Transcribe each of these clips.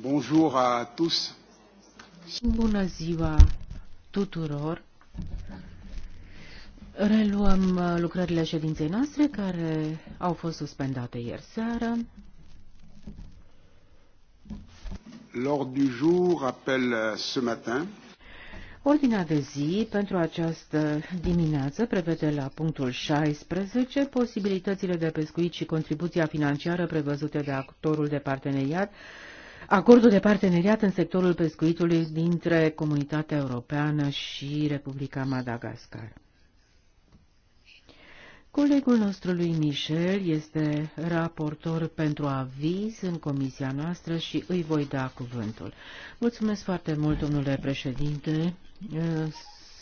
Bonjour à tous. Bună ziua tuturor. Reluăm uh, lucrările ședinței noastre care au fost suspendate ieri seară. L'ordre du jour appelle uh, ce matin Ordinea de zi pentru această dimineață prevede la punctul 16 posibilitățile de pescuit și contribuția financiară prevăzute de actorul de parteneriat acordul de parteneriat în sectorul pescuitului dintre Comunitatea Europeană și Republica Madagascar. Colegul nostru lui Michel este raportor pentru aviz în comisia noastră și îi voi da cuvântul. Mulțumesc foarte mult, domnule președinte.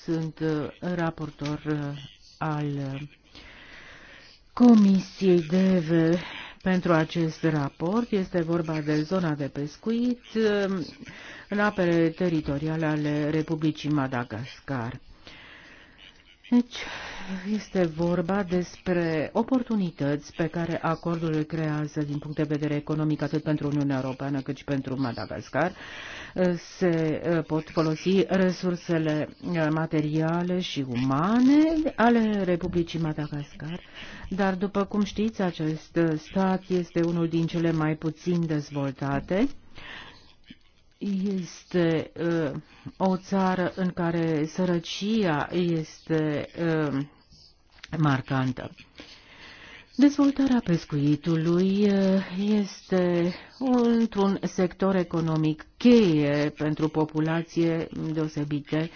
Sunt raportor al Comisiei de pentru acest raport. Este vorba de zona de pescuit în apele teritoriale ale Republicii Madagascar. Deci, este vorba despre oportunități pe care acordul le creează din punct de vedere economic atât pentru Uniunea Europeană cât și pentru Madagascar se eh, pot folosi resursele eh, materiale și umane ale Republicii Madagascar, dar după cum știți, acest eh, stat este unul din cele mai puțin dezvoltate este uh, o țară în care sărăcia este uh, marcantă. Dezvoltarea pescuitului eh, este într-un sector economic cheie pentru populație deosebite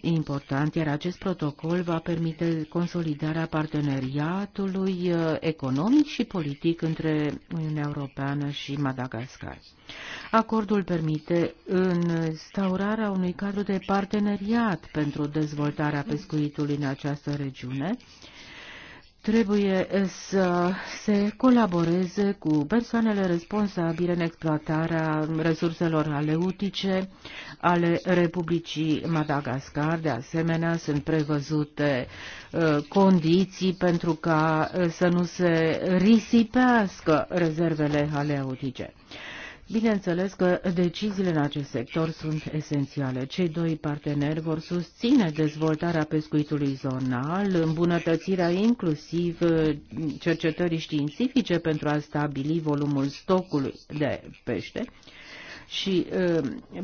important, iar acest protocol va permite consolidarea parteneriatului eh, economic și politic între Uniunea Europeană și Madagascar. Acordul permite instaurarea unui cadru de parteneriat pentru dezvoltarea pescuitului în această regiune, trebuie eh, să se colaboreze cu persoanele responsabile în exploatarea resurselor aleutice ale Republicii Madagascar. De asemenea, sunt prevăzute eh, condiții pentru ca eh, să nu se risipească rezervele aleutice. Bineînțeles că deciziile în acest sector sunt esențiale. Cei doi parteneri vor susține dezvoltarea pescuitului zonal, îmbunătățirea inclusiv uh, cercetării științifice pentru a stabili volumul stocului de pește și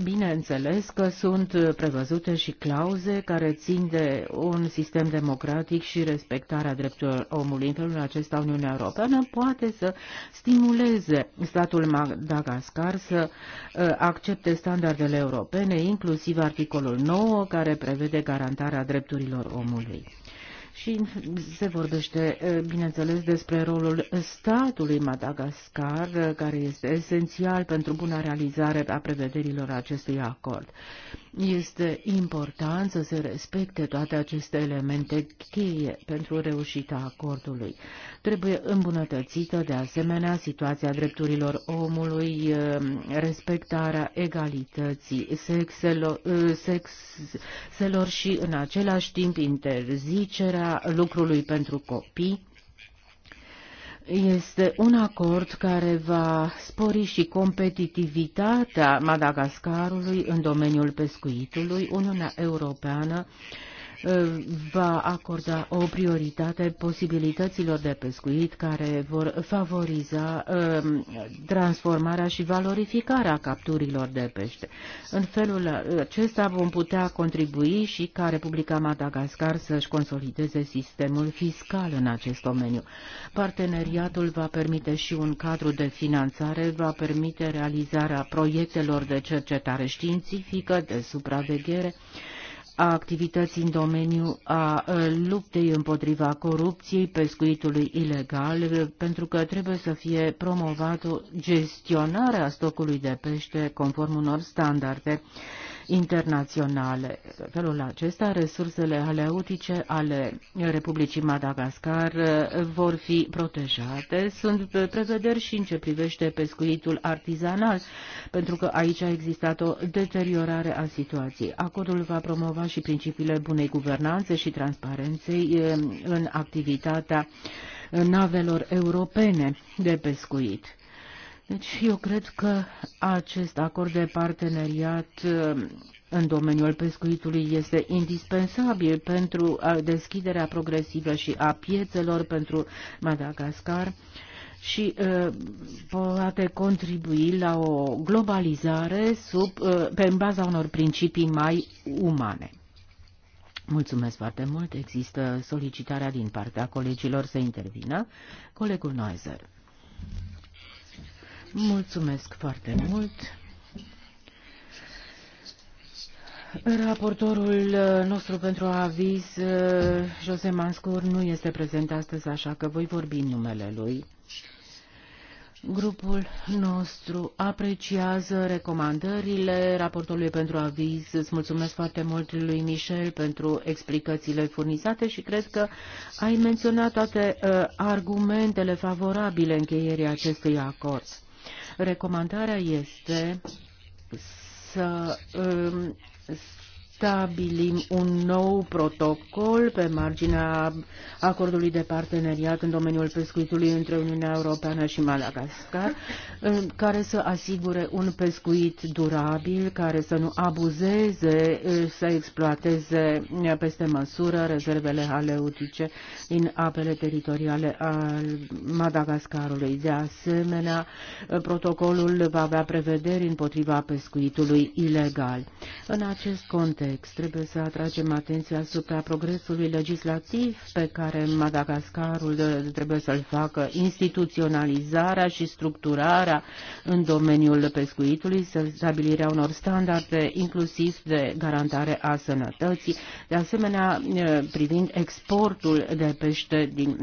bineînțeles că sunt prevăzute și clauze care țin de un sistem democratic și respectarea drepturilor omului. În felul acesta Uniunea Europeană poate să stimuleze statul Madagascar să accepte standardele europene, inclusiv articolul 9 care prevede garantarea drepturilor omului. Și se vorbește, bineînțeles, despre rolul statului Madagascar, care este esențial pentru buna realizare a prevederilor acestui acord. Este important să se respecte toate aceste elemente cheie pentru reușita acordului. Trebuie îmbunătățită de asemenea situația drepturilor omului, eh, respectarea egalității sexelor, eh, sexelor și în același timp interzicerea lucrului pentru copii este un acord care va spori și competitivitatea Madagascarului în domeniul pescuitului. Uniunea Europeană Ă, va acorda o prioritate posibilităților de pescuit care vor favoriza ă, transformarea și valorificarea capturilor de pește. În felul acesta vom putea contribui și ca Republica Madagascar să-și consolideze sistemul fiscal în acest domeniu. Parteneriatul va permite și un cadru de finanțare, va permite realizarea proiectelor de cercetare științifică, de supraveghere, a activității în domeniul a luptei împotriva corupției, pescuitului ilegal, pentru că trebuie să fie promovată gestionarea stocului de pește conform unor standarde internaționale. În Felul acesta, resursele aleutice ale Republicii Madagascar uh, vor fi protejate. Sunt uh, prevederi și în ce privește pescuitul artizanal, pentru că aici a existat o deteriorare a situației. Acordul va promova și principiile bunei guvernanțe și transparenței uh, în activitatea navelor europene de pescuit. Deci eu cred că acest acord de parteneriat um, în domeniul pescuitului este indispensabil pentru uh, deschiderea progresivă și a piețelor pentru Madagascar și uh, poate contribui la o globalizare sub, uh, pe baza unor principii mai umane. Mulțumesc foarte mult. Există solicitarea din partea colegilor să intervină. Colegul Noizer. Mulțumesc foarte mult. Raportorul nostru pentru aviz, Jose Manscur, nu este prezent astăzi, așa că voi vorbi în numele lui. Grupul nostru apreciază recomandările raportului pentru aviz. Îți mulțumesc foarte mult lui Michel pentru explicațiile furnizate și cred că ai menționat toate uh, argumentele favorabile încheierii acestui acord. Recomandarea este să um, stabilim un nou protocol pe marginea acordului de parteneriat în domeniul pescuitului între Uniunea Europeană și Madagascar, care să asigure un pescuit durabil, care să nu abuzeze, să exploateze peste măsură rezervele aleutice din apele teritoriale al Madagascarului. De asemenea, protocolul va avea prevederi împotriva pescuitului ilegal. În acest context, context, trebuie să atragem atenția asupra progresului legislativ pe care Madagascarul trebuie să-l facă, instituționalizarea și structurarea în domeniul pescuitului, stabilirea unor standarde, inclusiv de garantare a sănătății, de asemenea privind exportul de pește din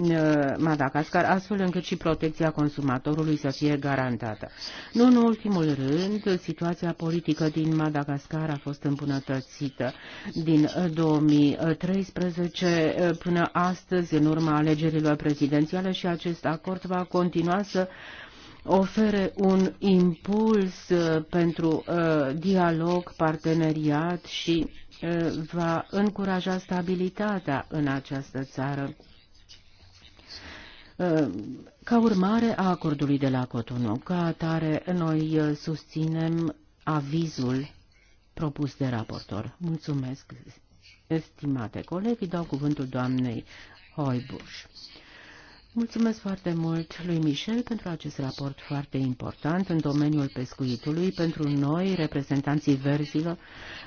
Madagascar, astfel încât și protecția consumatorului să fie garantată. Nu în ultimul rând, situația politică din Madagascar a fost îmbunătățită din 2013 uh, uh, până astăzi, în urma alegerilor prezidențiale și acest acord va continua să ofere un impuls uh, pentru dialog, parteneriat și va încuraja stabilitatea în această țară. Ca urmare a acordului de la Cotonou, ca atare, noi susținem avizul propus de raportor. Mulțumesc, estimate colegi, dau cuvântul doamnei Hoibuș. Mulțumesc foarte mult lui Michel pentru acest raport foarte important în domeniul pescuitului. Pentru noi, reprezentanții verzilor,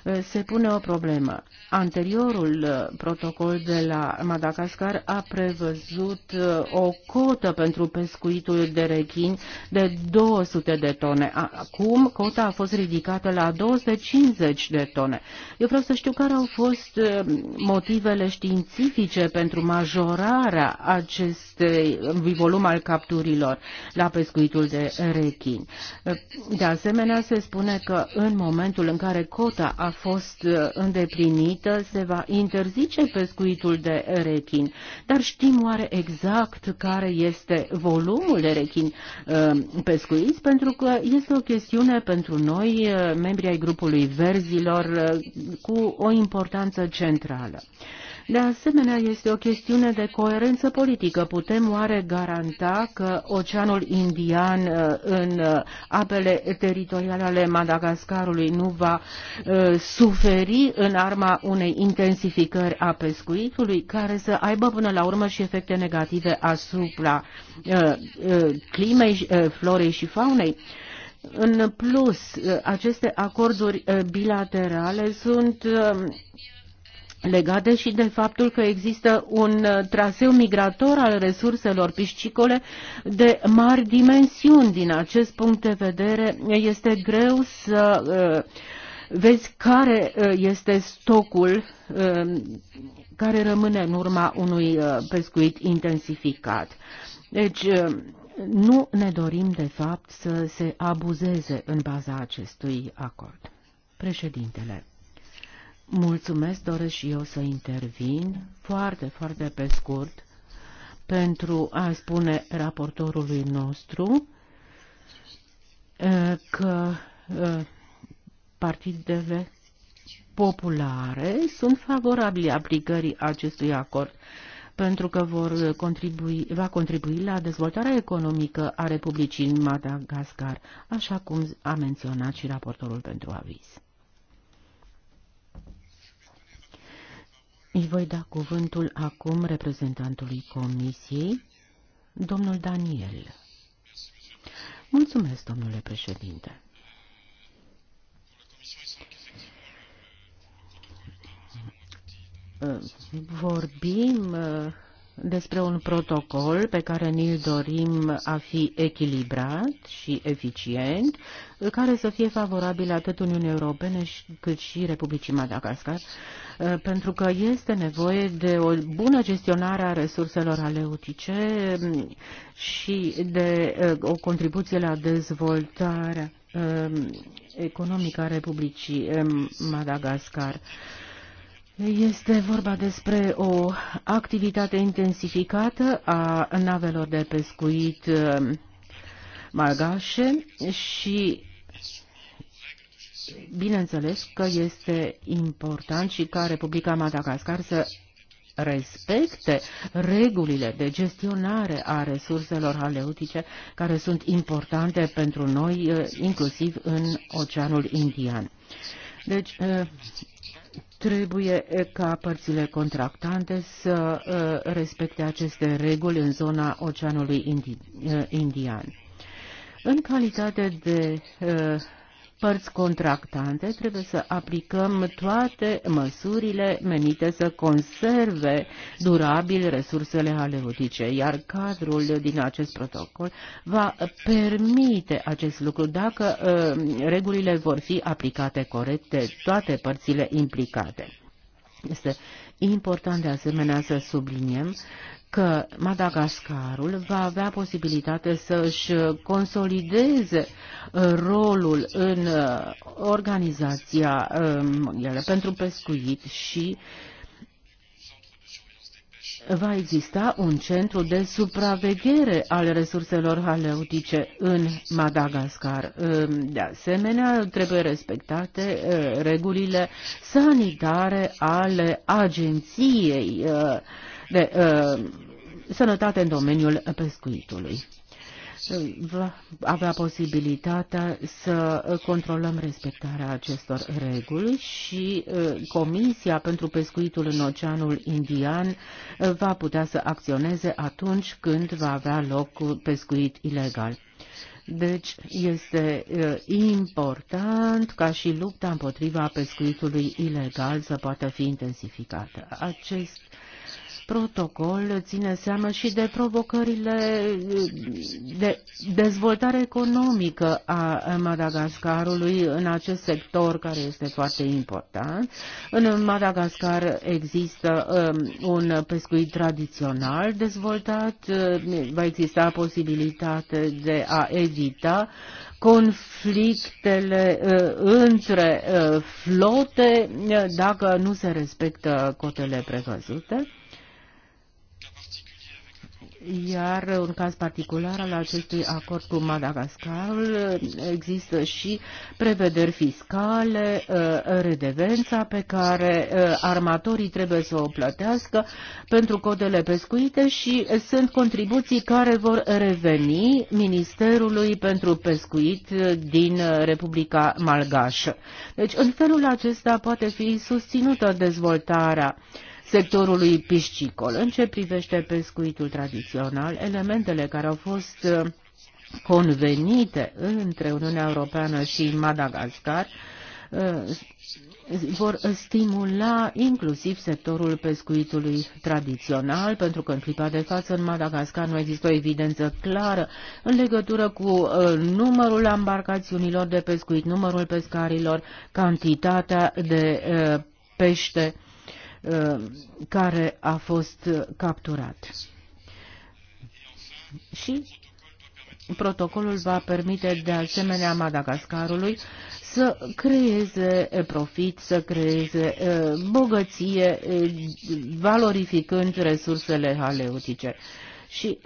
eh, se pune o problemă. Anteriorul eh, protocol de la Madagascar a prevăzut eh, o cotă pentru pescuitul de rechini de 200 de tone. Acum cota a fost ridicată la 250 de tone. Eu vreau să știu care au fost motivele științifice pentru majorarea acestei volum al capturilor la pescuitul de rechin. De asemenea, se spune că în momentul în care cota a fost uh, îndeplinită, se va interzice pescuitul de rechin. Dar știm oare exact care este volumul de rechin uh, pescuiți? Pentru că este o chestiune pentru noi, uh, membrii ai grupului verzilor, cu o importanță centrală. De asemenea, este o chestiune de coerență politică. Putem oare garanta că Oceanul Indian uh, în uh, apele teritoriale ale Madagascarului nu va uh, suferi în arma unei intensificări a pescuitului care să aibă până la urmă și efecte negative asupra climei, florei și faunei? În plus, aceste acorduri bilaterale sunt legate și de faptul că există un uh, traseu migrator al resurselor piscicole de mari dimensiuni. Din acest punct de vedere, este greu să uh, vezi care uh, este stocul um, care rămâne în urma unui pescuit intensificat. Deci, nu ne dorim, de fapt, să se abuzeze în baza acestui acord. Președintele Mulțumesc, doresc și eu să intervin foarte, foarte pe scurt pentru a spune raportorului nostru eh, că eh, partidele populare sunt favorabile aplicării acestui acord pentru că vor contribui, va contribui la dezvoltarea economică a Republicii Madagascar, așa cum a menționat și raportorul pentru aviz. Îi voi da cuvântul acum reprezentantului Comisiei, domnul Daniel. Mulțumesc, domnule președinte. Vorbim uh, despre un protocol pe care ni-l dorim a fi echilibrat și eficient, care să fie favorabil atât Uniunii Europene cât și Republicii Madagascar, uh, pentru că este nevoie de o bună gestionare a resurselor aleutice um, și de uh, o contribuție la dezvoltarea um, economică a Republicii um, Madagascar. Este vorba despre o activitate intensificată a navelor de pescuit um, malgașe și bineînțeles că este important și ca Republica Madagascar să respecte regulile de gestionare a resurselor haleutice care sunt importante pentru noi, uh, inclusiv în Oceanul Indian. Deci, uh, Trebuie ca părțile contractante să respecte aceste reguli în zona Oceanului Indian. În calitate de părți contractante, trebuie să aplicăm toate măsurile menite să conserve durabil resursele aleutice, iar cadrul din acest protocol va permite acest lucru dacă uh, regulile vor fi aplicate corect de toate părțile implicate. Este important de asemenea să subliniem că Madagascarul va avea posibilitate să își consolideze uh, rolul în uh, organizația uh, mondială pentru pescuit și va exista un centru de supraveghere al resurselor haleutice în Madagascar. De asemenea, trebuie respectate regulile sanitare ale agenției de uh, sănătate în domeniul pescuitului va avea posibilitatea să controlăm respectarea acestor reguli și uh, Comisia pentru Pescuitul în Oceanul Indian uh, va putea să acționeze atunci când va avea loc pescuit ilegal. Deci este uh, important ca și lupta împotriva pescuitului ilegal să poată fi intensificată. Acest protocol ține seama și de provocările de dezvoltare economică a Madagascarului în acest sector care este foarte important. În Madagascar există um, un pescuit tradițional dezvoltat, um, va exista posibilitate de a evita conflictele uh, între uh, flote uh, dacă nu se respectă cotele prevăzute. Iar în caz particular al acestui acord cu Madagascar există și prevederi fiscale, uh, redevența pe care uh, armatorii trebuie să o plătească pentru codele pescuite și sunt contribuții care vor reveni Ministerului pentru Pescuit din uh, Republica Malgașă. Deci în felul acesta poate fi susținută dezvoltarea sectorului piscicol. În ce privește pescuitul tradițional, elementele care au fost uh, convenite între Uniunea Europeană și Madagascar uh, vor stimula inclusiv sectorul pescuitului tradițional, pentru că în clipa de față în Madagascar nu există o evidență clară în legătură cu uh, numărul embarcațiunilor de pescuit, numărul pescarilor, cantitatea de pește Uh, care a fost uh, capturat. Și protocolul va permite de asemenea Madagascarului să creeze profit, să creeze uh, bogăție, valorificând resursele haleutice. Și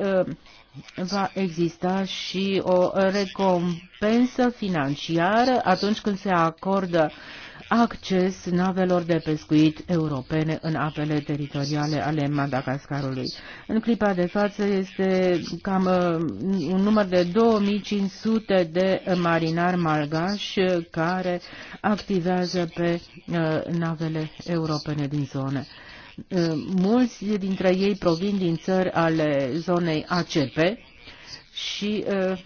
va exista și o recompensă financiară atunci când se acordă uh, acces navelor de pescuit europene în apele teritoriale ale Madagascarului. În clipa de față este cam uh, un număr de 2500 de marinari malgași care activează pe uh, navele europene din zone. Uh, mulți dintre ei provin din țări ale zonei ACP și uh,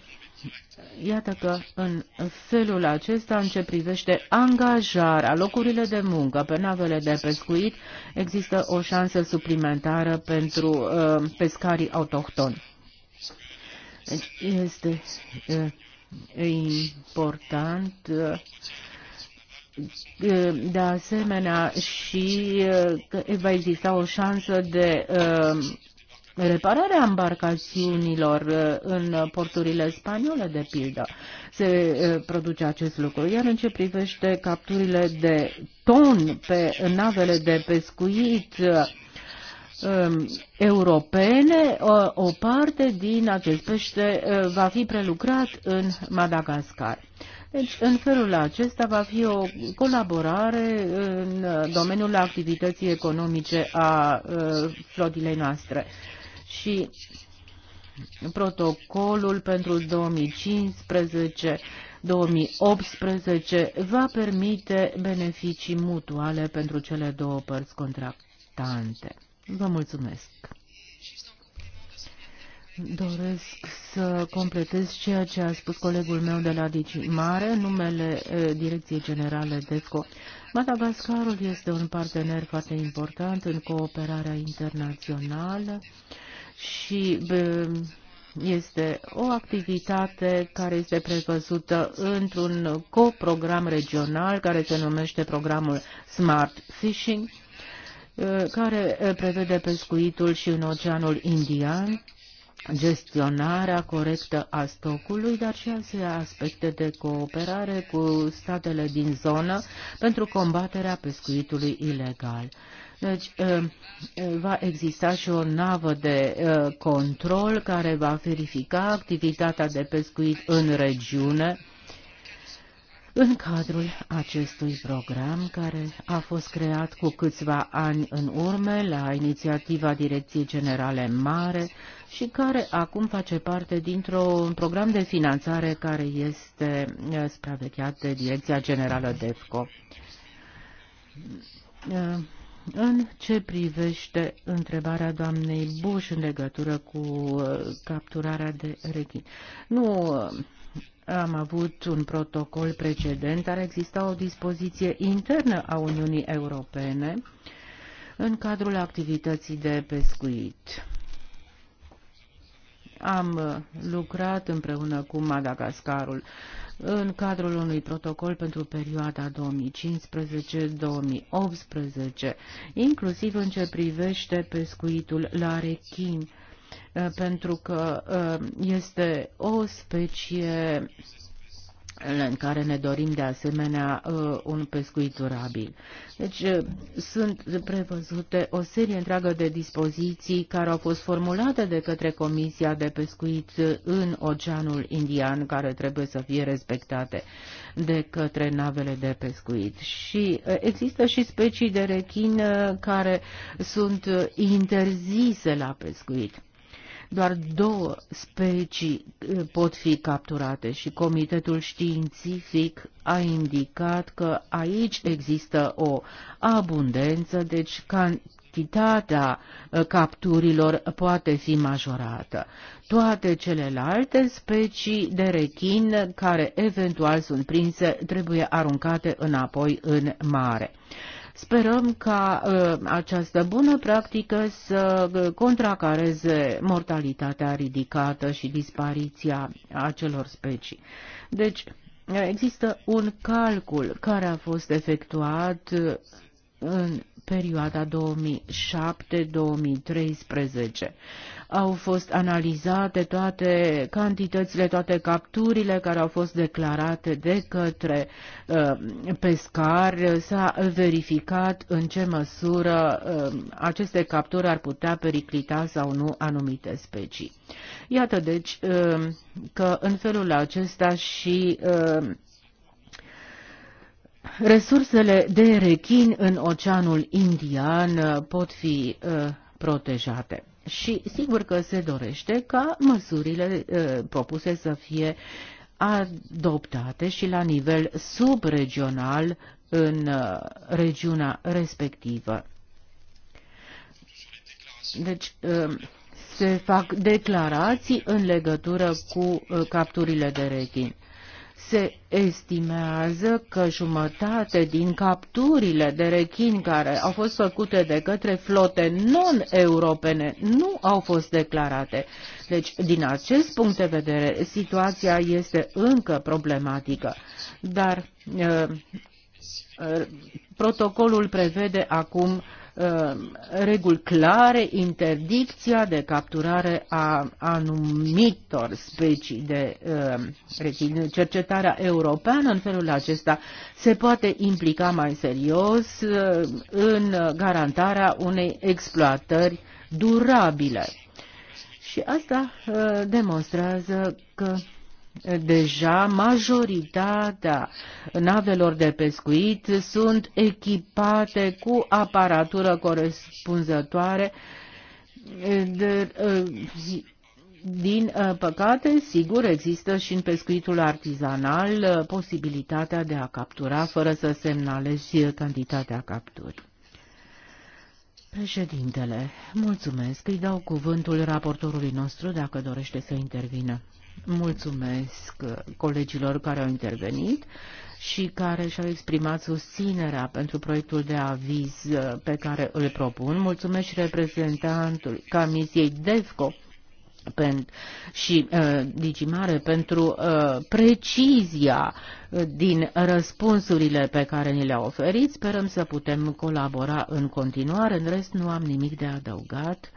Iată că în felul acesta, în ce privește angajarea, locurile de muncă pe navele de pescuit, există o șansă suplimentară pentru uh, pescarii autohtoni. Deci este uh, important uh, uh de asemenea și uh, că va exista o șansă de uh, repararea embarcațiunilor uh, în porturile spaniole, de pildă. Se uh, produce acest lucru. Iar în ce privește capturile de ton pe navele de pescuit, uh, um, europene, o parte din acest pește va fi prelucrat în Madagascar. Deci, în felul acesta va fi o colaborare în domeniul activității economice a flotilei noastre și protocolul pentru 2015 2018 va permite beneficii mutuale pentru cele două părți contractante. Vă mulțumesc! Doresc să completez ceea ce a spus colegul meu de la Mare, numele Direcției Generale DESCO. Madagascarul este un partener foarte important în cooperarea internațională și este o activitate care este prevăzută într-un coprogram regional care se numește programul Smart Fishing, care prevede pescuitul și în Oceanul Indian, gestionarea corectă a stocului, dar și alte aspecte de cooperare cu statele din zonă pentru combaterea pescuitului ilegal. Deci ă, ă, va exista și o navă de ă, control care va verifica activitatea de pescuit în regiune în cadrul acestui program care a fost creat cu câțiva ani în urmă la inițiativa Direcției Generale Mare și care acum face parte dintr-un program de finanțare care este spravecheat de Direcția Generală DEFCO. În ce privește întrebarea doamnei Bush în legătură cu uh, capturarea de rechin? Nu uh, am avut un protocol precedent, dar exista o dispoziție internă a Uniunii Europene în cadrul activității de pescuit. Am uh, lucrat împreună cu Madagascarul în cadrul unui protocol pentru perioada 2015-2018, inclusiv în ce privește pescuitul la rechin, pentru că uh, este o specie în care ne dorim de asemenea uh, un pescuit durabil. Deci uh, sunt prevăzute o serie întreagă de dispoziții care au fost formulate de către Comisia de Pescuit în Oceanul Indian, care trebuie să fie respectate de către navele de pescuit. Și uh, există și specii de rechin care sunt interzise la pescuit. Doar două specii eh, pot fi capturate și Comitetul Științific a indicat că aici există o abundență, deci cantitatea eh, capturilor poate fi majorată. Toate celelalte specii de rechin care eventual sunt prinse trebuie aruncate înapoi în mare. Sperăm ca ă, această bună practică să ă, contracareze mortalitatea ridicată și dispariția acelor specii. Deci, există un calcul care a fost efectuat ă, în perioada 2007-2013 au fost analizate toate cantitățile, toate capturile care au fost declarate de către uh, pescari, s-a verificat în ce măsură uh, aceste capturi ar putea periclita sau nu anumite specii. Iată deci uh, că în felul acesta și uh, Resursele de rechin în Oceanul Indian uh, pot fi uh, protejate și sigur că se dorește ca măsurile uh, propuse să fie adoptate și la nivel subregional în uh, regiunea respectivă. Deci uh, se fac declarații în legătură cu capturile de rechini. Se estimează că jumătate din capturile de rechini care au fost făcute de către flote non-europene nu au fost declarate. Deci, din acest punct de vedere, situația este încă problematică. Dar uh, uh, protocolul prevede acum uh, Uh, reguli clare, interdicția de capturare a anumitor specii de uh, rechin. Cercetarea europeană în felul acesta se poate implica mai serios uh, în garantarea unei exploatări durabile. Și asta demonstrează că deja majoritatea navelor de pescuit sunt echipate cu aparatură corespunzătoare. De, din păcate, sigur, există și în pescuitul artizanal posibilitatea de a captura fără să semnalezi cantitatea capturii. Președintele, mulțumesc, îi dau cuvântul raportorului nostru dacă dorește să intervină. Mulțumesc colegilor care au intervenit și care și-au exprimat susținerea pentru proiectul de aviz pe care îl propun. Mulțumesc și reprezentantul Camisiei DEFCO pen, și uh, Digimare pentru uh, precizia uh, din răspunsurile pe care ni le au oferit. Sperăm să putem colabora în continuare. În rest, nu am nimic de adăugat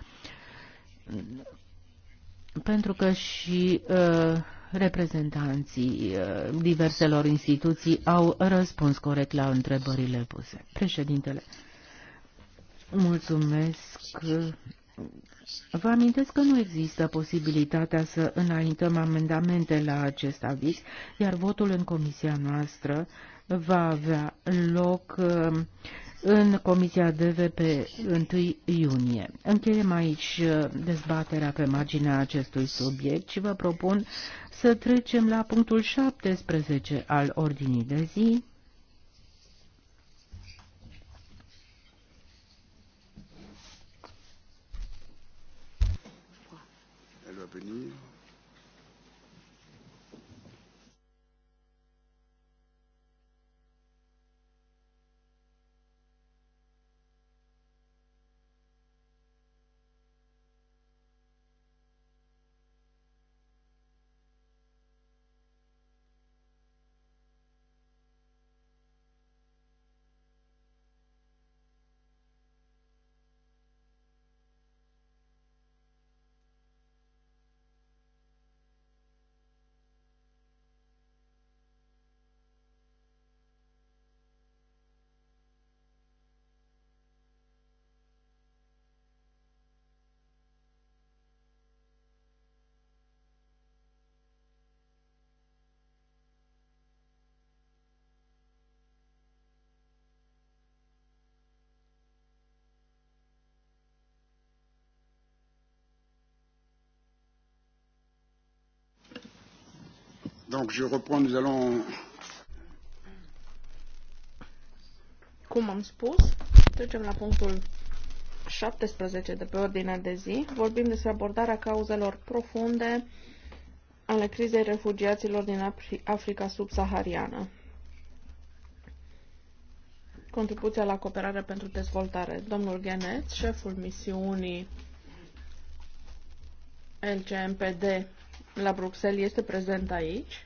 pentru că și uh, reprezentanții uh, diverselor instituții au răspuns corect la întrebările puse. Președintele, mulțumesc. Vă amintesc că nu există posibilitatea să înaintăm amendamente la acest aviz, iar votul în comisia noastră va avea loc uh, în Comisia DV pe 1 iunie. Încheiem aici uh, dezbaterea pe marginea acestui subiect și vă propun să trecem la punctul 17 al ordinii de zi, Donc je reprends, nous allons... Cum am spus, trecem la punctul 17 de pe ordinea de zi. Vorbim despre abordarea cauzelor profunde ale crizei refugiaților din Africa subsahariană. Contribuția la cooperare pentru dezvoltare. Domnul Geneț, șeful misiunii LGMPD la Bruxelles este prezent aici.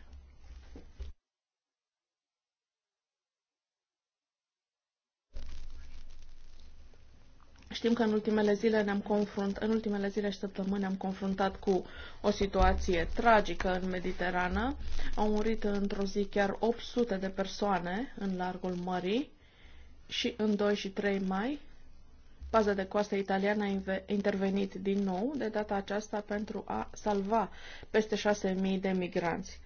Știm că în ultimele zile ne-am confruntat, în ultimele zile și săptămâni am confruntat cu o situație tragică în Mediterană. Au murit într-o zi chiar 800 de persoane în largul mării și în 2 și 3 mai Paza de coastă italiană a intervenit din nou, de data aceasta pentru a salva peste 6.000 de migranți.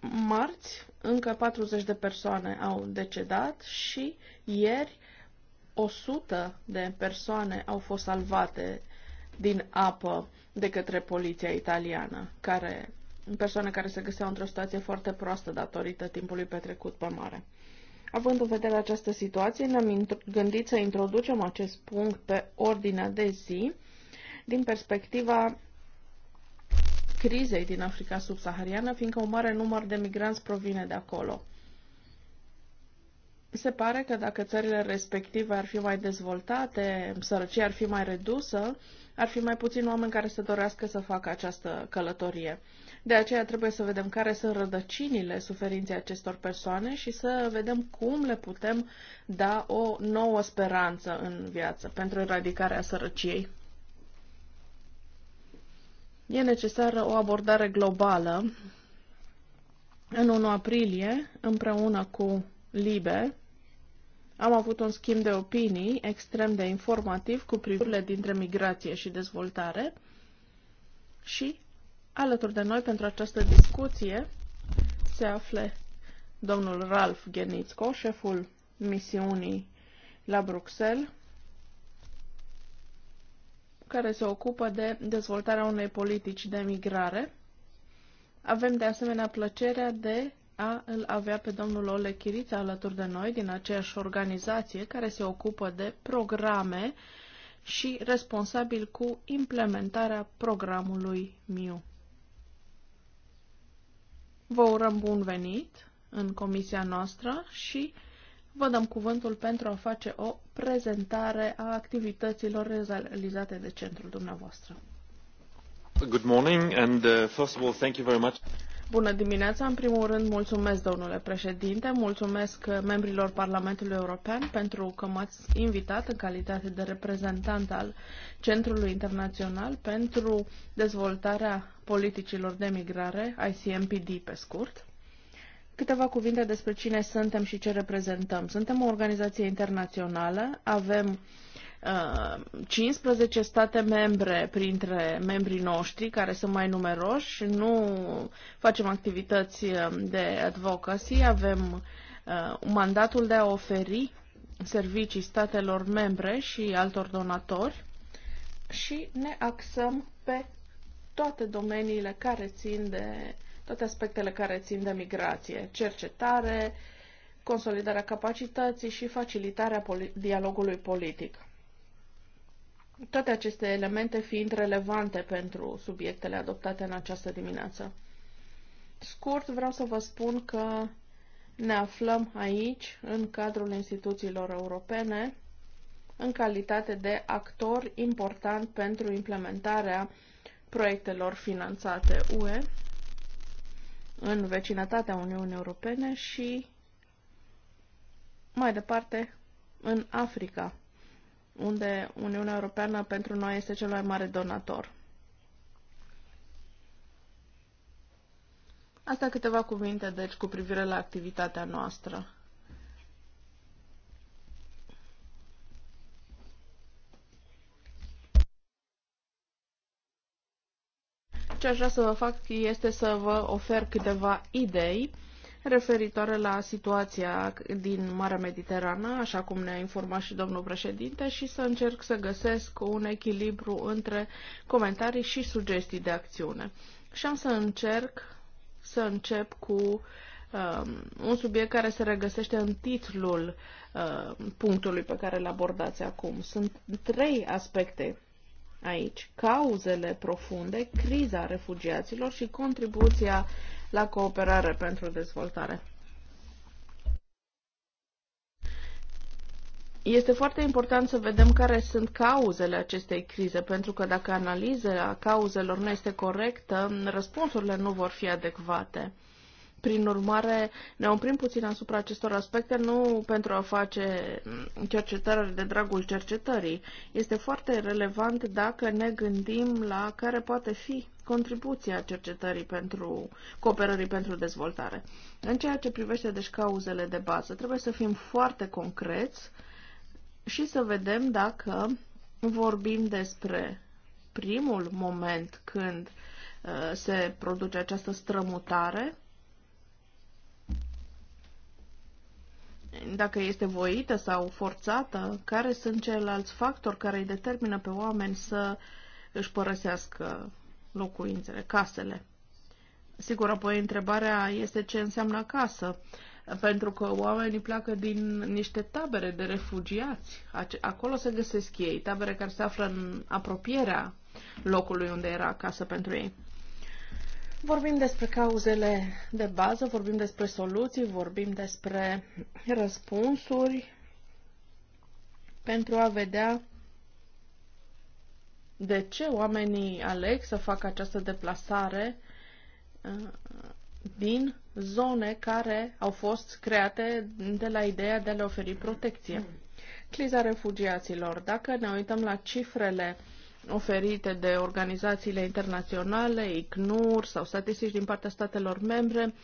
Marți, încă 40 de persoane au decedat și ieri 100 de persoane au fost salvate din apă de către poliția italiană, care, persoane care se găseau într-o situație foarte proastă datorită timpului petrecut pe mare. Având în vedere această situație, ne-am gândit să introducem acest punct pe ordinea de zi din perspectiva crizei din Africa subsahariană, fiindcă un mare număr de migranți provine de acolo. Se pare că dacă țările respective ar fi mai dezvoltate, sărăcia ar fi mai redusă, ar fi mai puțin oameni care să dorească să facă această călătorie. De aceea trebuie să vedem care sunt rădăcinile suferinței acestor persoane și să vedem cum le putem da o nouă speranță în viață pentru eradicarea sărăciei. E necesară o abordare globală. În 1 aprilie, împreună cu LIBE, am avut un schimb de opinii extrem de informativ cu privirile dintre migrație și dezvoltare și Alături de noi pentru această discuție se află domnul Ralf Genițco, șeful misiunii la Bruxelles, care se ocupă de dezvoltarea unei politici de migrare. Avem de asemenea plăcerea de a îl avea pe domnul Ole Chirița alături de noi din aceeași organizație care se ocupă de programe și responsabil cu implementarea programului MIU. Vă urăm bun venit în comisia noastră și vă dăm cuvântul pentru a face o prezentare a activităților realizate de centrul dumneavoastră. Good morning and uh, first of all thank you very much. Bună dimineața! În primul rând, mulțumesc, domnule președinte, mulțumesc membrilor Parlamentului European pentru că m-ați invitat în calitate de reprezentant al Centrului Internațional pentru dezvoltarea politicilor de migrare, ICMPD pe scurt. Câteva cuvinte despre cine suntem și ce reprezentăm. Suntem o organizație internațională, avem uh, 15 state membre printre membrii noștri, care sunt mai numeroși. Nu facem activități uh, de advocacy, avem uh, mandatul de a oferi servicii statelor membre și altor donatori și ne axăm pe toate domeniile care țin de toate aspectele care țin de migrație, cercetare, consolidarea capacității și facilitarea poli- dialogului politic. Toate aceste elemente fiind relevante pentru subiectele adoptate în această dimineață. Scurt, vreau să vă spun că ne aflăm aici, în cadrul instituțiilor europene, în calitate de actor important pentru implementarea proiectelor finanțate UE în vecinătatea Uniunii Europene și mai departe în Africa, unde Uniunea Europeană pentru noi este cel mai mare donator. Asta câteva cuvinte, deci, cu privire la activitatea noastră. Ce aș vrea să vă fac este să vă ofer câteva idei referitoare la situația din Marea Mediterană, așa cum ne-a informat și domnul președinte, și să încerc să găsesc un echilibru între comentarii și sugestii de acțiune. Și am să încerc să încep cu um, un subiect care se regăsește în titlul uh, punctului pe care îl abordați acum. Sunt trei aspecte aici cauzele profunde, criza refugiaților și contribuția la cooperare pentru dezvoltare. Este foarte important să vedem care sunt cauzele acestei crize, pentru că dacă analiza cauzelor nu este corectă, răspunsurile nu vor fi adecvate. Prin urmare, ne oprim puțin asupra acestor aspecte, nu pentru a face cercetări de dragul cercetării. Este foarte relevant dacă ne gândim la care poate fi contribuția cercetării pentru cooperării pentru dezvoltare. În ceea ce privește deci cauzele de bază, trebuie să fim foarte concreți și să vedem dacă vorbim despre primul moment când uh, se produce această strămutare dacă este voită sau forțată, care sunt ceilalți factori care îi determină pe oameni să își părăsească locuințele, casele. Sigur, apoi întrebarea este ce înseamnă casă, pentru că oamenii pleacă din niște tabere de refugiați. Acolo se găsesc ei, tabere care se află în apropierea locului unde era casă pentru ei. Vorbim despre cauzele de bază, vorbim despre soluții, vorbim despre răspunsuri pentru a vedea de ce oamenii aleg să facă această deplasare uh, din zone care au fost create de la ideea de a le oferi protecție. Criza refugiaților. Dacă ne uităm la cifrele uh, oferite de organizațiile internaționale, ICNUR sau statistici din partea statelor membre,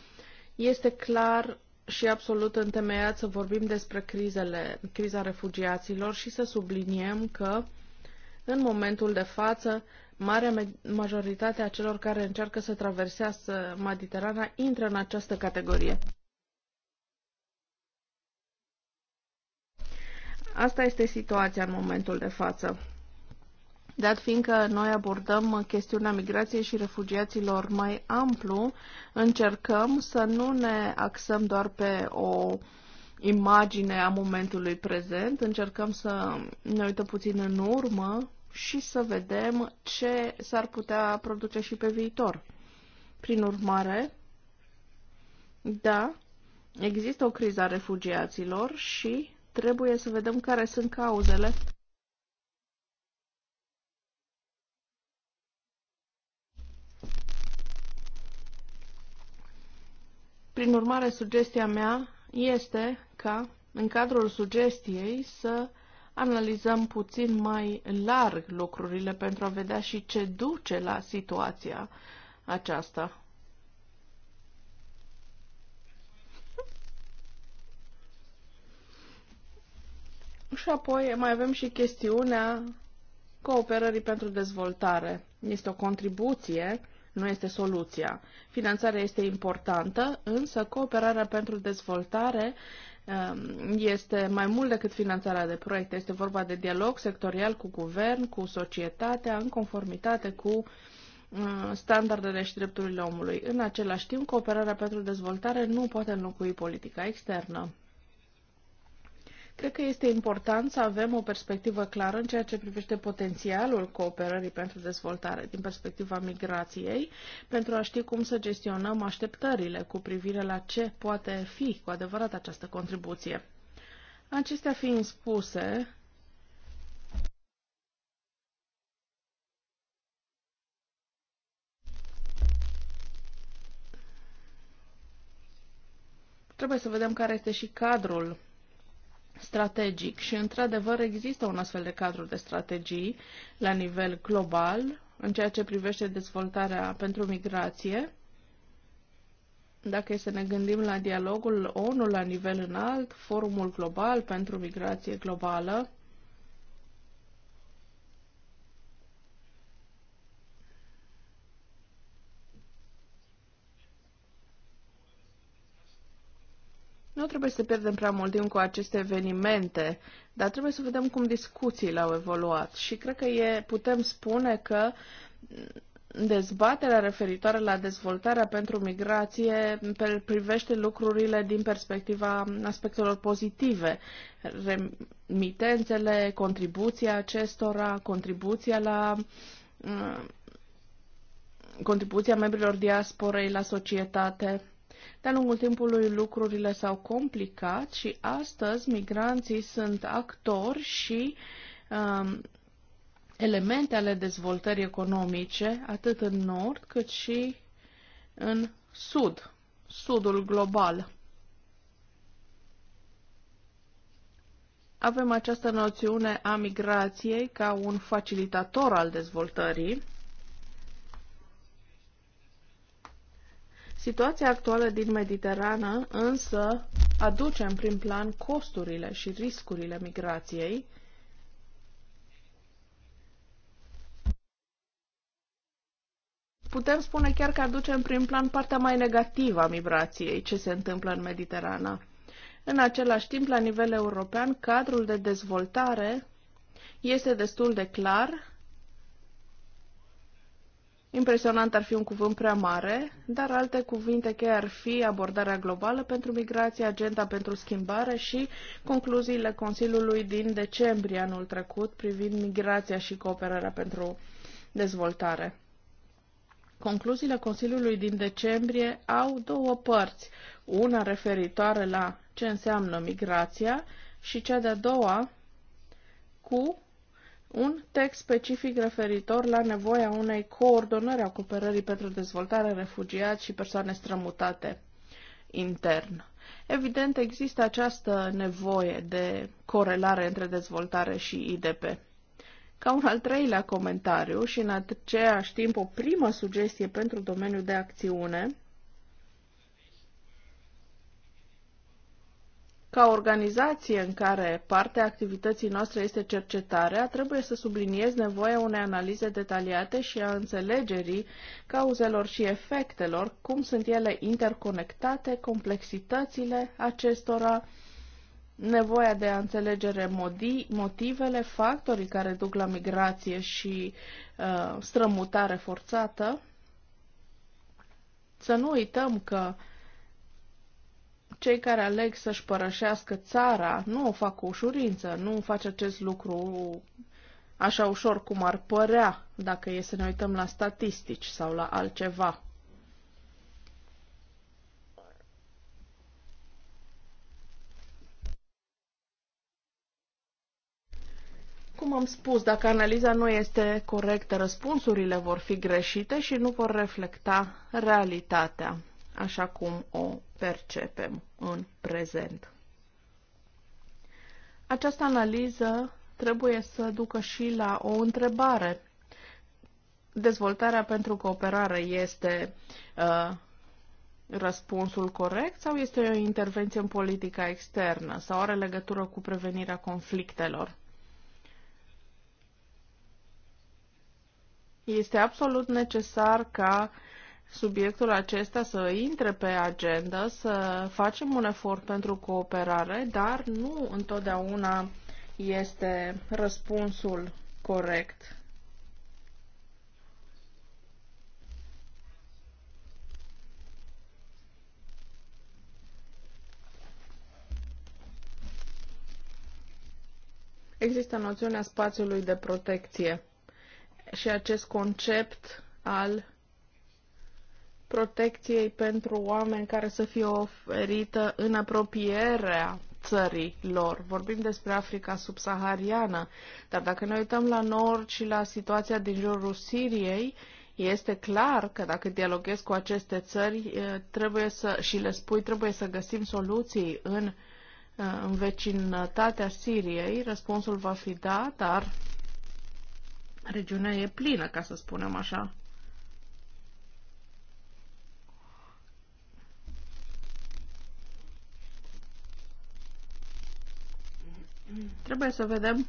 este clar și absolut întemeiat să vorbim despre crizele, criza refugiaților și să subliniem că, în momentul de față, marea majoritate a celor care încearcă să traversească Mediterana intră în această categorie. Asta este situația în momentul de față. Dat fiindcă noi abordăm chestiunea migrației și refugiaților mai amplu, încercăm să nu ne axăm doar pe o imagine a momentului prezent, încercăm să ne uităm puțin în urmă și să vedem ce s-ar putea produce și pe viitor. Prin urmare, da, există o criză a refugiaților și trebuie să vedem care sunt cauzele Prin urmare, sugestia mea este ca, în cadrul sugestiei, să analizăm puțin mai larg lucrurile pentru a vedea și ce duce la situația aceasta. Și apoi mai avem și chestiunea cooperării pentru dezvoltare. Este o contribuție nu este soluția. Finanțarea este importantă, însă cooperarea pentru dezvoltare um, este mai mult decât finanțarea de proiecte. Este vorba de dialog sectorial cu guvern, cu societatea, în conformitate cu uh, standardele și drepturile omului. În același timp, cooperarea pentru dezvoltare nu poate înlocui politica externă. Cred că este important să avem o perspectivă clară în ceea ce privește potențialul cooperării pentru dezvoltare din perspectiva migrației, pentru a ști cum să gestionăm așteptările cu privire la ce poate fi cu adevărat această contribuție. Acestea fiind spuse, trebuie să vedem care este și cadrul strategic și, într-adevăr, există un astfel de cadru de strategii la nivel global în ceea ce privește dezvoltarea pentru migrație. Dacă e să ne gândim la dialogul ONU la nivel înalt, Forumul Global pentru Migrație Globală, trebuie să pierdem prea mult timp cu aceste evenimente, dar trebuie să vedem cum discuțiile au evoluat. Și cred că e, putem spune că dezbaterea referitoare la dezvoltarea pentru migrație privește lucrurile din perspectiva aspectelor pozitive, remitențele, contribuția acestora, contribuția la uh, contribuția membrilor diasporei la societate. De-a lungul timpului lucrurile s-au complicat și astăzi migranții sunt actori și um, elemente ale dezvoltării economice, atât în nord cât și în sud, sudul global. Avem această noțiune a migrației ca un facilitator al dezvoltării Situația actuală din Mediterană însă aduce în prim plan costurile și riscurile migrației, putem spune chiar că aduce în prim plan partea mai negativă a migrației, ce se întâmplă în Mediterana. În același timp, la nivel european, cadrul de dezvoltare este destul de clar Impresionant ar fi un cuvânt prea mare, dar alte cuvinte cheie ar fi abordarea globală pentru migrație, agenda pentru schimbare și concluziile Consiliului din decembrie anul trecut privind migrația și cooperarea pentru dezvoltare. Concluziile Consiliului din decembrie au două părți, una referitoare la ce înseamnă migrația și cea de-a doua cu un text specific referitor la nevoia unei coordonări a cooperării pentru dezvoltare refugiați și persoane strămutate intern. Evident, există această nevoie de corelare între dezvoltare și IDP. Ca un al treilea comentariu și în aceeași timp o primă sugestie pentru domeniul de acțiune, Ca organizație în care partea activității noastre este cercetarea, trebuie să subliniez nevoia unei analize detaliate și a înțelegerii cauzelor și efectelor, cum sunt ele interconectate, complexitățile acestora, nevoia de a înțelegere motivele, factorii care duc la migrație și uh, strămutare forțată. Să nu uităm că cei care aleg să-și părășească țara nu o fac cu ușurință, nu face acest lucru așa ușor cum ar părea dacă e să ne uităm la statistici sau la altceva. cum am spus, dacă analiza nu este corectă, răspunsurile vor fi greșite și nu vor reflecta realitatea așa cum o percepem în prezent. Această analiză trebuie să ducă și la o întrebare. Dezvoltarea pentru cooperare este uh, răspunsul corect sau este o intervenție în politica externă sau are legătură cu prevenirea conflictelor? Este absolut necesar ca uh, subiectul acesta să intre pe agenda, să facem un efort pentru cooperare, dar nu întotdeauna este răspunsul corect. Există noțiunea spațiului de protecție și acest concept al protecției pentru oameni care să fie oferită în apropierea țării lor. Vorbim despre Africa subsahariană, dar dacă ne uităm la nord și la situația din jurul Siriei, este clar că dacă dialoghez cu aceste țări trebuie să, și le spui trebuie să găsim soluții în, în vecinătatea Siriei, răspunsul va fi da, dar regiunea e plină, ca să spunem așa. Trebuie să vedem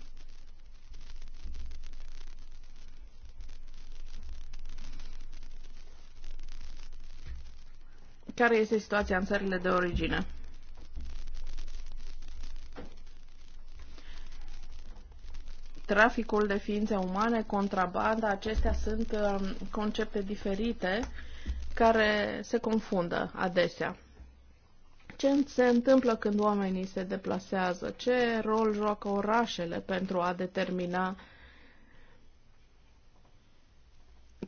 care este situația în țările de origine. Traficul de ființe umane, contrabanda, acestea sunt um, concepte diferite care se confundă adesea ce se întâmplă când oamenii se deplasează, ce rol joacă orașele pentru a determina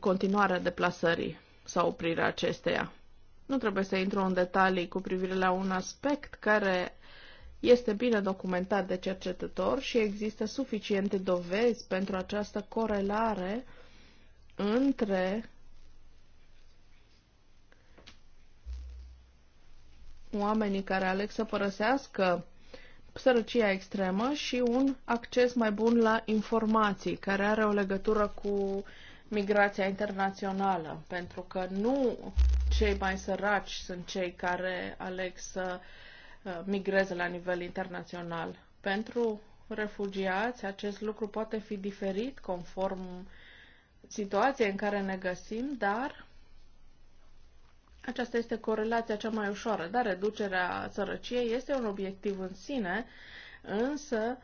continuarea deplasării sau oprirea acesteia. Nu trebuie să intru în detalii cu privire la un aspect care este bine documentat de cercetător și există suficiente dovezi pentru această corelare între oamenii care aleg să părăsească sărăcia extremă și un acces mai bun la informații care are o legătură cu migrația internațională, pentru că nu cei mai săraci sunt cei care aleg să uh, migreze la nivel internațional. Pentru refugiați acest lucru poate fi diferit conform situației în care ne găsim, dar aceasta este corelația cea mai ușoară, dar reducerea sărăciei este un obiectiv în sine, însă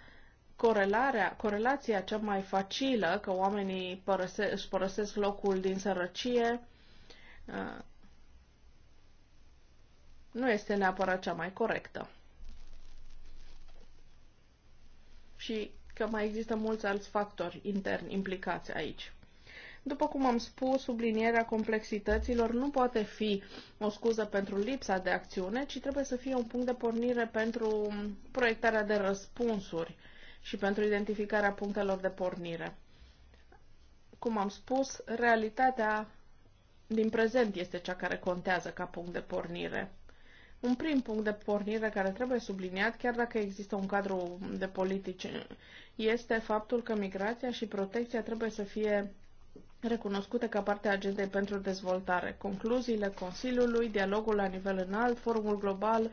corelarea, corelația cea mai facilă, că oamenii părăse, își părăsesc locul din sărăcie, uh, nu este neapărat cea mai corectă. Și că mai există mulți alți factori interni implicați aici. După cum am spus, sublinierea complexităților nu poate fi o scuză pentru lipsa de acțiune, ci trebuie să fie un punct de pornire pentru proiectarea de răspunsuri și pentru identificarea punctelor de pornire. Cum am spus, realitatea din prezent este cea care contează ca punct de pornire. Un prim punct de pornire care trebuie subliniat, chiar dacă există un cadru de politici, este faptul că migrația și protecția trebuie să fie recunoscute ca parte a agendei pentru dezvoltare. Concluziile Consiliului, dialogul la nivel înalt, forumul global,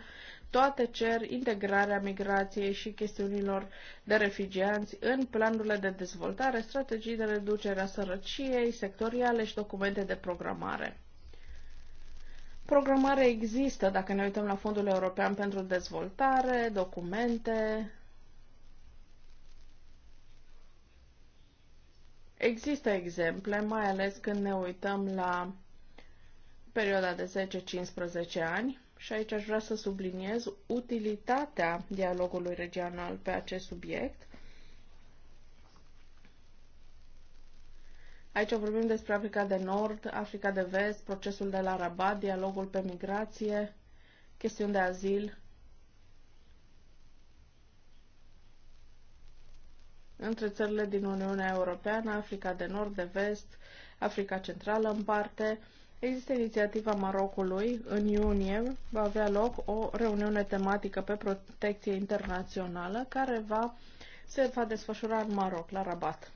toate cer integrarea migrației și chestiunilor de refugianți în planurile de dezvoltare, strategii de reducere a sărăciei sectoriale și documente de programare. Programare există dacă ne uităm la Fondul European pentru Dezvoltare, documente, Există exemple, mai ales când ne uităm la perioada de 10-15 ani și aici aș vrea să subliniez utilitatea dialogului regional pe acest subiect. Aici vorbim despre Africa de Nord, Africa de Vest, procesul de la Rabat, dialogul pe migrație, chestiuni de azil între țările din Uniunea Europeană, Africa de Nord, de Vest, Africa Centrală în parte. Există inițiativa Marocului. În iunie va avea loc o reuniune tematică pe protecție internațională care va, se va desfășura în Maroc, la Rabat.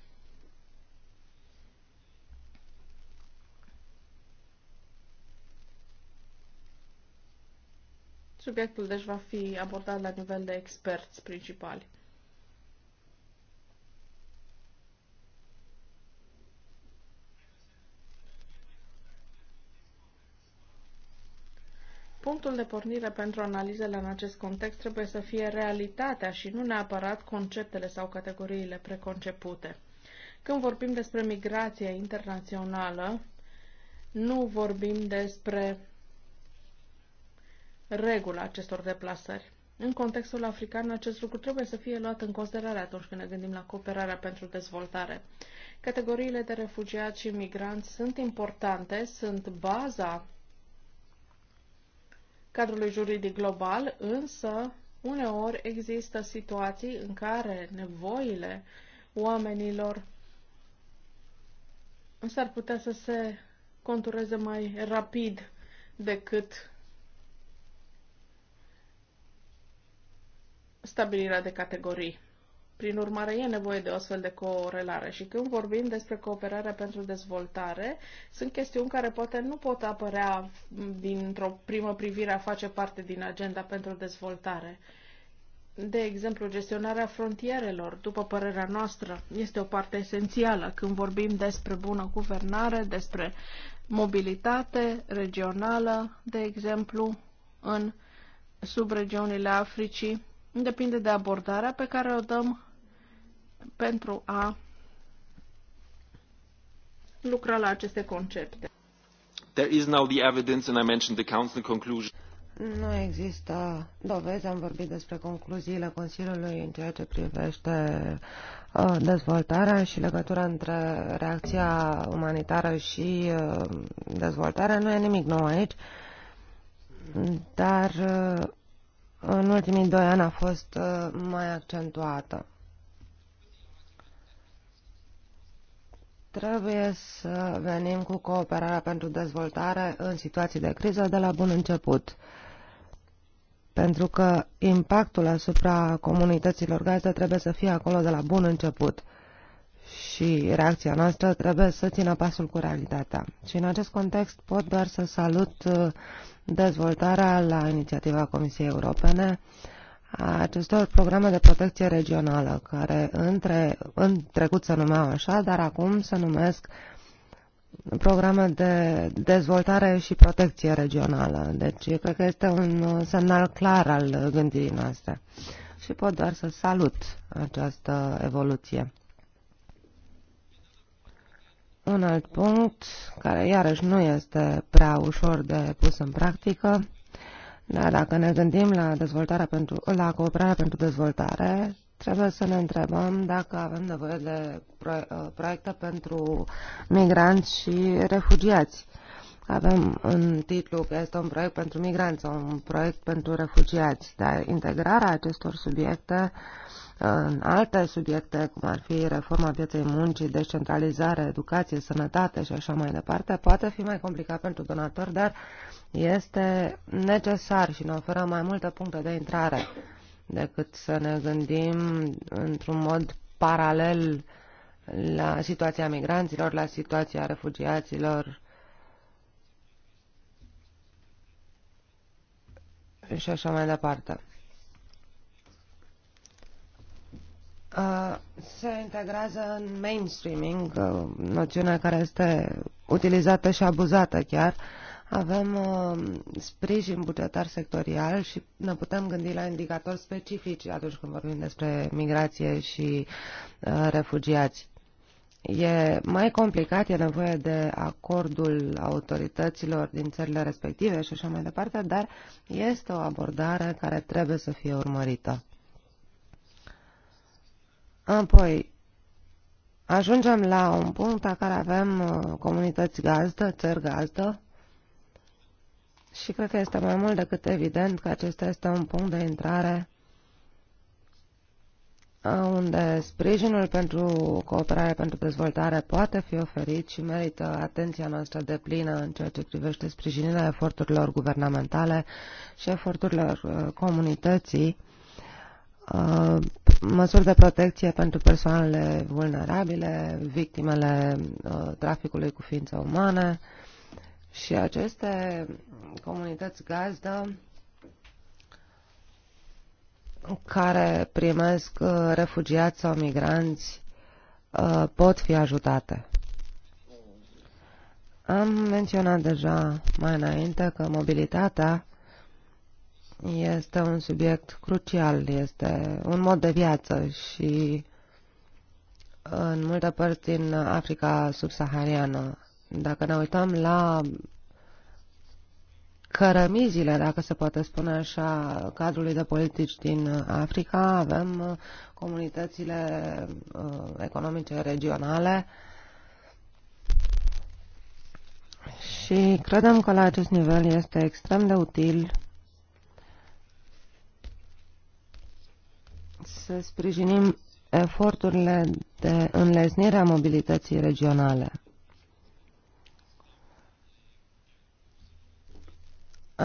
Subiectul deci va fi abordat la nivel de experți principali. Punctul de pornire pentru analizele în acest context trebuie să fie realitatea și nu neapărat conceptele sau categoriile preconcepute. Când vorbim despre migrație internațională, nu vorbim despre regula acestor deplasări. În contextul african, acest lucru trebuie să fie luat în considerare atunci când ne gândim la cooperarea pentru dezvoltare. Categoriile de refugiați și migranți sunt importante, sunt baza cadrului juridic global, însă uneori există situații în care nevoile oamenilor s-ar putea să se contureze mai rapid decât stabilirea de categorii. Prin urmare, e nevoie de o astfel de corelare și când vorbim despre cooperare pentru dezvoltare, sunt chestiuni care poate nu pot apărea dintr-o primă privire a face parte din agenda pentru dezvoltare. De exemplu, gestionarea frontierelor, după părerea noastră, este o parte esențială când vorbim despre bună guvernare, despre mobilitate regională, de exemplu, în subregiunile Africii, depinde de abordarea pe care o dăm pentru a lucra la aceste concepte. There is now the evidence and I mentioned the council conclusion. Nu există dovezi, am vorbit despre concluziile Consiliului în ceea ce privește uh, dezvoltarea și legătura între reacția umanitară și uh, dezvoltarea. Nu e nimic nou aici, dar uh, în ultimii doi ani a fost mai accentuată. Trebuie să venim cu cooperarea pentru dezvoltare în situații de criză de la bun început, pentru că impactul asupra comunităților gazdă trebuie să fie acolo de la bun început și reacția noastră trebuie să țină pasul cu realitatea. Și în acest context pot doar să salut uh, dezvoltarea la inițiativa Comisiei Europene uh, a acestor programe de protecție regională, care între, în trecut se numeau așa, dar acum se numesc programe de dezvoltare și protecție regională. Deci, cred că este un semnal clar al gândirii noastre. Și pot doar să salut această evoluție. Un alt punct, care iarăși nu este prea ușor de pus în practică, da, dacă ne gândim la, dezvoltarea pentru, la cooperarea pentru dezvoltare, trebuie să ne întrebăm dacă avem nevoie de uh, proiecte pentru migranți și refugiați. Avem în titlu că este un proiect pentru migranți un proiect pentru refugiați, dar integrarea acestor subiecte uh, în alte subiecte, cum ar fi reforma pieței muncii, descentralizare, educație, sănătate și așa mai departe, poate fi mai complicat pentru donatori, dar uh, este necesar și ne oferă mai multe puncte de intrare decât să ne gândim într-un mod paralel la situația migranților, la situația refugiaților și așa mai departe. Se integrează în mainstreaming, noțiunea care este utilizată și abuzată chiar, uh, avem uh, sprijin bugetar sectorial și ne putem gândi la indicatori specifici atunci când vorbim despre migrație și uh, refugiați. E mai complicat, e nevoie de acordul autorităților din țările respective și așa mai departe, dar este o abordare care trebuie să fie urmărită. Apoi, ajungem la un punct la care avem uh, comunități gazdă, țări gazdă, și cred că este mai mult decât evident că acesta este un punct de intrare unde sprijinul pentru cooperare, pentru dezvoltare poate fi oferit și merită atenția noastră de plină în ceea ce privește sprijinirea eforturilor guvernamentale și eforturilor uh, comunității, uh, măsuri de protecție pentru persoanele vulnerabile, victimele uh, traficului cu ființe umane, și aceste comunități gazdă care primesc uh, refugiați sau migranți uh, pot fi ajutate. Am menționat deja mai înainte că mobilitatea este un subiect crucial, este un mod de viață și în multe părți din Africa subsahariană dacă ne uităm la cărămizile, dacă se poate spune așa, cadrului de politici din Africa, avem uh, comunitățile uh, economice regionale și credem că la acest nivel este extrem de util să sprijinim eforturile de înlesnire a mobilității regionale.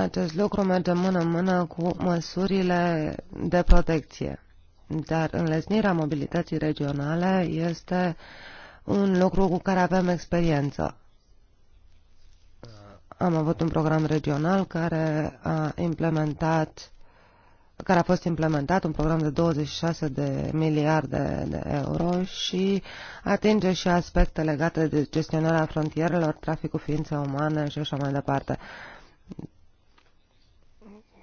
Acest lucru merge mână-mână cu măsurile de protecție. Dar înlesnirea mobilității regionale este un lucru cu care avem experiență. Am avut un program regional care a implementat care a fost implementat un program de 26 de miliarde de euro și atinge și aspecte legate de gestionarea frontierelor, traficul ființe umane și așa mai departe.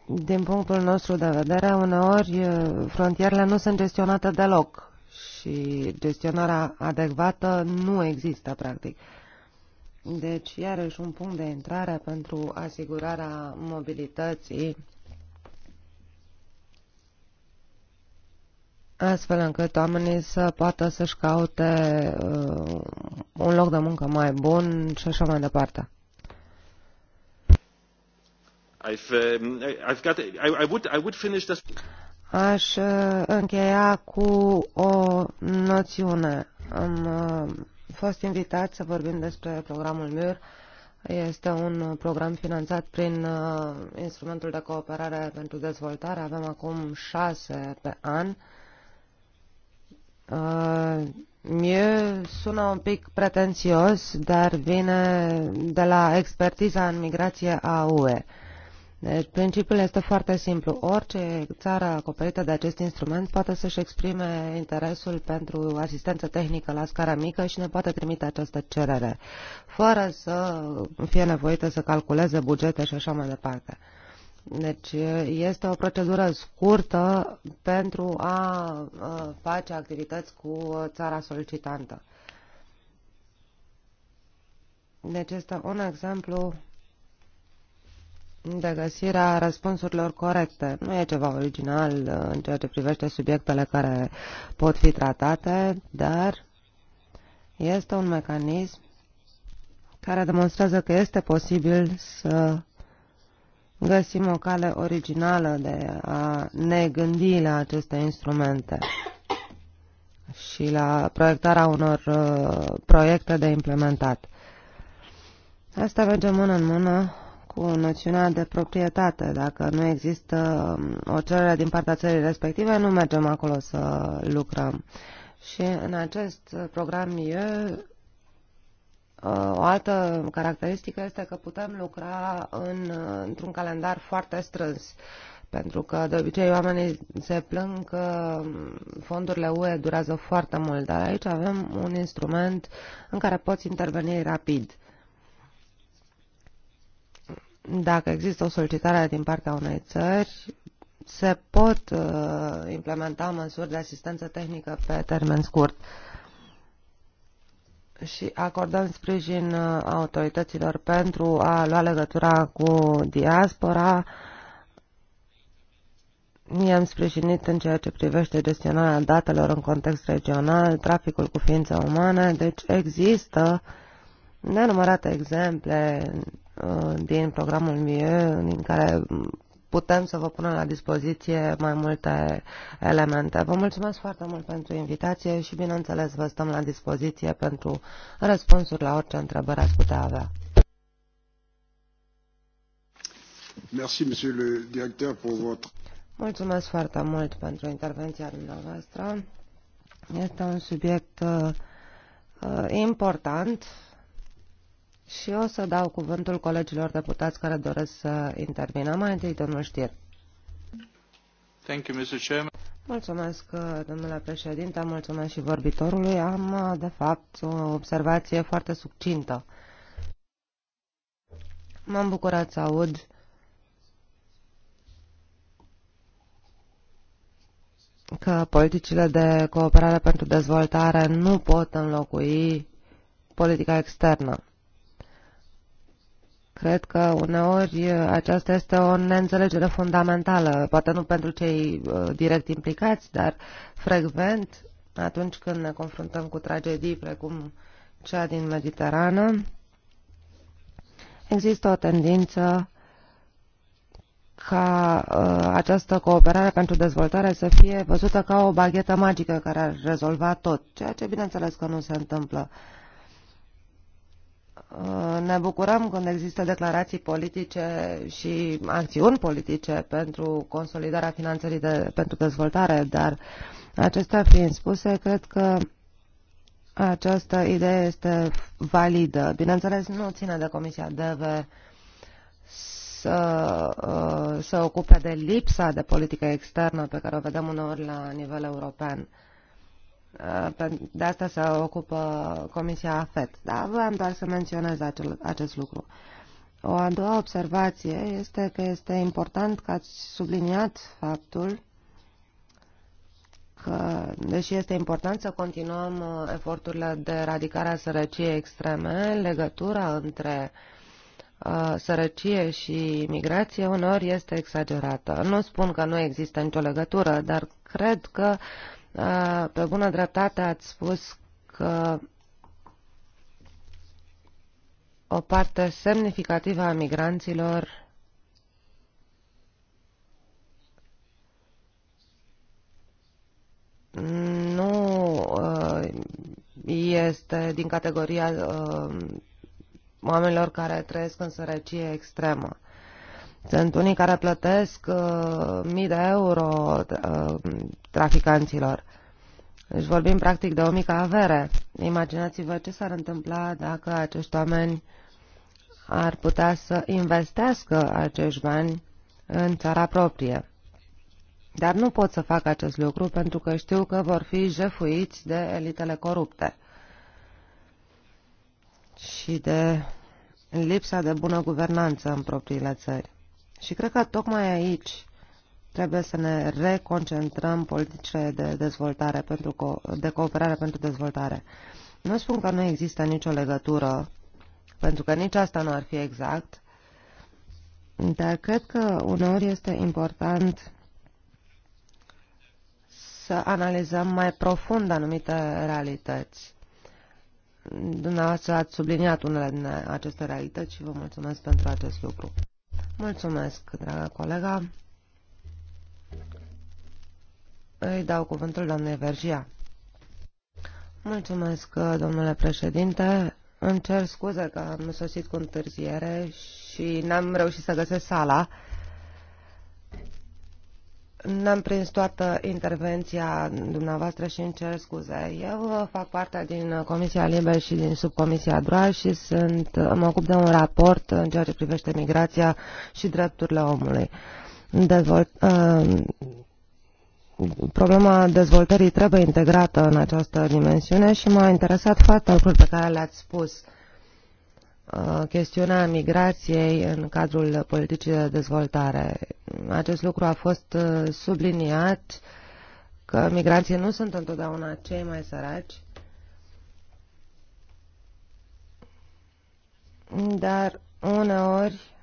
Din punctul nostru de vedere, uneori frontierele nu sunt gestionate deloc și gestionarea adecvată nu există, practic. Deci, iarăși, un punct de intrare pentru asigurarea mobilității astfel încât oamenii să poată să-și caute uh, un loc de muncă mai bun și așa mai departe. Um, I've, got, I, I, would, I would finish this. Aș uh, încheia cu o noțiune. Am uh, fost invitat să vorbim despre programul MUR. Este un program finanțat prin uh, instrumentul de cooperare pentru dezvoltare. Avem acum șase pe an. Mie sună un pic pretențios, dar vine de la expertiza în migrație a UE. Deci, principiul este foarte simplu. Orice țară acoperită de acest instrument poate să-și exprime interesul pentru asistență tehnică la scară mică și ne poate trimite această cerere, fără să fie nevoită să calculeze bugete și așa mai departe. Deci este o procedură scurtă pentru a face activități cu țara solicitantă. Deci este un exemplu de găsirea răspunsurilor corecte. Nu e ceva original uh, în ceea ce privește subiectele care pot fi tratate, dar este un mecanism care demonstrează că este posibil să găsim o cale originală de a ne gândi la aceste instrumente și la proiectarea unor uh, proiecte de implementat. Asta merge mână în mână cu noțiunea de proprietate. Dacă nu există um, o cerere din partea țării respective, nu mergem acolo să lucrăm. Și în acest program e uh, o altă caracteristică este că putem lucra în, uh, într-un calendar foarte strâns. Pentru că de obicei oamenii se plâng că um, fondurile UE durează foarte mult, dar aici avem un instrument în care poți interveni rapid dacă există o solicitare din partea unei țări, se pot uh, implementa măsuri de asistență tehnică pe termen scurt și acordăm sprijin uh, autorităților pentru a lua legătura cu diaspora. I-am sprijinit în ceea ce privește gestionarea datelor în context regional, traficul cu ființe umane, deci există uh, nenumărate exemple uh, din programul MIE, din care putem să vă punem la dispoziție mai multe elemente. Vă mulțumesc foarte mult pentru invitație și, bineînțeles, vă stăm la dispoziție pentru răspunsuri la orice întrebări ați putea avea. Merci, monsieur le directeur, pour votre... Mulțumesc foarte mult pentru intervenția dumneavoastră. Este un subiect uh, uh important și o să dau cuvântul colegilor deputați care doresc să intervină. Mai întâi, domnul Știr. Thank you, Mr. Chairman. Mulțumesc, domnule președinte, mulțumesc și vorbitorului. Am, de fapt, o observație foarte succintă. M-am bucurat să aud că politicile de cooperare pentru dezvoltare nu pot înlocui politica externă. Cred că uneori uh, aceasta este o neînțelegere fundamentală, poate nu pentru cei uh, direct implicați, dar frecvent atunci când ne confruntăm cu tragedii precum cea din Mediterană, există o tendință ca uh, această cooperare pentru dezvoltare să fie văzută ca o baghetă magică care ar rezolva tot, ceea ce bineînțeles că nu se întâmplă. Uh, Uh, ne bucurăm când există declarații politice și acțiuni politice pentru consolidarea finanțării de, pentru dezvoltare, dar acestea fiind spuse, cred că această idee este validă. Bineînțeles, nu ține de Comisia DEVE să uh, se ocupe de lipsa de politică externă pe care o vedem uneori la nivel european. Uh, de asta se ocupă Comisia AFET, dar vreau doar să menționez acel, acest lucru. O a doua observație este că este important că ați subliniat faptul că, deși este important să continuăm uh, eforturile de eradicare a sărăciei extreme, legătura între uh, sărăcie și migrație uneori este exagerată. Nu spun că nu există nicio legătură, dar cred că uh, Uh, pe bună dreptate ați spus că o parte semnificativă a migranților nu uh, este din categoria uh, oamenilor care trăiesc în sărăcie extremă. Sunt unii care plătesc uh, mii de euro uh, traficanților. Deci vorbim practic de o mică avere. Imaginați-vă ce s-ar întâmpla dacă acești oameni ar putea să investească acești bani în țara proprie. Dar nu pot să fac acest lucru pentru că știu că vor fi jefuiți de elitele corupte și de lipsa de bună guvernanță în propriile țări. Și cred că tocmai aici Trebuie să ne reconcentrăm politicile de dezvoltare pentru co- de cooperare pentru dezvoltare. Nu spun că nu există nicio legătură, pentru că nici asta nu ar fi exact, dar cred că uneori este important să analizăm mai profund anumite realități. Dumneavoastră ați subliniat unele din aceste realități și vă mulțumesc pentru acest lucru. Mulțumesc, dragă colega. Îi dau cuvântul doamnei Vergia. Mulțumesc, domnule președinte. Îmi cer scuze că am sosit cu întârziere și n-am reușit să găsesc sala. N-am prins toată intervenția dumneavoastră și îmi cer scuze. Eu fac parte din Comisia Liber și din subcomisia DROA și sunt, mă ocup de un raport în ceea ce privește migrația și drepturile omului. Dezvolt, uh, problema dezvoltării trebuie integrată în această dimensiune și m-a interesat foarte lucrul pe care le-ați spus. Uh, chestiunea migrației în cadrul politicii de dezvoltare. Acest lucru a fost uh, subliniat că migranții nu sunt întotdeauna cei mai săraci, dar uneori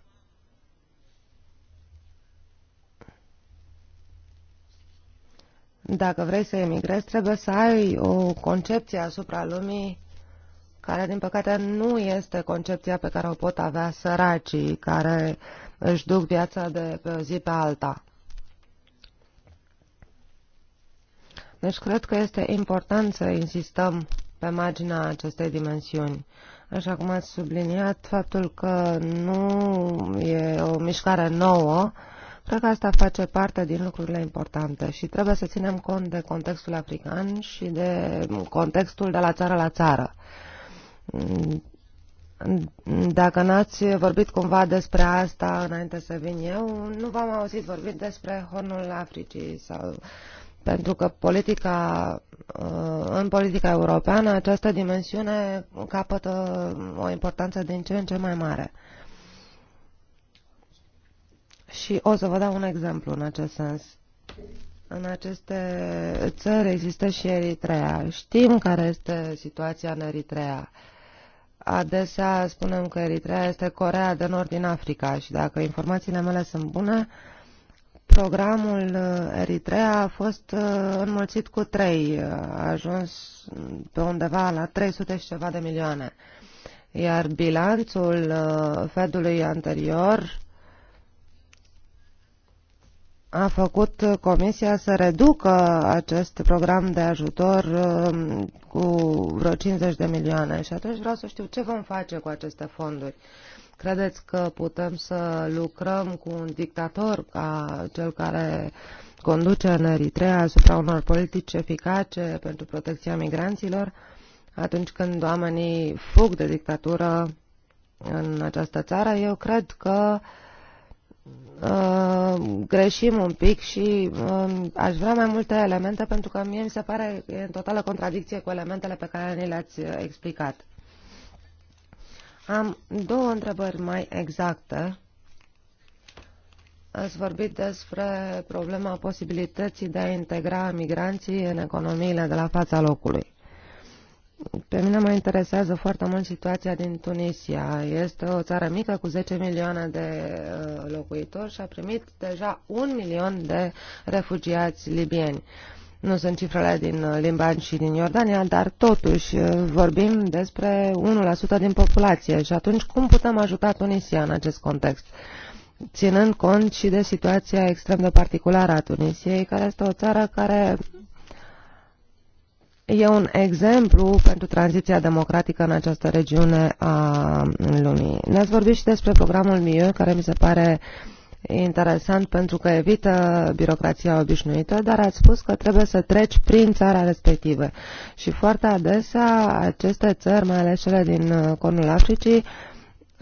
Dacă vrei să emigrezi, trebuie să ai o concepție asupra lumii care, din păcate, nu este concepția pe care o pot avea săracii care își duc viața de pe o zi pe alta. Deci cred că este important să insistăm pe marginea acestei dimensiuni. Așa cum ați subliniat, faptul că nu e o mișcare nouă, Cred că asta face parte din lucrurile importante și trebuie să ținem cont de contextul african și de contextul de la țară la țară. Dacă n-ați vorbit cumva despre asta înainte să vin eu, nu v-am auzit vorbit despre Hornul Africii sau pentru că politica, uh, în politica europeană această dimensiune capătă o importanță din ce în ce mai mare. Și o să vă dau un exemplu în acest sens. În aceste țări există și Eritrea. Știm care este situația în Eritrea. Adesea spunem că Eritrea este Corea de Nord din Africa și dacă informațiile mele sunt bune, programul Eritrea a fost uh, înmulțit cu trei, uh, a ajuns pe undeva la 300 și ceva de milioane. Iar bilanțul uh, Fedului anterior a făcut Comisia să reducă acest program de ajutor um, cu vreo 50 de milioane și atunci vreau să știu ce vom face cu aceste fonduri. Credeți că putem să lucrăm cu un dictator ca cel care conduce în Eritrea asupra unor politici eficace pentru protecția migranților atunci când oamenii fug de dictatură în această țară? Eu cred că uh, uh, greșim un pic și uh, aș vrea mai multe elemente pentru că mie mi se pare că e în totală contradicție cu elementele pe care ni le-ați uh, explicat. Am două întrebări mai exacte. Ați vorbit despre problema posibilității de a integra migranții în economiile de la fața locului. Pe mine mă interesează foarte mult situația din Tunisia. Este o țară mică cu 10 milioane de uh, locuitori și a primit deja un milion de refugiați libieni. Nu sunt cifrele din uh, Liban și din Iordania, dar totuși uh, vorbim despre 1% din populație și atunci cum putem ajuta Tunisia în acest context? ținând cont și de situația extrem de particulară a Tunisiei, care este o țară care e un exemplu pentru tranziția democratică în această regiune a lumii. Ne-ați vorbit și despre programul MIU, care mi se pare interesant pentru că evită birocrația obișnuită, dar ați spus că trebuie să treci prin țara respectivă. Și foarte adesea aceste țări, mai ales cele din uh, Cornul Africii, uh,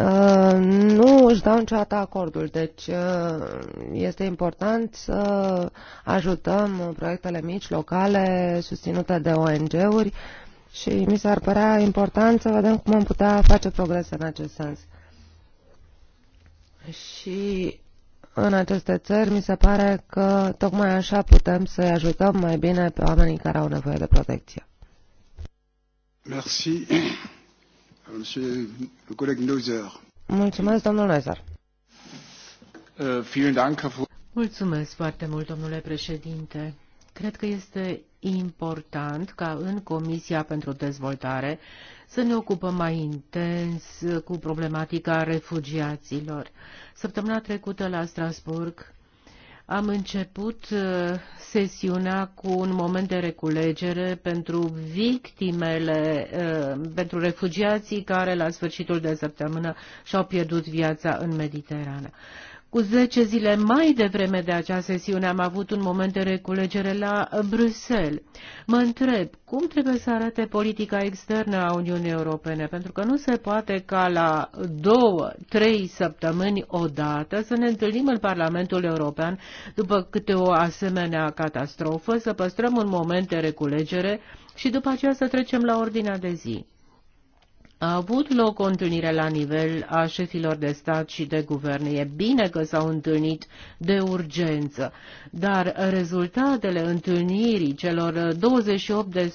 Uh, nu își dau niciodată acordul. Deci uh, este important să ajutăm proiectele mici, locale, susținute de ONG-uri și mi s-ar părea important să vedem cum am putea face progrese în acest sens. Și în aceste țări mi se pare că tocmai așa putem să-i ajutăm mai bine pe oamenii care au nevoie de protecție. Merci. Mulțumesc, domnul Neuser. Uh, Mulțumesc foarte mult, domnule președinte. Cred că este important ca în Comisia pentru Dezvoltare să ne ocupăm mai intens cu problematica refugiaților. Săptămâna trecută la Strasburg am început uh, sesiunea cu un moment de reculegere pentru victimele, uh, pentru refugiații care la sfârșitul de săptămână și-au pierdut viața în Mediterană. Cu zece zile mai devreme de acea sesiune am avut un moment de reculegere la uh, Bruxelles. Mă întreb, cum trebuie să arate politica externă a Uniunii Europene? Pentru că nu se poate ca la două, trei săptămâni odată să ne întâlnim în Parlamentul European după câte o asemenea catastrofă, să păstrăm un moment de reculegere și după aceea să trecem la ordinea de zi a avut loc o întâlnire la nivel a șefilor de stat și de guvern. E bine că s-au întâlnit de urgență, dar rezultatele întâlnirii celor 28 de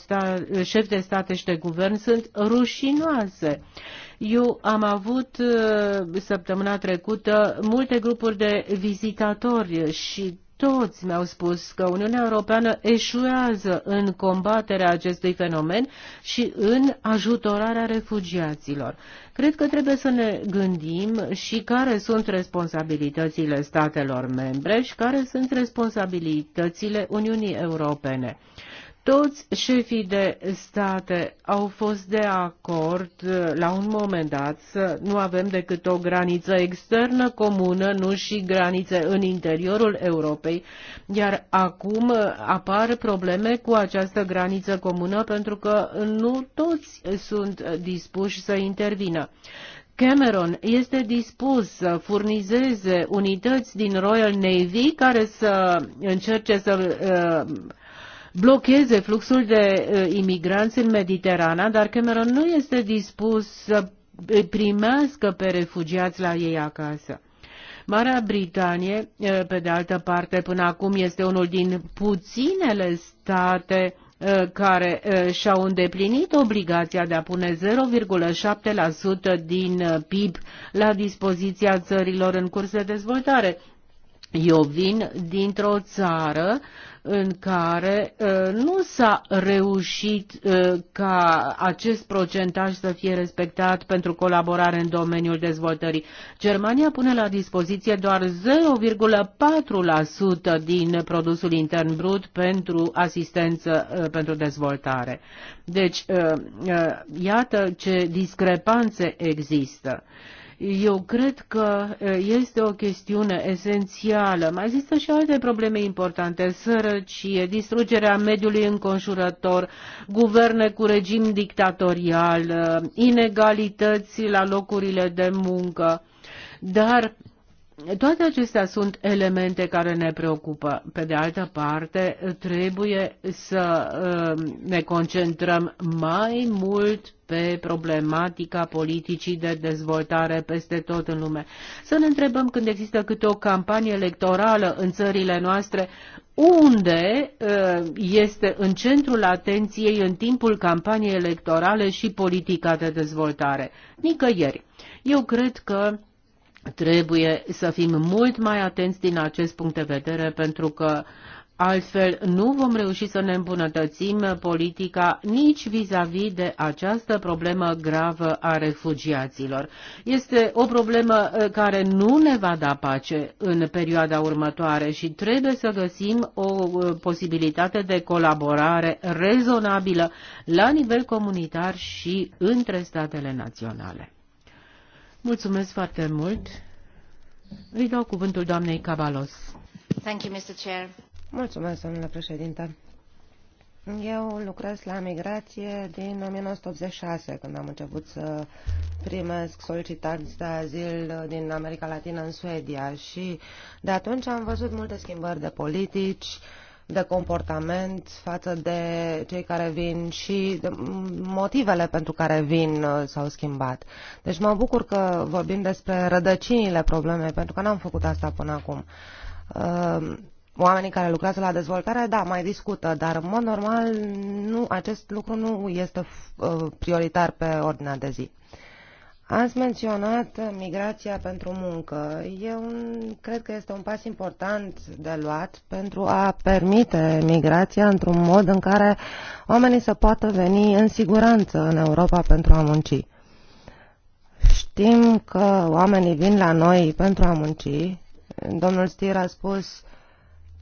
șefi de state și de guvern sunt rușinoase. Eu am avut uh, săptămâna trecută multe grupuri de vizitatori și toți mi-au spus că Uniunea Europeană eșuează în combaterea acestui fenomen și în ajutorarea refugiaților. Cred că trebuie să ne gândim și care sunt responsabilitățile statelor membre și care sunt responsabilitățile Uniunii Europene toți șefii de state au fost de acord uh, la un moment dat să nu avem decât o graniță externă comună, nu și granițe în interiorul Europei, iar acum uh, apar probleme cu această graniță comună pentru că nu toți sunt dispuși să intervină. Cameron este dispus să furnizeze unități din Royal Navy care să încerce să uh, blocheze fluxul de imigranți în Mediterana, dar Cameron nu este dispus să primească pe refugiați la ei acasă. Marea Britanie, pe de altă parte, până acum este unul din puținele state care și-au îndeplinit obligația de a pune 0,7% din PIB la dispoziția țărilor în curs de dezvoltare. Eu vin dintr-o țară în care uh, nu s-a reușit uh, ca acest procentaj să fie respectat pentru colaborare în domeniul dezvoltării. Germania pune la dispoziție doar 0,4% din produsul intern brut pentru asistență uh, pentru dezvoltare. Deci, iată ce discrepanțe există. Eu cred că este o chestiune esențială. Mai există și alte probleme importante, sărăcie, distrugerea mediului înconjurător, guverne cu regim dictatorial, inegalități la locurile de muncă. Dar toate acestea sunt elemente care ne preocupă. Pe de altă parte, trebuie să uh, ne concentrăm mai mult pe problematica politicii de dezvoltare peste tot în lume. Să ne întrebăm când există câte o campanie electorală în țările noastre, unde uh, este în centrul atenției în timpul campaniei electorale și politica de dezvoltare. Nicăieri. Eu cred că Trebuie să fim mult mai atenți din acest punct de vedere pentru că altfel nu vom reuși să ne îmbunătățim politica nici vis-a-vis -vis de această problemă gravă a refugiaților. Este o problemă uh, care nu ne va da pace în perioada următoare și trebuie să găsim o uh, posibilitate de colaborare rezonabilă la nivel comunitar și între statele naționale. Mulțumesc foarte mult. Îi dau cuvântul doamnei Cavalos. Thank you, Mr. Chair. Mulțumesc, domnule președinte. Eu lucrez la migrație din 1986, când am început să primesc solicitanți de azil din America Latină în Suedia și de atunci am văzut multe schimbări de politici, uh, de comportament față de cei care vin și motivele pentru care vin uh, s-au schimbat. Deci mă bucur că vorbim despre rădăcinile problemei, pentru că n-am făcut asta până acum. Uh, oamenii care lucrează la dezvoltare, da, mai discută, dar în mod normal nu, acest lucru nu este uh, prioritar pe ordinea de zi. Ați menționat uh, migrația pentru muncă. Eu cred că este un pas important de luat pentru a permite migrația într-un mod în care oamenii să poată veni în siguranță în Europa pentru a munci. Știm că oamenii vin la noi pentru a munci. Domnul Stir a spus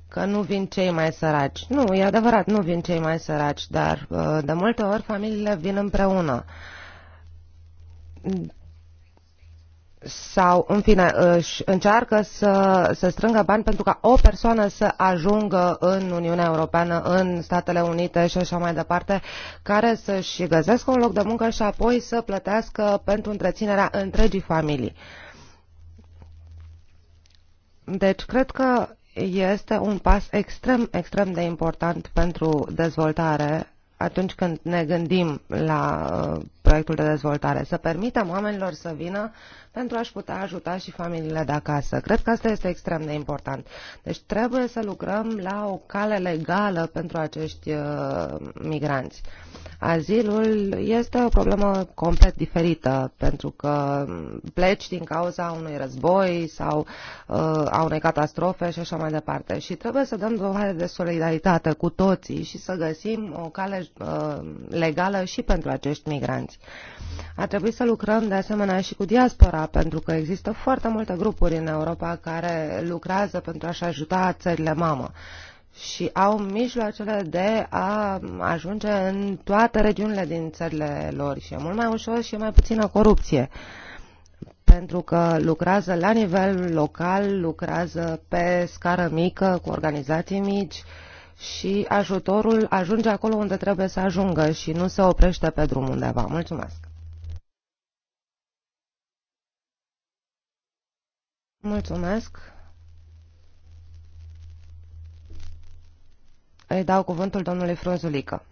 că nu vin cei mai săraci. Nu, e adevărat, nu vin cei mai săraci, dar uh, de multe ori familiile vin împreună sau în fine își încearcă să, să strângă bani pentru ca o persoană să ajungă în Uniunea Europeană, în Statele Unite și așa mai departe, care să-și găsească un loc de muncă și apoi să plătească pentru întreținerea întregii familii. Deci cred că este un pas extrem, extrem de important pentru dezvoltare atunci când ne gândim la proiectul de dezvoltare, să permitem oamenilor să vină pentru a-și putea ajuta și familiile de acasă. Cred că asta este extrem de important. Deci trebuie să lucrăm la o cale legală pentru acești uh, migranți. Azilul este o problemă complet diferită, pentru că pleci din cauza unui război sau uh, a unei catastrofe și așa mai departe. Și trebuie să dăm dovadă de solidaritate cu toții și să găsim o cale uh, legală și pentru acești migranți. Ar trebui să lucrăm de asemenea și cu diaspora pentru că există foarte multe grupuri în Europa care lucrează pentru a-și ajuta țările mamă și au mijloacele de a ajunge în toate regiunile din țările lor și e mult mai ușor și e mai puțină corupție pentru că lucrează la nivel local, lucrează pe scară mică, cu organizații mici și ajutorul ajunge acolo unde trebuie să ajungă și nu se oprește pe drum undeva. Mulțumesc! Mulțumesc. Îi dau cuvântul domnului Frunzulică.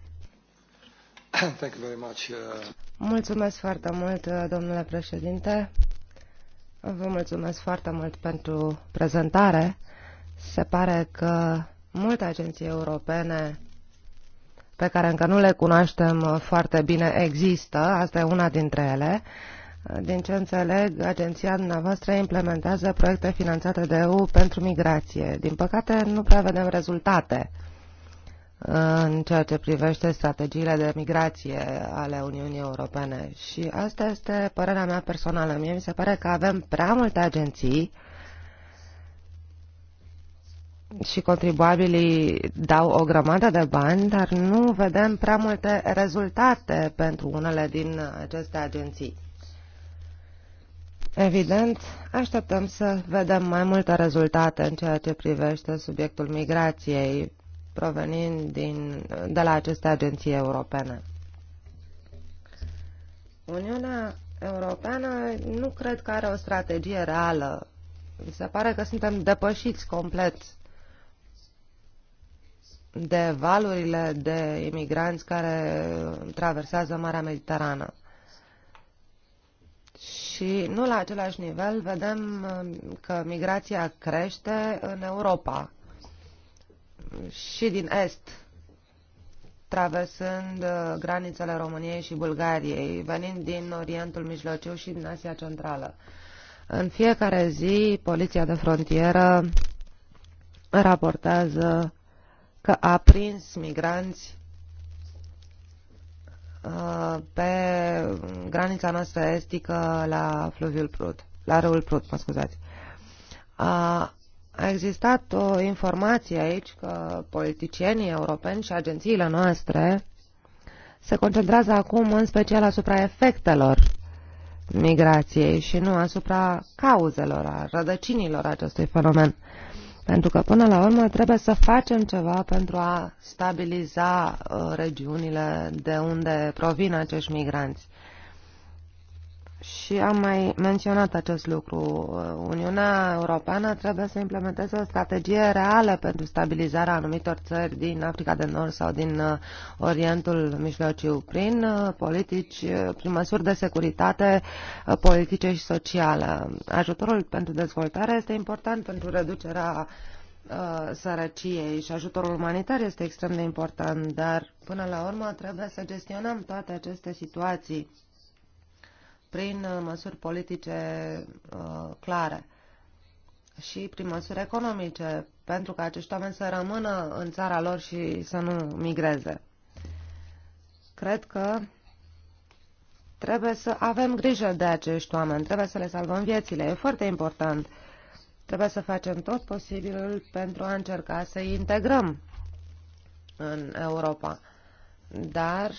Thank you very much. Uh, mulțumesc foarte mult, uh, domnule președinte. Vă mulțumesc foarte mult pentru prezentare. Se pare că multe agenții europene pe care încă nu le cunoaștem uh, foarte bine există, asta e una dintre ele, din ce înțeleg, agenția dumneavoastră implementează proiecte finanțate de EU pentru migrație. Din păcate, nu prea vedem rezultate uh, în ceea ce privește strategiile de migrație ale Uniunii Europene. Și asta este părerea mea personală. Mie mi se pare că avem prea multe agenții și contribuabilii dau o grămadă de bani, dar nu vedem prea multe rezultate pentru unele din aceste agenții. Evident, așteptăm să vedem mai multe rezultate în ceea ce privește subiectul migrației provenind din, de la aceste agenții europene. Uniunea Europeană nu cred că are o strategie reală. Mi se pare că suntem depășiți complet de valurile de imigranți care traversează Marea Mediterană și nu la același nivel vedem um, că migrația crește în Europa și din Est, traversând uh, granițele României și Bulgariei, venind din Orientul Mijlociu și din Asia Centrală. În fiecare zi, poliția de frontieră raportează că a prins migranți Uh, pe granița noastră estică la fluviul Prut, la râul Prut, mă scuzați. A, a existat o informație aici că politicienii europeni și agențiile noastre se concentrează acum în special asupra efectelor migrației și nu asupra cauzelor, a rădăcinilor acestui fenomen. Uh, pentru că, până la urmă, trebuie să facem ceva pentru a stabiliza uh, regiunile de unde provin acești migranți. Și am mai menționat acest lucru. Uniunea Europeană trebuie să implementeze o strategie reală pentru stabilizarea anumitor țări din Africa de Nord sau din uh, Orientul Mijlociu prin uh, politici, uh, prin măsuri de securitate politice și sociale. Ajutorul pentru dezvoltare este important pentru reducerea sărăciei și ajutorul umanitar este extrem de important, dar până la urmă trebuie să gestionăm toate aceste situații prin uh, măsuri politice uh, clare și prin măsuri economice, pentru că acești oameni să rămână în țara lor și să nu migreze. Cred că trebuie să avem grijă de acești oameni, trebuie să le salvăm viețile, e foarte important. Trebuie să facem tot posibilul pentru a încerca să-i integrăm în Europa. Dar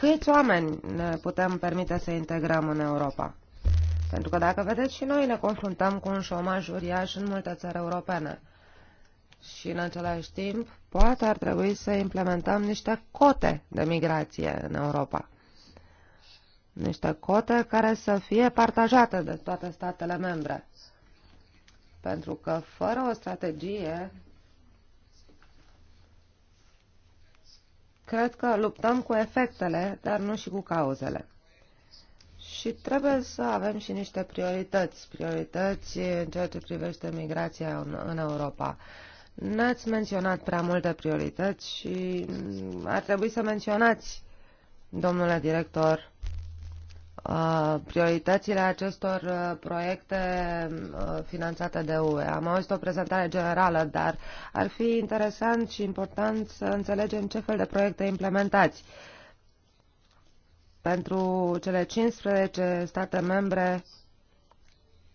câți oameni ne putem permite să integrăm în Europa. Pentru că dacă vedeți și noi ne confruntăm cu un șomaj uriaș în multe țări europene. Și în același timp, poate ar trebui să implementăm niște cote de migrație în Europa. Niște cote care să fie partajate de toate statele membre. Pentru că fără o strategie Cred că luptăm cu efectele, dar nu și cu cauzele. Și trebuie să avem și niște priorități, priorități în ceea ce privește migrația în, în Europa. N-ați menționat prea multe priorități și ar trebui să menționați, domnule director, Uh, prioritățile acestor uh, proiecte uh, finanțate de UE. Am auzit o prezentare generală, dar ar fi interesant și important să înțelegem ce fel de proiecte implementați. Pentru cele 15 state membre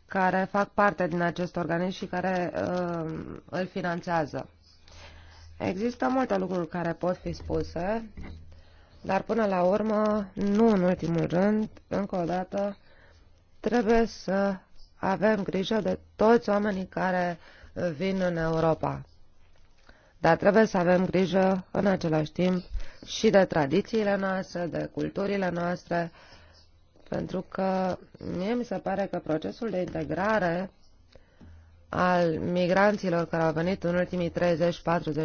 care fac parte din acest organism și care uh, îl finanțează. Există multe lucruri care pot fi spuse dar până la urmă, nu în ultimul rând, încă o dată, trebuie să avem grijă de toți oamenii care vin în Europa. Dar trebuie să avem grijă în același timp și de tradițiile noastre, de culturile noastre, pentru că mie mi se pare că procesul de integrare al migranților care au venit în ultimii 30-40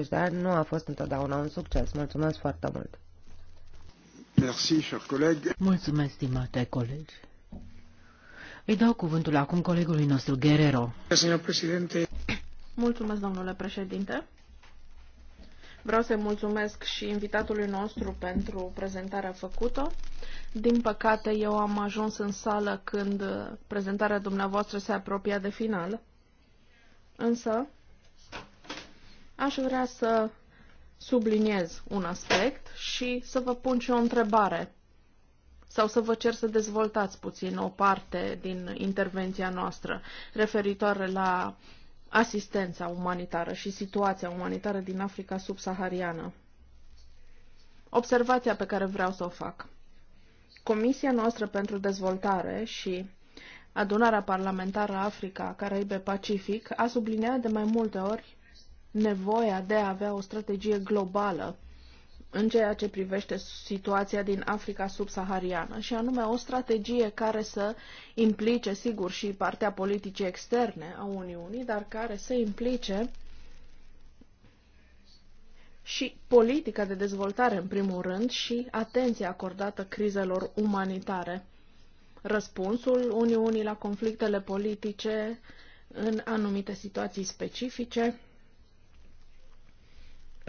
de ani nu a fost întotdeauna un succes. Mulțumesc foarte mult! Merci, cher coleg. Mulțumesc, stimate colegi. Îi dau cuvântul acum colegului nostru, Guerrero. Mulțumesc, domnule președinte. Vreau să mulțumesc și invitatului nostru pentru prezentarea făcută. Din păcate, eu am ajuns în sală când prezentarea dumneavoastră se apropia de final. Însă, aș vrea să subliniez un aspect și să vă pun și o întrebare sau să vă cer să dezvoltați puțin o parte din intervenția noastră referitoare la asistența umanitară și situația umanitară din Africa subsahariană. Observația pe care vreau să o fac. Comisia noastră pentru dezvoltare și adunarea parlamentară Africa, Caraibe, Pacific a subliniat de mai multe ori nevoia de a avea o strategie globală în ceea ce privește situația din Africa subsahariană, și anume o strategie care să implice, sigur, și partea politicii externe a Uniunii, dar care să implice și politica de dezvoltare, în primul rând, și atenția acordată crizelor umanitare. Răspunsul Uniunii la conflictele politice în anumite situații specifice,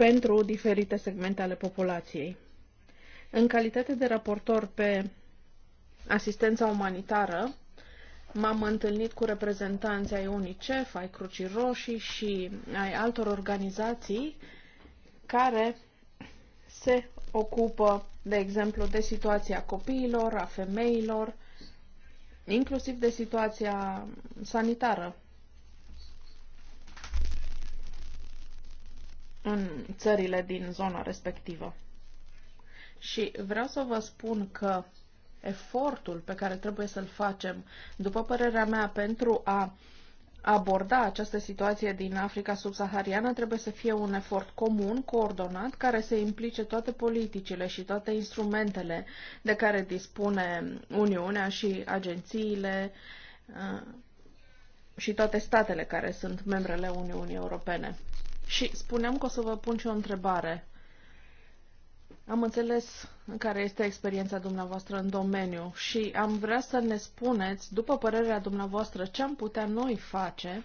pentru diferite segmente ale populației. În calitate de raportor pe asistența umanitară, m-am întâlnit cu reprezentanții ai UNICEF, ai Crucii Roșii și ai altor organizații care se ocupă, de exemplu, de situația copiilor, a femeilor, inclusiv de situația sanitară în țările din zona respectivă. Și vreau să vă spun că efortul pe care trebuie să-l facem, după părerea mea, pentru a aborda această situație din Africa subsahariană trebuie să fie un efort comun, coordonat, care să implice toate politicile și toate instrumentele de care dispune Uniunea și agențiile uh, și toate statele care sunt membrele Uniunii Europene. Și spuneam că o să vă pun și o întrebare. Am înțeles care este experiența dumneavoastră în domeniu și am vrea să ne spuneți, după părerea dumneavoastră, ce am putea noi face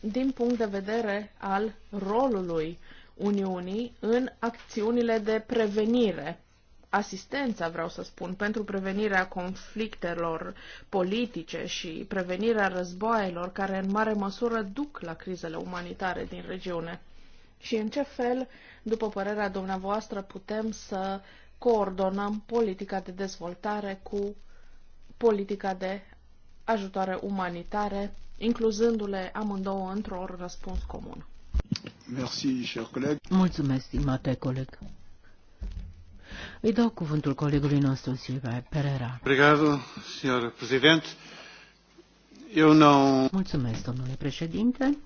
din punct de vedere al rolului Uniunii în acțiunile de prevenire asistența, vreau să spun, pentru prevenirea conflictelor politice și prevenirea războaielor care în mare măsură duc la crizele umanitare din regiune? Și în ce fel, după părerea dumneavoastră, putem să coordonăm politica de dezvoltare cu politica de ajutoare umanitare, incluzându-le amândouă într-un răspuns comun? Mulțumesc, stimate coleg. Îi dau cuvântul colegului nostru, Silva Pereira. Obrigado, senhor presidente. Eu não... Mulțumesc, domnule președinte.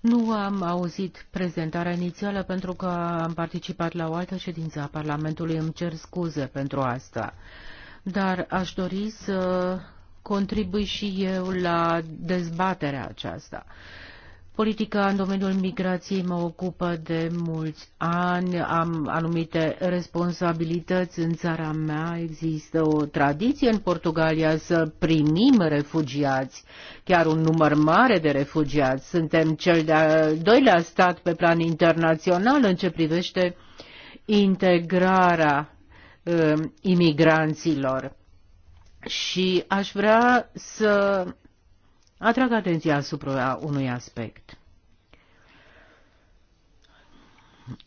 Nu am auzit prezentarea inițială pentru că am participat la o altă ședință a Parlamentului. Îmi cer scuze pentru asta. Dar aș dori să contribui și eu la dezbaterea aceasta. Uh, Politica în domeniul migrației mă ocupă de mulți ani, am anumite responsabilități în țara mea, există o tradiție în Portugalia să primim refugiați, chiar un număr mare de refugiați. Suntem cel de-al doilea stat pe plan internațional în ce privește integrarea uh, imigranților. Și aș vrea să atrag atenția asupra unui aspect.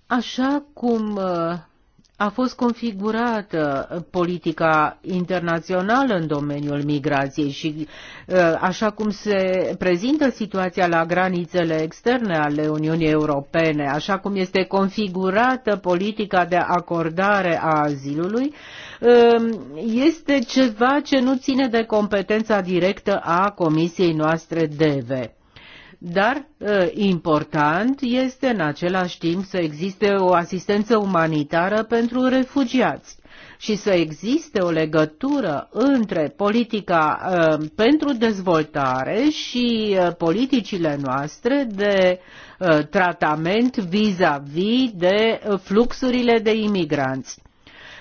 Așa cum uh, a fost configurată politica internațională în domeniul migrației și uh, așa cum se prezintă situația la granițele externe ale Uniunii Europene, așa cum este configurată politica de acordare a azilului, Ehm, este ceva ce nu ține de competența directă a comisiei noastre DV. Dar important este în același timp să existe o asistență umanitară pentru refugiați și să existe o legătură între politica pentru dezvoltare și politicile noastre de tratament vis-a-vis -vis de fluxurile de imigranți.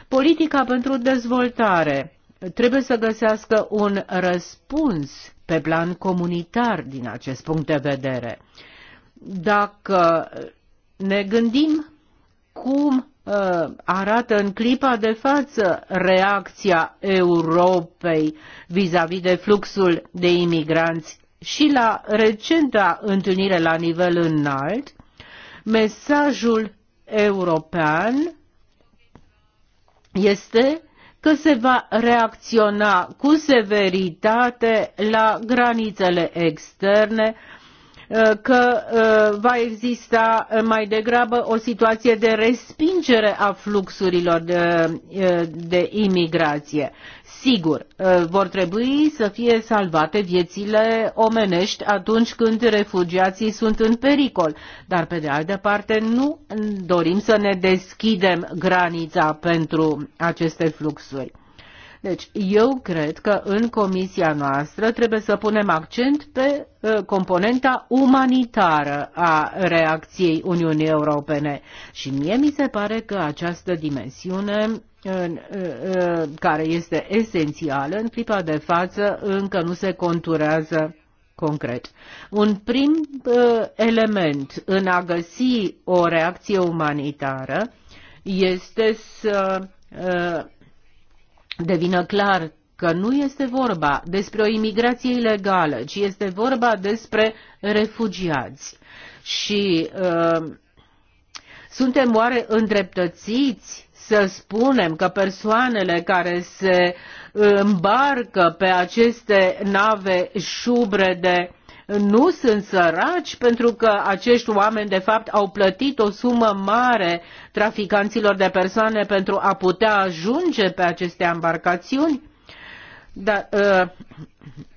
Politica pentru dezvoltare trebuie să găsească un răspuns pe plan comunitar din acest punct de vedere. Dacă ne gândim cum uh, arată în clipa de față reacția Europei vis-a-vis -vis de fluxul de imigranți și la recenta întâlnire la nivel înalt, mesajul european este că se va reacționa cu severitate la granițele externe, că uh, va exista mai degrabă o situație de respingere a fluxurilor de, uh, de imigrație. Sigur, ă, vor trebui să fie salvate viețile omenești atunci când refugiații sunt în pericol, dar pe de altă parte nu dorim să ne deschidem granița pentru aceste fluxuri. Deci, eu cred că în comisia noastră trebuie să punem accent pe ă, componenta umanitară a reacției Uniunii Europene. Și mie mi se pare că această dimensiune care este esențială, în clipa de față încă nu se conturează concret. Un prim element în a găsi o reacție umanitară este să ă, devină clar că nu este vorba despre o imigrație ilegală, ci este vorba despre refugiați. Și uh, suntem oare îndreptățiți să spunem că persoanele care se uh, îmbarcă pe aceste nave șubrede uh, nu sunt săraci pentru că acești oameni de fapt au plătit o sumă mare traficanților de persoane pentru a putea ajunge pe aceste embarcațiuni? Dar, uh,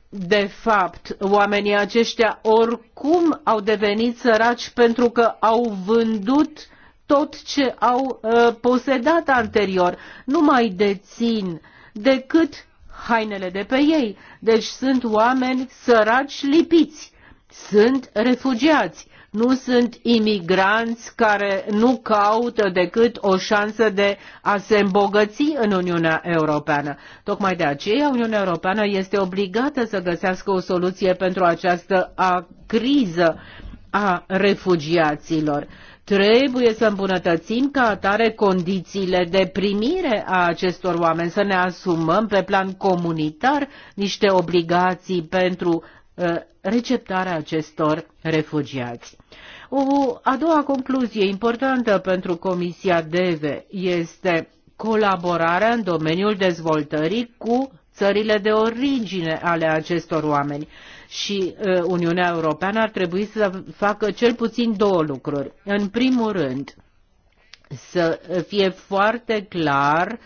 de fapt, oamenii aceștia oricum au devenit săraci pentru că au vândut tot ce au uh, posedat anterior. Nu mai dețin decât hainele de pe ei. Deci sunt oameni săraci lipiți. Sunt refugiați. Nu sunt imigranți care nu caută decât o șansă de a se îmbogăți în Uniunea Europeană. Tocmai de aceea Uniunea Europeană este obligată să găsească o soluție pentru această a, criză a refugiaților Trebuie să îmbunătățim ca atare condițiile de primire a acestor oameni, să ne asumăm pe plan comunitar niște obligații pentru uh, receptarea acestor refugiați. O a doua concluzie importantă pentru Comisia DEVE este colaborarea în domeniul dezvoltării cu țările de origine ale acestor oameni și uh, Uniunea Europeană ar trebui să facă cel puțin două lucruri. În primul rând, să fie foarte clar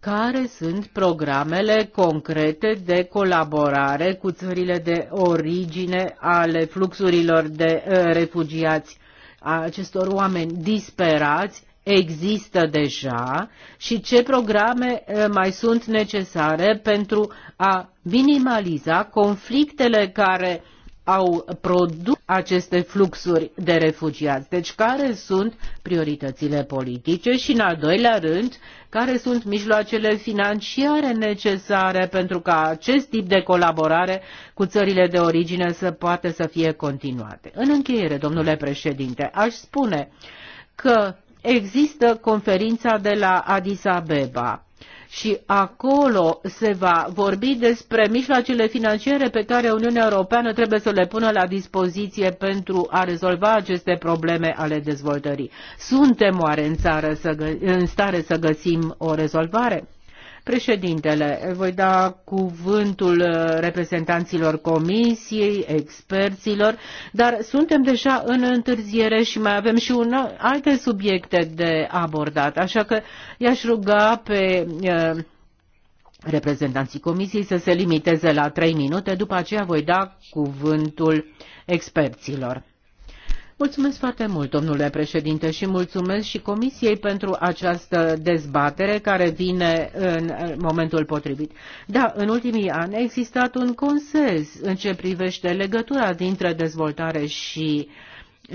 care sunt programele concrete de colaborare cu țările de origine ale fluxurilor de uh, refugiați, a acestor oameni disperați există deja și ce programe eh, mai sunt necesare pentru a minimaliza conflictele care au produs aceste fluxuri de refugiați. Deci care sunt prioritățile politice și, în al doilea rând, care sunt mijloacele financiare necesare pentru ca acest tip de colaborare cu țările de origine să poată să fie continuate. În încheiere, domnule președinte, aș spune că există conferința de la Addis Abeba și acolo se va vorbi despre mijloacele financiare pe care Uniunea Europeană trebuie să le pună la dispoziție pentru a rezolva aceste probleme ale dezvoltării. Suntem oare în, țară să, în stare să găsim o rezolvare? Președintele, voi da cuvântul uh, reprezentanților comisiei, experților, dar suntem deja în întârziere și mai avem și un, alte subiecte de abordat, așa că i-aș ruga pe uh, reprezentanții comisiei să se limiteze la trei minute, după aceea voi da cuvântul experților. Mulțumesc foarte mult, domnule președinte, și mulțumesc și Comisiei pentru această dezbatere care vine în momentul potrivit. Da, în ultimii ani a existat un consens în ce privește legătura dintre dezvoltare și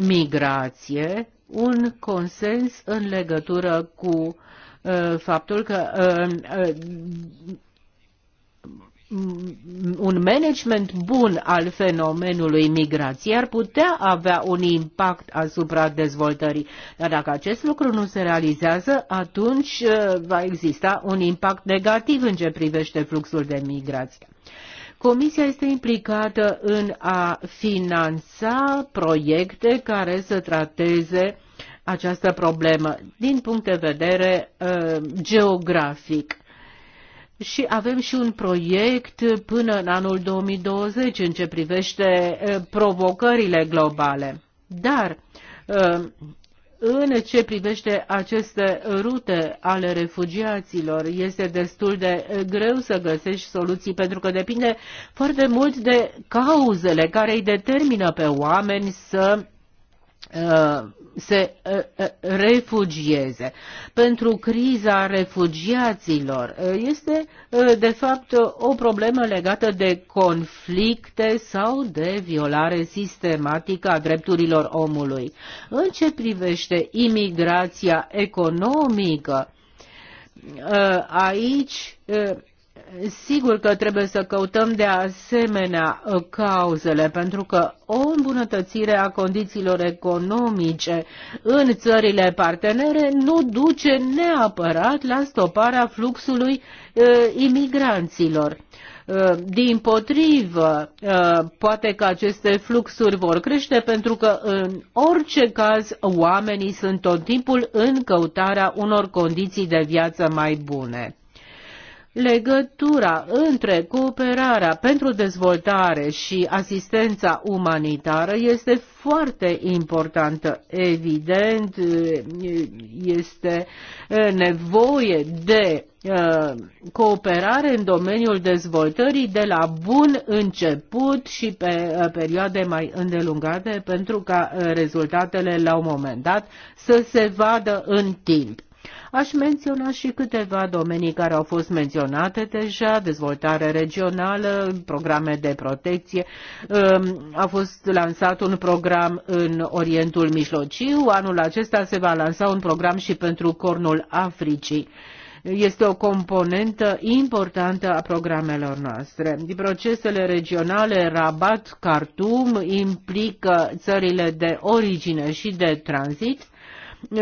migrație, un consens în legătură cu uh, faptul că uh, uh, un management bun al fenomenului migrației ar putea avea un impact asupra dezvoltării. Dar dacă acest lucru nu se realizează, atunci uh, va exista un impact negativ în ce privește fluxul de migrație. Comisia este implicată în a finanța proiecte care să trateze această problemă din punct de vedere uh, geografic și avem și un proiect până în anul 2020 în ce privește provocările globale. Dar în ce privește aceste rute ale refugiaților, este destul de greu să găsești soluții pentru că depinde foarte mult de cauzele care îi determină pe oameni să se uh, uh, refugieze. Pentru criza refugiaților uh, este de fapt o problemă legată de conflicte sau de violare sistematică a drepturilor omului. În ce privește imigrația economică, aici Sigur că trebuie să căutăm de asemenea uh, cauzele, pentru că o îmbunătățire a condițiilor economice în țările partenere nu duce neapărat la stoparea fluxului uh, imigranților. Uh, din potrivă, uh, poate că aceste fluxuri vor crește pentru că în orice caz oamenii sunt tot timpul în căutarea unor condiții de viață mai bune legătura între cooperarea pentru dezvoltare și asistența umanitară este foarte importantă. Evident, este nevoie de cooperare în domeniul dezvoltării de la bun început și pe perioade mai îndelungate pentru ca rezultatele la un moment dat să se vadă în timp. Aș menționa și câteva domenii care au fost menționate deja, dezvoltare regională, programe de protecție. A fost lansat un program în Orientul Mijlociu, anul acesta se va lansa un program și pentru Cornul Africii este o componentă importantă a programelor noastre. Procesele regionale Rabat, Khartoum implică țările de origine și de tranzit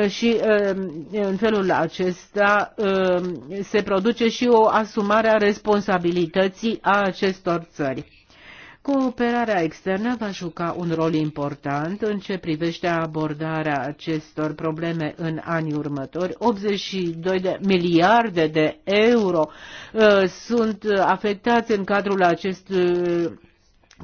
și în felul acesta se produce și o asumare a responsabilității a acestor țări. Cooperarea externă va juca un rol important în ce privește abordarea acestor probleme în anii următori. 82 de miliarde de euro sunt afectați în cadrul acestui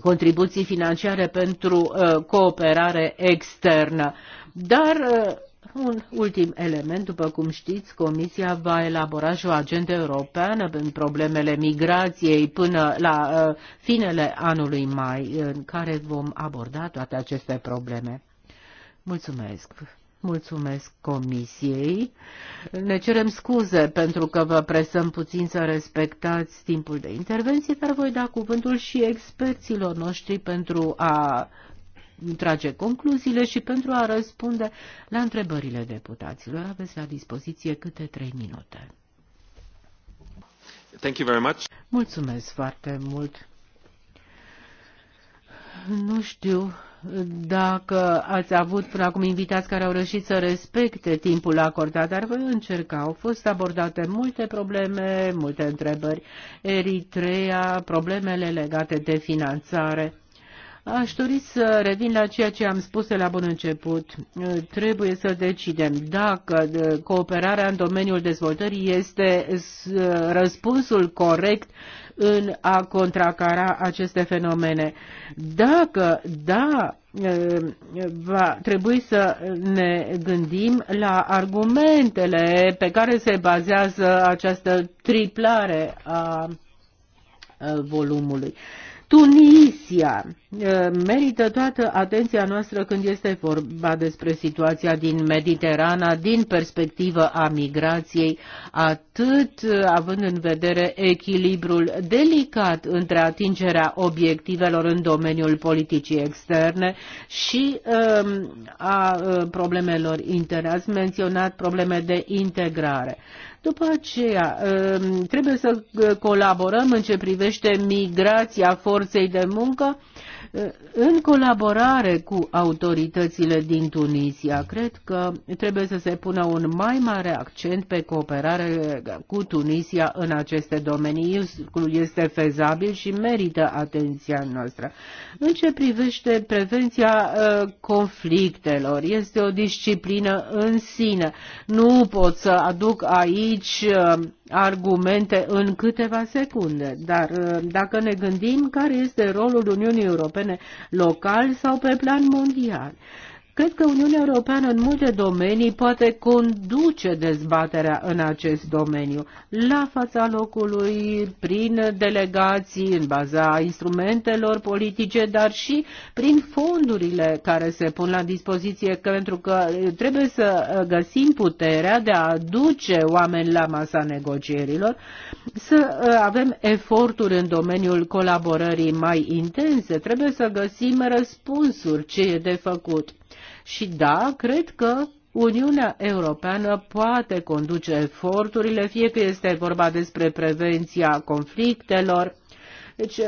contribuții financiare pentru uh, cooperare externă. Dar uh, un ultim element, după cum știți, Comisia va elabora și o agendă europeană în problemele migrației până la uh, finele anului mai, în care vom aborda toate aceste probleme. Mulțumesc! Mulțumesc Comisiei. Ne cerem scuze pentru că vă presăm puțin să respectați timpul de intervenție, dar voi da cuvântul și experților noștri pentru a trage concluziile și pentru a răspunde la întrebările deputaților. Aveți la dispoziție câte trei minute. Thank you very much. Mulțumesc foarte mult. Nu știu dacă ați avut până acum invitați care au reușit să respecte timpul acordat, dar voi încerca. Au fost abordate multe probleme, multe întrebări. Eritrea, problemele legate de finanțare. Aș dori să revin la ceea ce am spus la bun început. Trebuie să decidem dacă cooperarea în domeniul dezvoltării este răspunsul corect în a contracara aceste fenomene. Dacă da, va trebui să ne gândim la argumentele pe care se bazează această triplare a volumului. Tunisia merită toată atenția noastră când este vorba despre situația din Mediterana din perspectivă a migrației, atât având în vedere echilibrul delicat între atingerea obiectivelor în domeniul politicii externe și a problemelor interne. Ați menționat probleme de integrare. După aceea, um, trebuie să uh, colaborăm în ce privește migrația forței de muncă în colaborare cu autoritățile din Tunisia. Cred că trebuie să se pună un mai mare accent pe cooperare cu Tunisia în aceste domenii. Lucrul este fezabil și merită atenția noastră. În ce privește prevenția uh, conflictelor, este o disciplină în sine. Nu pot să aduc aici uh, argumente în câteva secunde, dar uh, dacă ne gândim care este rolul Uniunii Europene local sau pe plan mondial, Cred că Uniunea Europeană în multe domenii poate conduce dezbaterea în acest domeniu, la fața locului, prin delegații, în baza instrumentelor politice, dar și prin fondurile care se pun la dispoziție, că pentru că trebuie să găsim puterea de a aduce oameni la masa negocierilor, să uh, avem eforturi în domeniul colaborării mai intense, trebuie să găsim răspunsuri ce e de făcut. Și da, cred că Uniunea Europeană poate conduce eforturile, fie că este vorba despre prevenția conflictelor, deci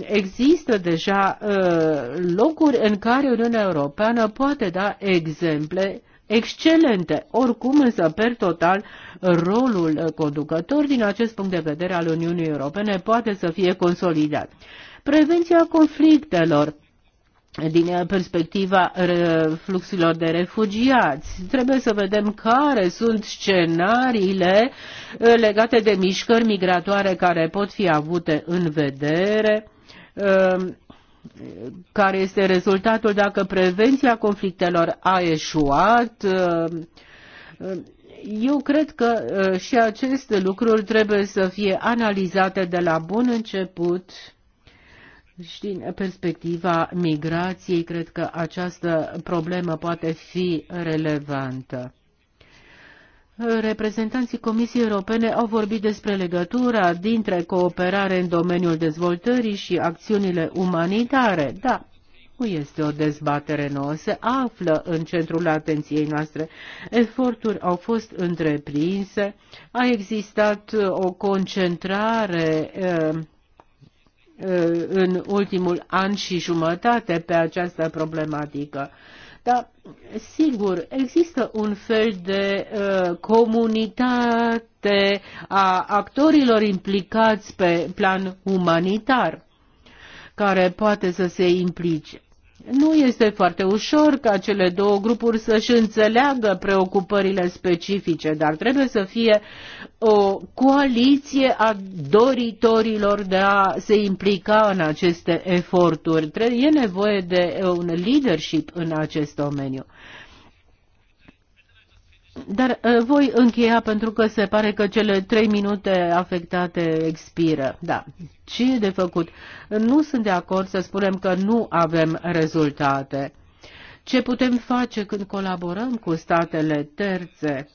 există deja uh, locuri în care Uniunea Europeană poate da exemple excelente. Oricum, însă, per total, rolul conducător din acest punct de vedere al Uniunii Europene poate să fie consolidat. Prevenția conflictelor din perspectiva uh, fluxurilor de refugiați. Trebuie să vedem care sunt scenariile uh, legate de mișcări migratoare care pot fi avute în vedere, uh, care este rezultatul dacă prevenția conflictelor a eșuat. Eu cred că și aceste lucruri trebuie să fie analizate de la bun început și din perspectiva migrației, cred că această problemă poate fi relevantă. Reprezentanții Comisiei Europene au vorbit despre legătura dintre cooperare în domeniul dezvoltării și acțiunile umanitare. Da, nu este o dezbatere nouă, se află în centrul atenției noastre. Eforturi au fost întreprinse, a existat o concentrare. Uh, Uh, în ultimul an și jumătate pe această problematică. Dar, sigur, există un fel de uh, comunitate a actorilor implicați pe plan umanitar care poate să se implice. Nu este foarte ușor ca cele două grupuri să-și înțeleagă preocupările specifice, dar trebuie să fie o coaliție a doritorilor de a se implica în aceste eforturi. E nevoie de un leadership în acest domeniu. Dar voi încheia pentru că se pare că cele trei minute afectate expiră. Da. Ce e de făcut? Nu sunt de acord să spunem că nu avem rezultate. Ce putem face când colaborăm cu statele terțe?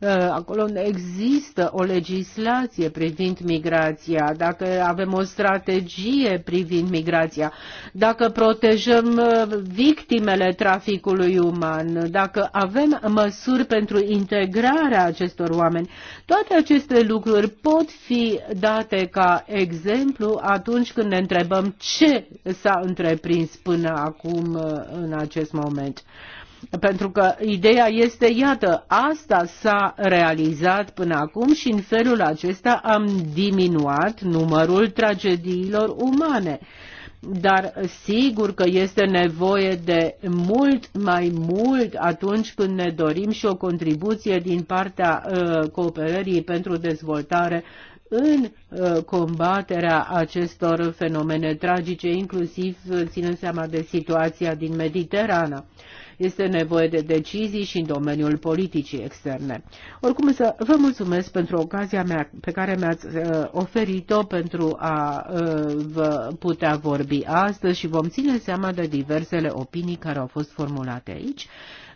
Uh, acolo există o legislație privind migrația, dacă avem o strategie privind migrația, dacă protejăm uh, victimele traficului uman, dacă avem măsuri pentru integrarea acestor oameni, toate aceste lucruri pot fi date ca exemplu atunci când ne întrebăm ce s-a întreprins până acum uh, în acest moment. Pentru că ideea este, iată, asta s-a realizat până acum și în felul acesta am diminuat numărul tragediilor umane dar sigur că este nevoie de mult mai mult atunci când ne dorim și o contribuție din partea uh, cooperării pentru dezvoltare în uh, combaterea acestor fenomene tragice, inclusiv ținând seama de situația din Mediterana. Este nevoie de decizii și în domeniul politicii externe. Oricum să vă mulțumesc pentru ocazia mea pe care mi-ați uh, oferit-o pentru a uh, vă putea vorbi astăzi și vom ține seama de diversele opinii care au fost formulate aici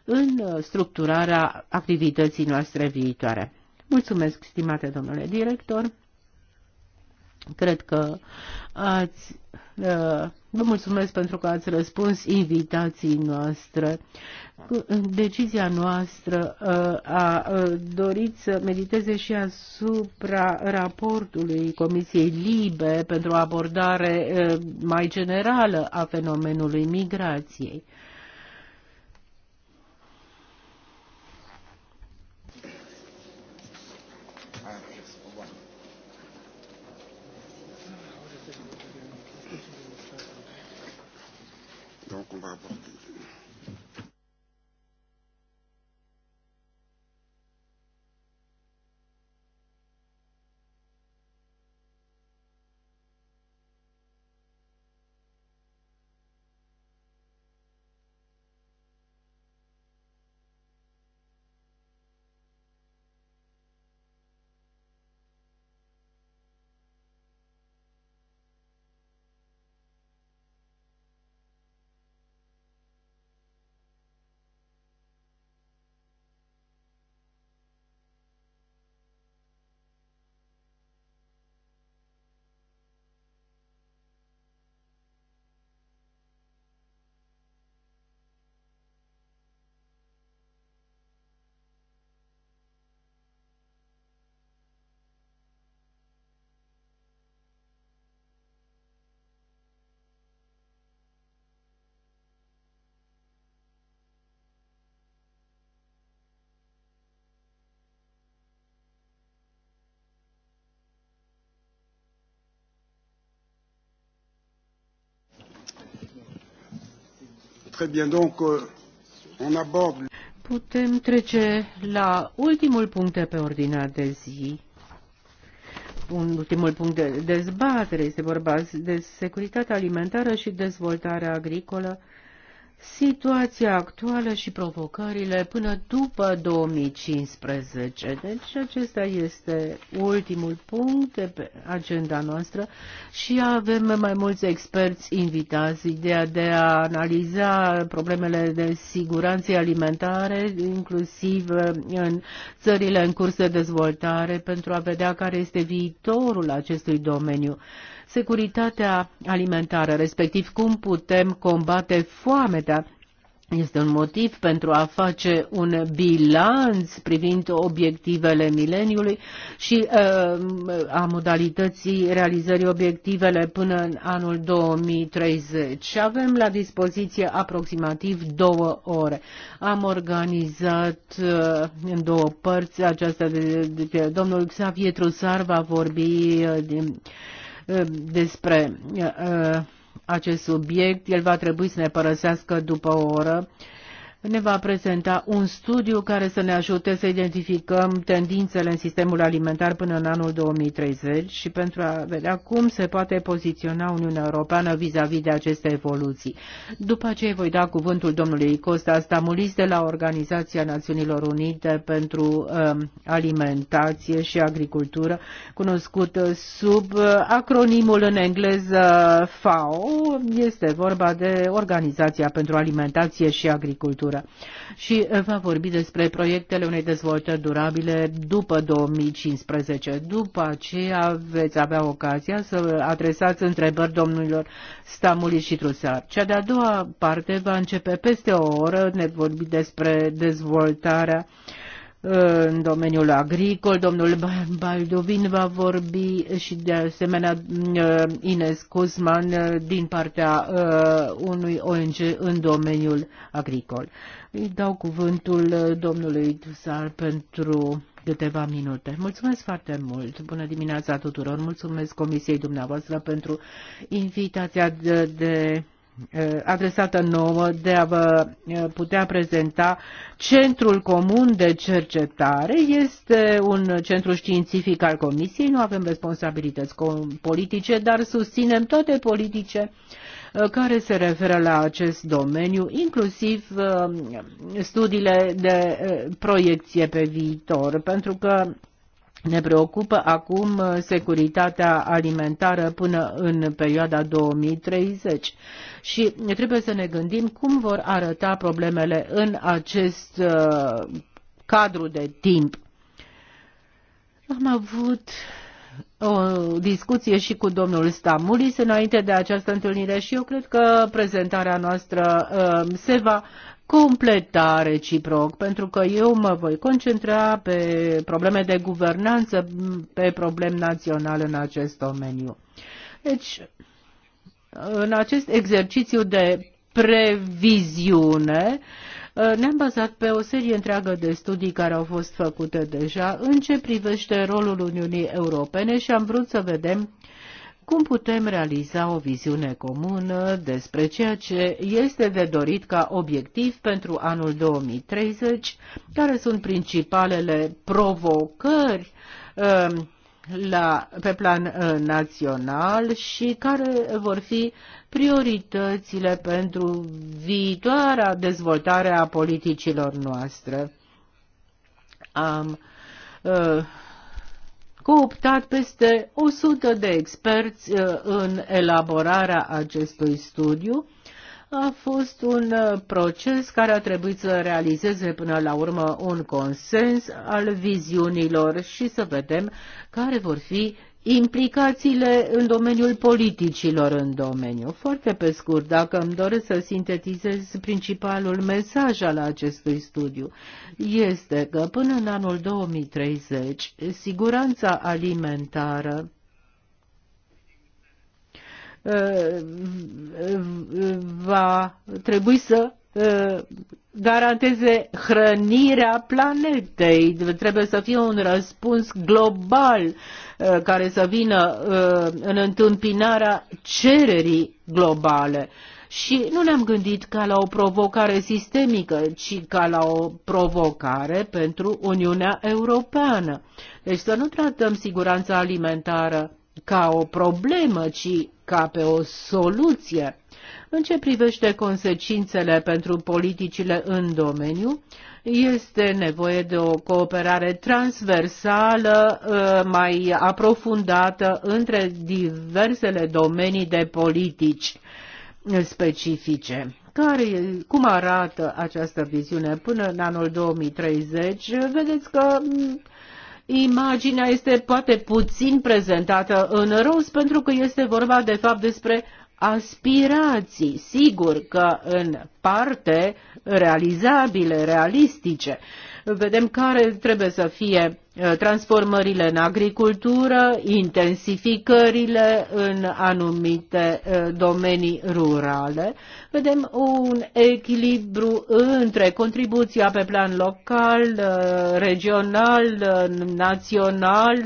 în structurarea activității noastre viitoare. Mulțumesc, stimate domnule director. Cred că ați uh, Vă mulțumesc pentru că ați răspuns invitații noastre. Decizia noastră uh, a uh, dorit să mediteze și asupra raportului Comisiei Libe pentru o abordare mai generală a fenomenului migrației. Ah, rapporteur. Très bien, donc euh, on aborde... Putem trece la ultimul punct de pe ordinea de zi. Un ultimul punct de dezbatere este vorba de securitatea alimentară și dezvoltarea agricolă situația actuală și provocările până după 2015. Deci acesta este ultimul punct de pe agenda noastră și avem mai mulți experți invitați. Ideea de a analiza problemele de siguranță alimentare, inclusiv în țările în curs de dezvoltare, pentru a vedea care este viitorul acestui domeniu. Securitatea alimentară, respectiv cum putem combate foamea, este un motiv pentru a face un bilanț privind obiectivele mileniului și uh, a modalității realizării obiectivele până în anul 2030. Și avem la dispoziție aproximativ două ore. Am organizat uh, în două părți această. Domnul Xavier Trusar va vorbi uh, din despre acest subiect. El va trebui să ne părăsească după o oră ne va prezenta un studiu care să ne ajute să identificăm tendințele în sistemul alimentar până în anul 2030 și pentru a vedea cum se poate poziționa Uniunea Europeană vis-a-vis -vis de aceste evoluții. După aceea voi da cuvântul domnului Costa Stamulis de la Organizația Națiunilor Unite pentru um, Alimentație și Agricultură, cunoscut uh, sub uh, acronimul în engleză FAO. Este vorba de Organizația pentru Alimentație și Agricultură agricultură. Și eh, va vorbi despre proiectele unei dezvoltări durabile după 2015. După aceea veți avea ocazia să adresați întrebări domnilor Stamuli și Trusar. Cea de-a doua parte va începe peste o oră, ne vorbi despre dezvoltarea uh, în domeniul agricol. Domnul Baldovin va vorbi și de asemenea uh, Ines Cosman uh, din partea uh, unui ONG în domeniul agricol. Îi dau cuvântul domnului Dusar pentru câteva minute. Mulțumesc foarte mult. Bună dimineața tuturor. Mulțumesc comisiei dumneavoastră pentru invitația de, de Eh, adresată nouă de a vă eh, putea prezenta Centrul Comun de Cercetare. Este un centru științific al Comisiei, nu avem responsabilități politice, dar susținem toate politice eh, care se referă la acest domeniu, inclusiv studiile de proiecție pe viitor, pentru că ne preocupă acum securitatea alimentară până în perioada 2030 și trebuie să ne gândim cum vor arăta problemele în acest uh, cadru de timp. Am avut o discuție și cu domnul Stamulis înainte de această întâlnire și eu cred că prezentarea noastră uh, se va completa reciproc, pentru că eu mă voi concentra pe probleme de guvernanță, pe probleme naționale în acest domeniu. Deci, în acest exercițiu de previziune uh, ne-am bazat pe o serie întreagă de studii care au fost făcute deja în ce privește rolul Uniunii Europene și am vrut să vedem cum putem realiza o viziune comună despre ceea ce este de dorit ca obiectiv pentru anul 2030, care sunt principalele provocări uh, la, pe plan uh, național și care vor fi prioritățile pentru viitoarea dezvoltare a politicilor noastre. Am uh, cooptat peste 100 de experți uh, în elaborarea acestui studiu a fost un uh, proces care a trebuit să realizeze până la urmă un consens al viziunilor și să vedem care vor fi implicațiile în domeniul politicilor în domeniu. Foarte pe scurt, dacă îmi doresc să sintetizez principalul mesaj al acestui studiu, este că până în anul 2030, siguranța alimentară va trebui să garanteze hrănirea planetei. Trebuie să fie un răspuns global care să vină în întâmpinarea cererii globale. Și nu ne-am gândit ca la o provocare sistemică, ci ca la o provocare pentru Uniunea Europeană. Deci să nu tratăm siguranța alimentară ca o problemă, ci ca pe o soluție. În ce privește consecințele pentru politicile în domeniu, este nevoie de o cooperare transversală uh, mai aprofundată între diversele domenii de politici specifice. Care, cum arată această viziune până în anul 2030? Vedeți că mm, imaginea este poate puțin prezentată în rost pentru că este vorba de fapt despre aspirații, sigur că în parte realizabile, realistice. Vedem care trebuie să fie uh, transformările în agricultură, intensificările în anumite uh, domenii rurale. Vedem un echilibru între contribuția pe plan local, uh, regional, național,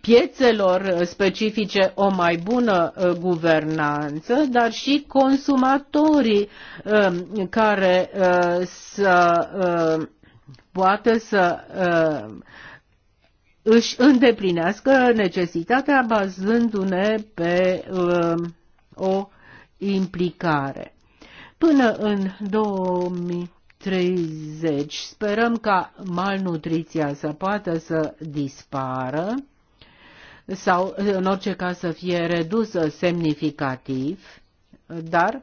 piețelor specifice o mai bună guvernanță, dar și consumatorii care să poată să își îndeplinească necesitatea bazându-ne pe o implicare. Până în 2000 30. Sperăm ca malnutriția să poată să dispară sau în orice caz să fie redusă semnificativ, dar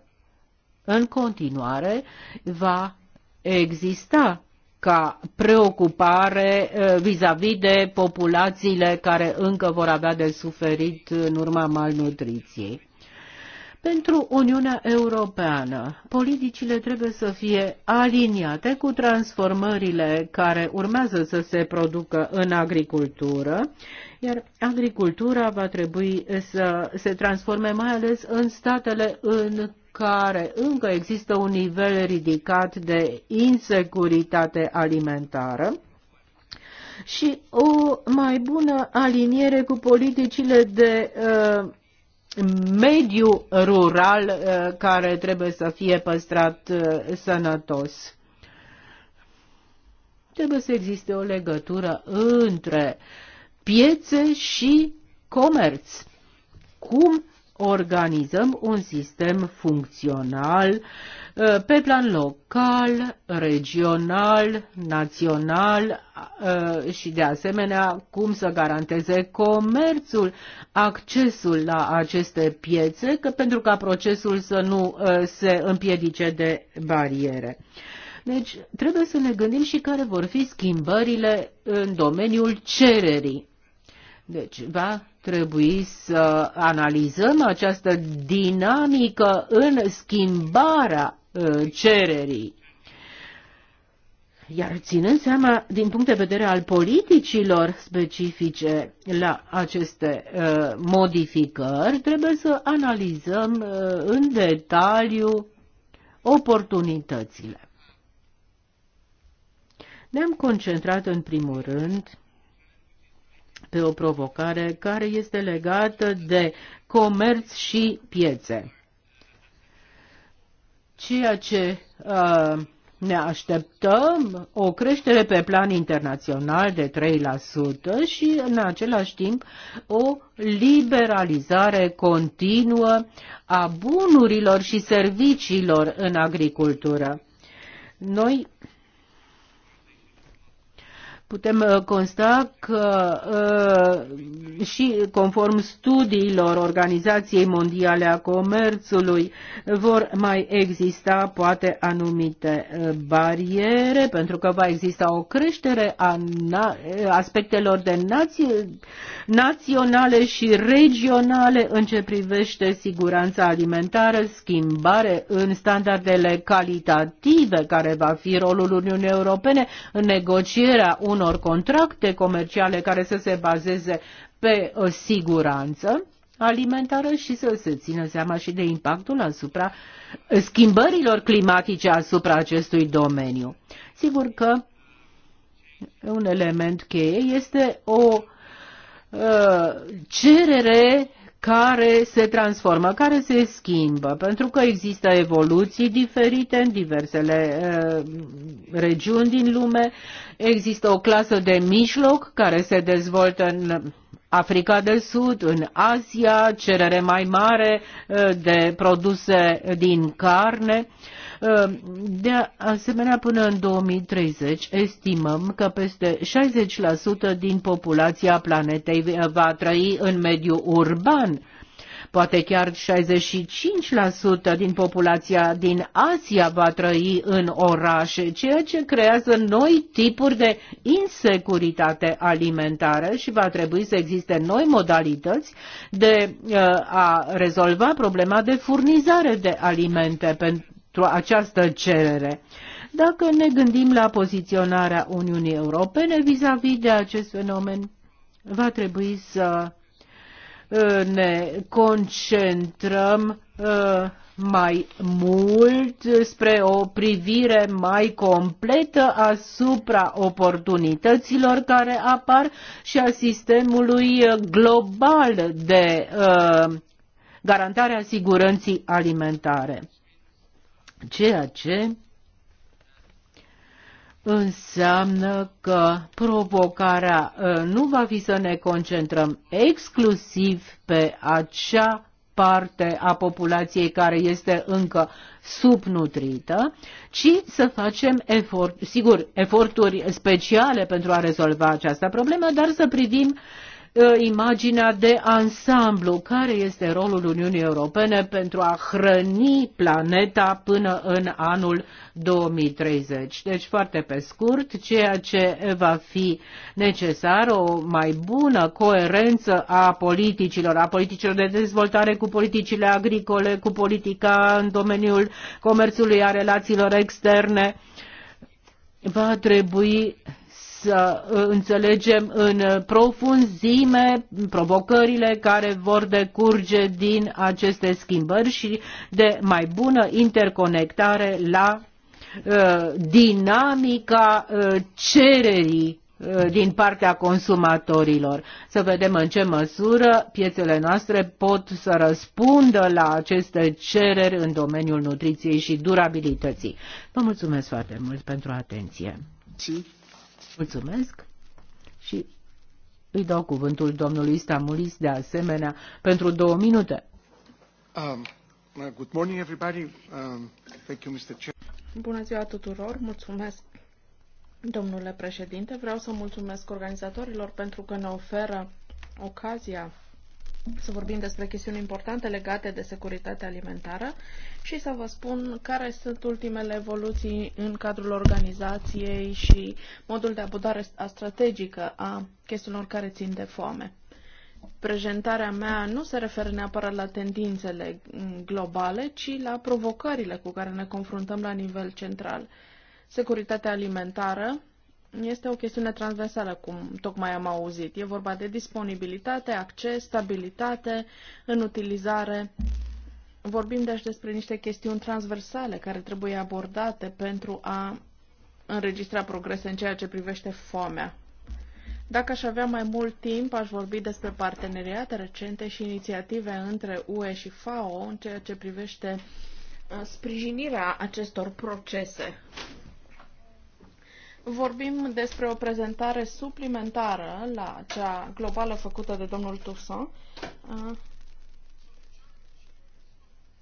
în continuare va exista ca preocupare eh, vis-a-vis -vis de populațiile care încă vor avea de suferit în urma malnutriției. Pentru Uniunea Europeană, politicile trebuie să fie aliniate cu transformările care urmează să se producă în agricultură, iar agricultura va trebui să se transforme mai ales în statele în care încă există un nivel ridicat de insecuritate alimentară și o mai bună aliniere cu politicile de uh, mediu rural uh, care trebuie să fie păstrat uh, sănătos. Trebuie să existe o legătură între piețe și comerț. Cum organizăm un sistem funcțional Uh, pe plan local, regional, național uh, și de asemenea cum să garanteze comerțul accesul la aceste piețe că, pentru ca procesul să nu uh, se împiedice de bariere. Deci trebuie să ne gândim și care vor fi schimbările în domeniul cererii. Deci va trebui să analizăm această dinamică în schimbarea Uh, cererii. Iar ținând seama din punct de vedere al politicilor specifice la aceste uh, modificări, trebuie să analizăm uh, în detaliu oportunitățile. Ne-am concentrat în primul rând pe o provocare care este legată de comerț și piețe ceea ce uh, ne așteptăm o creștere pe plan internațional de 3% și în același timp o liberalizare continuă a bunurilor și serviciilor în agricultură. Noi putem uh, consta că uh, și conform studiilor Organizației Mondiale a Comerțului vor mai exista poate anumite uh, bariere pentru că va exista o creștere a aspectelor de nație, naționale și regionale în ce privește siguranța alimentară, schimbare în standardele calitative care va fi rolul Uniunii Europene în negocierea unui unor contracte comerciale care să se bazeze pe uh, siguranță alimentară și să se țină seama și de impactul asupra uh, schimbărilor climatice asupra acestui domeniu. Sigur că un element cheie este o uh, cerere care se transformă, care se schimbă, pentru că există evoluții diferite în diversele uh, regiuni din lume, există o clasă de mijloc care se dezvoltă în Africa de Sud, în Asia, cerere mai mare uh, de produse din carne. Uh, Ehm, de asemenea, până în 2030, estimăm că peste 60% din populația planetei va trăi în mediu urban poate chiar 65% din populația din Asia va trăi în orașe, ceea ce creează noi tipuri de insecuritate alimentară și va trebui să existe noi modalități de eh, a rezolva problema de furnizare de alimente pentru pentru această cerere. Dacă ne gândim la poziționarea Uniunii Europene vis-a-vis -vis de acest fenomen, va trebui să uh, ne concentrăm uh, mai mult spre o privire mai completă asupra oportunităților care apar și a sistemului global de uh, garantare a siguranții alimentare ceea ce înseamnă că provocarea ă, nu va fi să ne concentrăm exclusiv pe acea parte a populației care este încă subnutrită, ci să facem efort, sigur, eforturi speciale pentru a rezolva această problemă, dar să privim Uh, imaginea de ansamblu, care este rolul Uniunii Europene pentru a hrăni planeta până în anul 2030. Deci, foarte pe scurt, ceea ce va fi necesar, o mai bună coerență a politicilor, a politicilor de dezvoltare cu politicile agricole, cu politica în domeniul comerțului, a relațiilor externe, va trebui să uh, înțelegem în profunzime provocările care vor decurge din aceste schimbări și de mai bună interconectare la uh, dinamica uh, cererii din partea consumatorilor. Să vedem în ce măsură piețele noastre pot să răspundă la aceste cereri în domeniul nutriției și durabilității. Vă mulțumesc foarte mult pentru atenție. Sí. Mulțumesc și îi dau cuvântul domnului Stamulis de asemenea pentru două minute. Um, uh, good morning everybody. Um, thank you, Mr. Chair. Bună ziua tuturor, mulțumesc Domnule președinte, vreau să mulțumesc organizatorilor pentru că ne oferă ocazia să vorbim despre chestiuni importante legate de securitatea alimentară și să vă spun care sunt ultimele evoluții în cadrul organizației și modul de abordare strategică a chestiunilor care țin de foame. Prezentarea mea nu se referă neapărat la tendințele globale, ci la provocările cu care ne confruntăm la nivel central. Securitatea alimentară este o chestiune transversală, cum tocmai am auzit. E vorba de disponibilitate, acces, stabilitate în utilizare. Vorbim deci despre niște chestiuni transversale care trebuie abordate pentru a înregistra progrese în ceea ce privește foamea. Dacă aș avea mai mult timp, aș vorbi despre parteneriate recente și inițiative între UE și FAO în ceea ce privește uh, sprijinirea acestor procese. Vorbim despre o prezentare suplimentară la cea globală făcută de domnul Toussaint. Uh,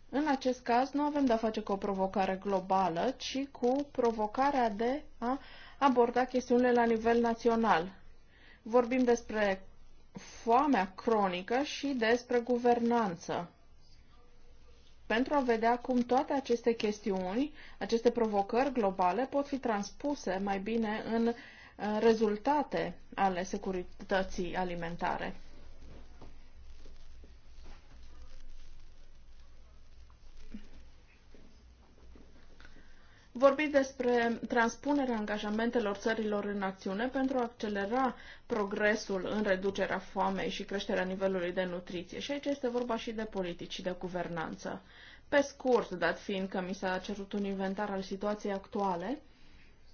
în acest caz nu avem de-a face cu o provocare globală, ci cu provocarea de a aborda chestiunile la nivel național. Vorbim despre foamea cronică și despre guvernanță pentru a vedea cum toate aceste chestiuni, aceste provocări globale pot fi transpuse mai bine în uh, rezultate ale securității alimentare. Vorbim despre transpunerea angajamentelor țărilor în acțiune pentru a accelera progresul în reducerea foamei și creșterea nivelului de nutriție. Și aici este vorba și de politici și de guvernanță. Pe scurt, dat fiind că mi s-a cerut un inventar al situației actuale,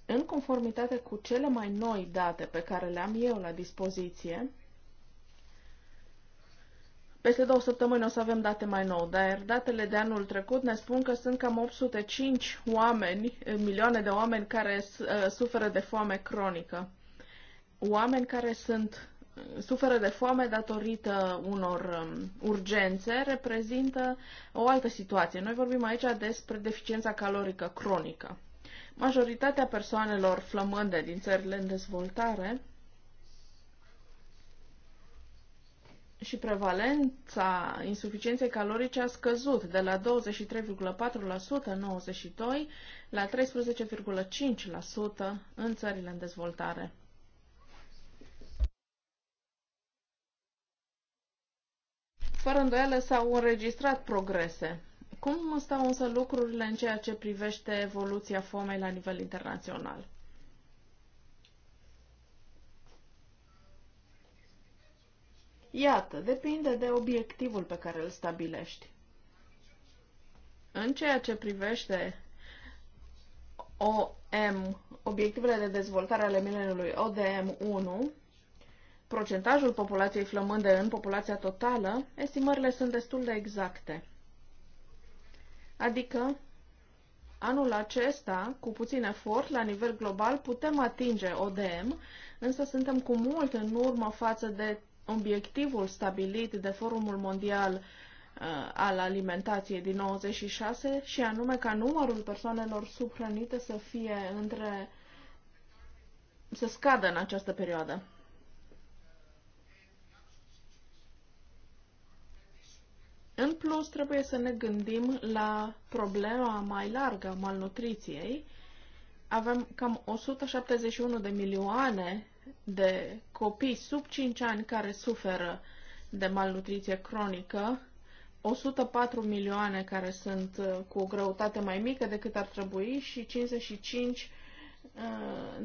în conformitate cu cele mai noi date pe care le am eu la dispoziție, peste două săptămâni o să avem date mai nou, dar datele de anul trecut ne spun că sunt cam 805 oameni, milioane de oameni care uh, suferă de foame cronică. Oameni care sunt uh, suferă de foame datorită unor um, urgențe reprezintă o altă situație. Noi vorbim aici despre deficiența calorică cronică. Majoritatea persoanelor flămânde din țările în dezvoltare și prevalența insuficienței calorice a scăzut de la 23,4% în 92 la 13,5% în țările în dezvoltare. Fără îndoială s-au înregistrat progrese. Cum stau însă lucrurile în ceea ce privește evoluția foamei la nivel internațional? Iată, depinde de obiectivul pe care îl stabilești. În ceea ce privește OM, obiectivele de dezvoltare ale mileniului ODM 1, procentajul populației flămânde în populația totală, estimările sunt destul de exacte. Adică, anul acesta, cu puțin efort, la nivel global, putem atinge ODM, însă suntem cu mult în urmă față de obiectivul stabilit de Forumul Mondial uh, al alimentației din 96 și anume ca numărul persoanelor subhrănite să fie între să scadă în această perioadă. În plus, trebuie să ne gândim la problema mai largă a malnutriției. Avem cam 171 de milioane de copii sub 5 ani care suferă de malnutriție cronică, 104 milioane care sunt uh, cu o greutate mai mică decât ar trebui și 55 uh,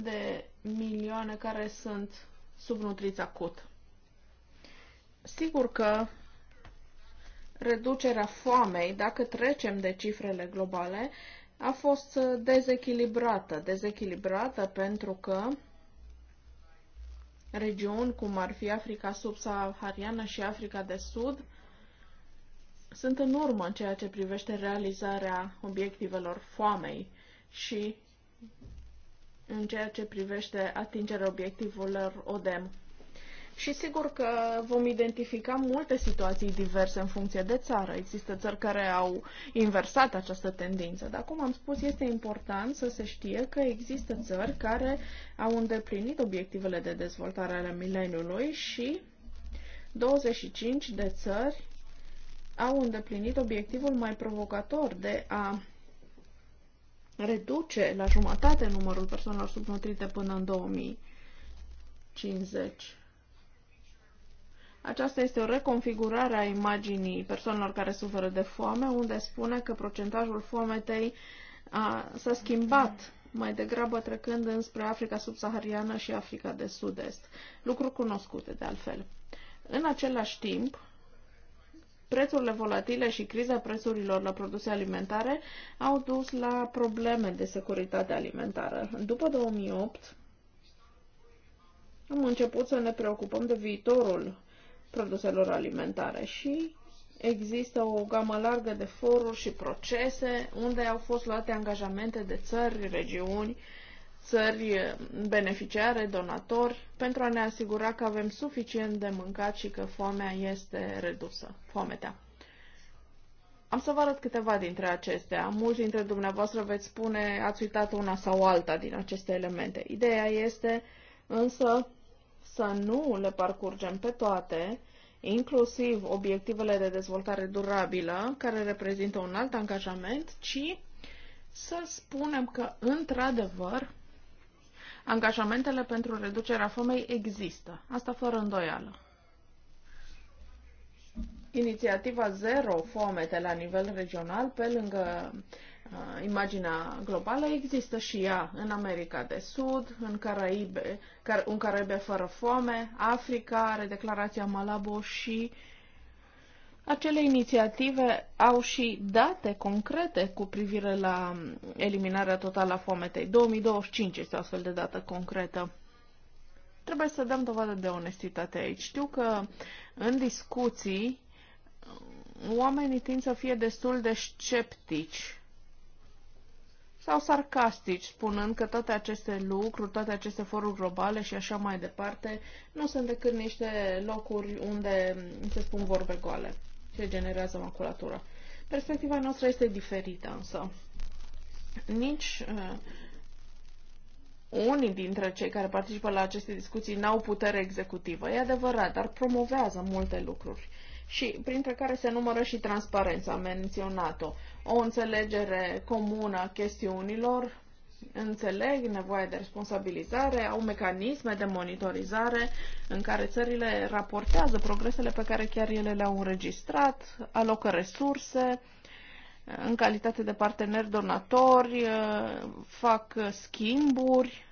de milioane care sunt subnutriți acut. Sigur că reducerea foamei, dacă trecem de cifrele globale, a fost uh, dezechilibrată. Dezechilibrată pentru că regiuni, cum ar fi Africa subsahariană și Africa de Sud, sunt în urmă în ceea ce privește realizarea obiectivelor foamei și în ceea ce privește atingerea obiectivelor ODEM. Și sigur că vom identifica multe situații diverse în funcție de țară. Există țări care au inversat această tendință, dar cum am spus, este important să se știe că există țări care au îndeplinit obiectivele de dezvoltare ale mileniului și 25 de țări au îndeplinit obiectivul mai provocator de a reduce la jumătate numărul persoanelor subnutrite până în 2050. Aceasta este o reconfigurare a imaginii persoanelor care suferă de foame, unde spune că procentajul foametei s-a schimbat mai degrabă trecând înspre Africa subsahariană și Africa de sud-est, lucruri cunoscute de altfel. În același timp, prețurile volatile și criza prețurilor la produse alimentare au dus la probleme de securitate alimentară. După 2008, am început să ne preocupăm de viitorul produselor alimentare și există o gamă largă de foruri și procese unde au fost luate angajamente de țări, regiuni, țări beneficiare, donatori, pentru a ne asigura că avem suficient de mâncat și că foamea este redusă, foametea. Am să vă arăt câteva dintre acestea. Mulți dintre dumneavoastră veți spune, ați uitat una sau alta din aceste elemente. Ideea este însă să nu le parcurgem pe toate, inclusiv obiectivele de dezvoltare durabilă, care reprezintă un alt angajament, ci să spunem că, într-adevăr, angajamentele pentru reducerea fomei există. Asta fără îndoială. Inițiativa Zero Fomete la nivel regional, pe lângă Uh, imaginea globală există și ea în America de Sud, în Caraibe, un Caraibe fără foame, Africa are declarația Malabo și acele inițiative au și date concrete cu privire la eliminarea totală a foametei. 2025 este o astfel de dată concretă. Trebuie să dăm dovadă de onestitate aici. Știu că în discuții oamenii tind să fie destul de sceptici sau sarcastici, spunând că toate aceste lucruri, toate aceste foruri globale și așa mai departe, nu sunt decât niște locuri unde se spun vorbe goale ce generează maculatura. Perspectiva noastră este diferită, însă. Nici uh, unii dintre cei care participă la aceste discuții n-au putere executivă. E adevărat, dar promovează multe lucruri. Uh, și printre care se numără și transparența menționată. O înțelegere comună a chestiunilor, înțeleg nevoia de responsabilizare, au mecanisme de monitorizare în care țările raportează progresele pe care chiar ele le-au înregistrat, alocă resurse, în calitate de parteneri donatori, fac schimburi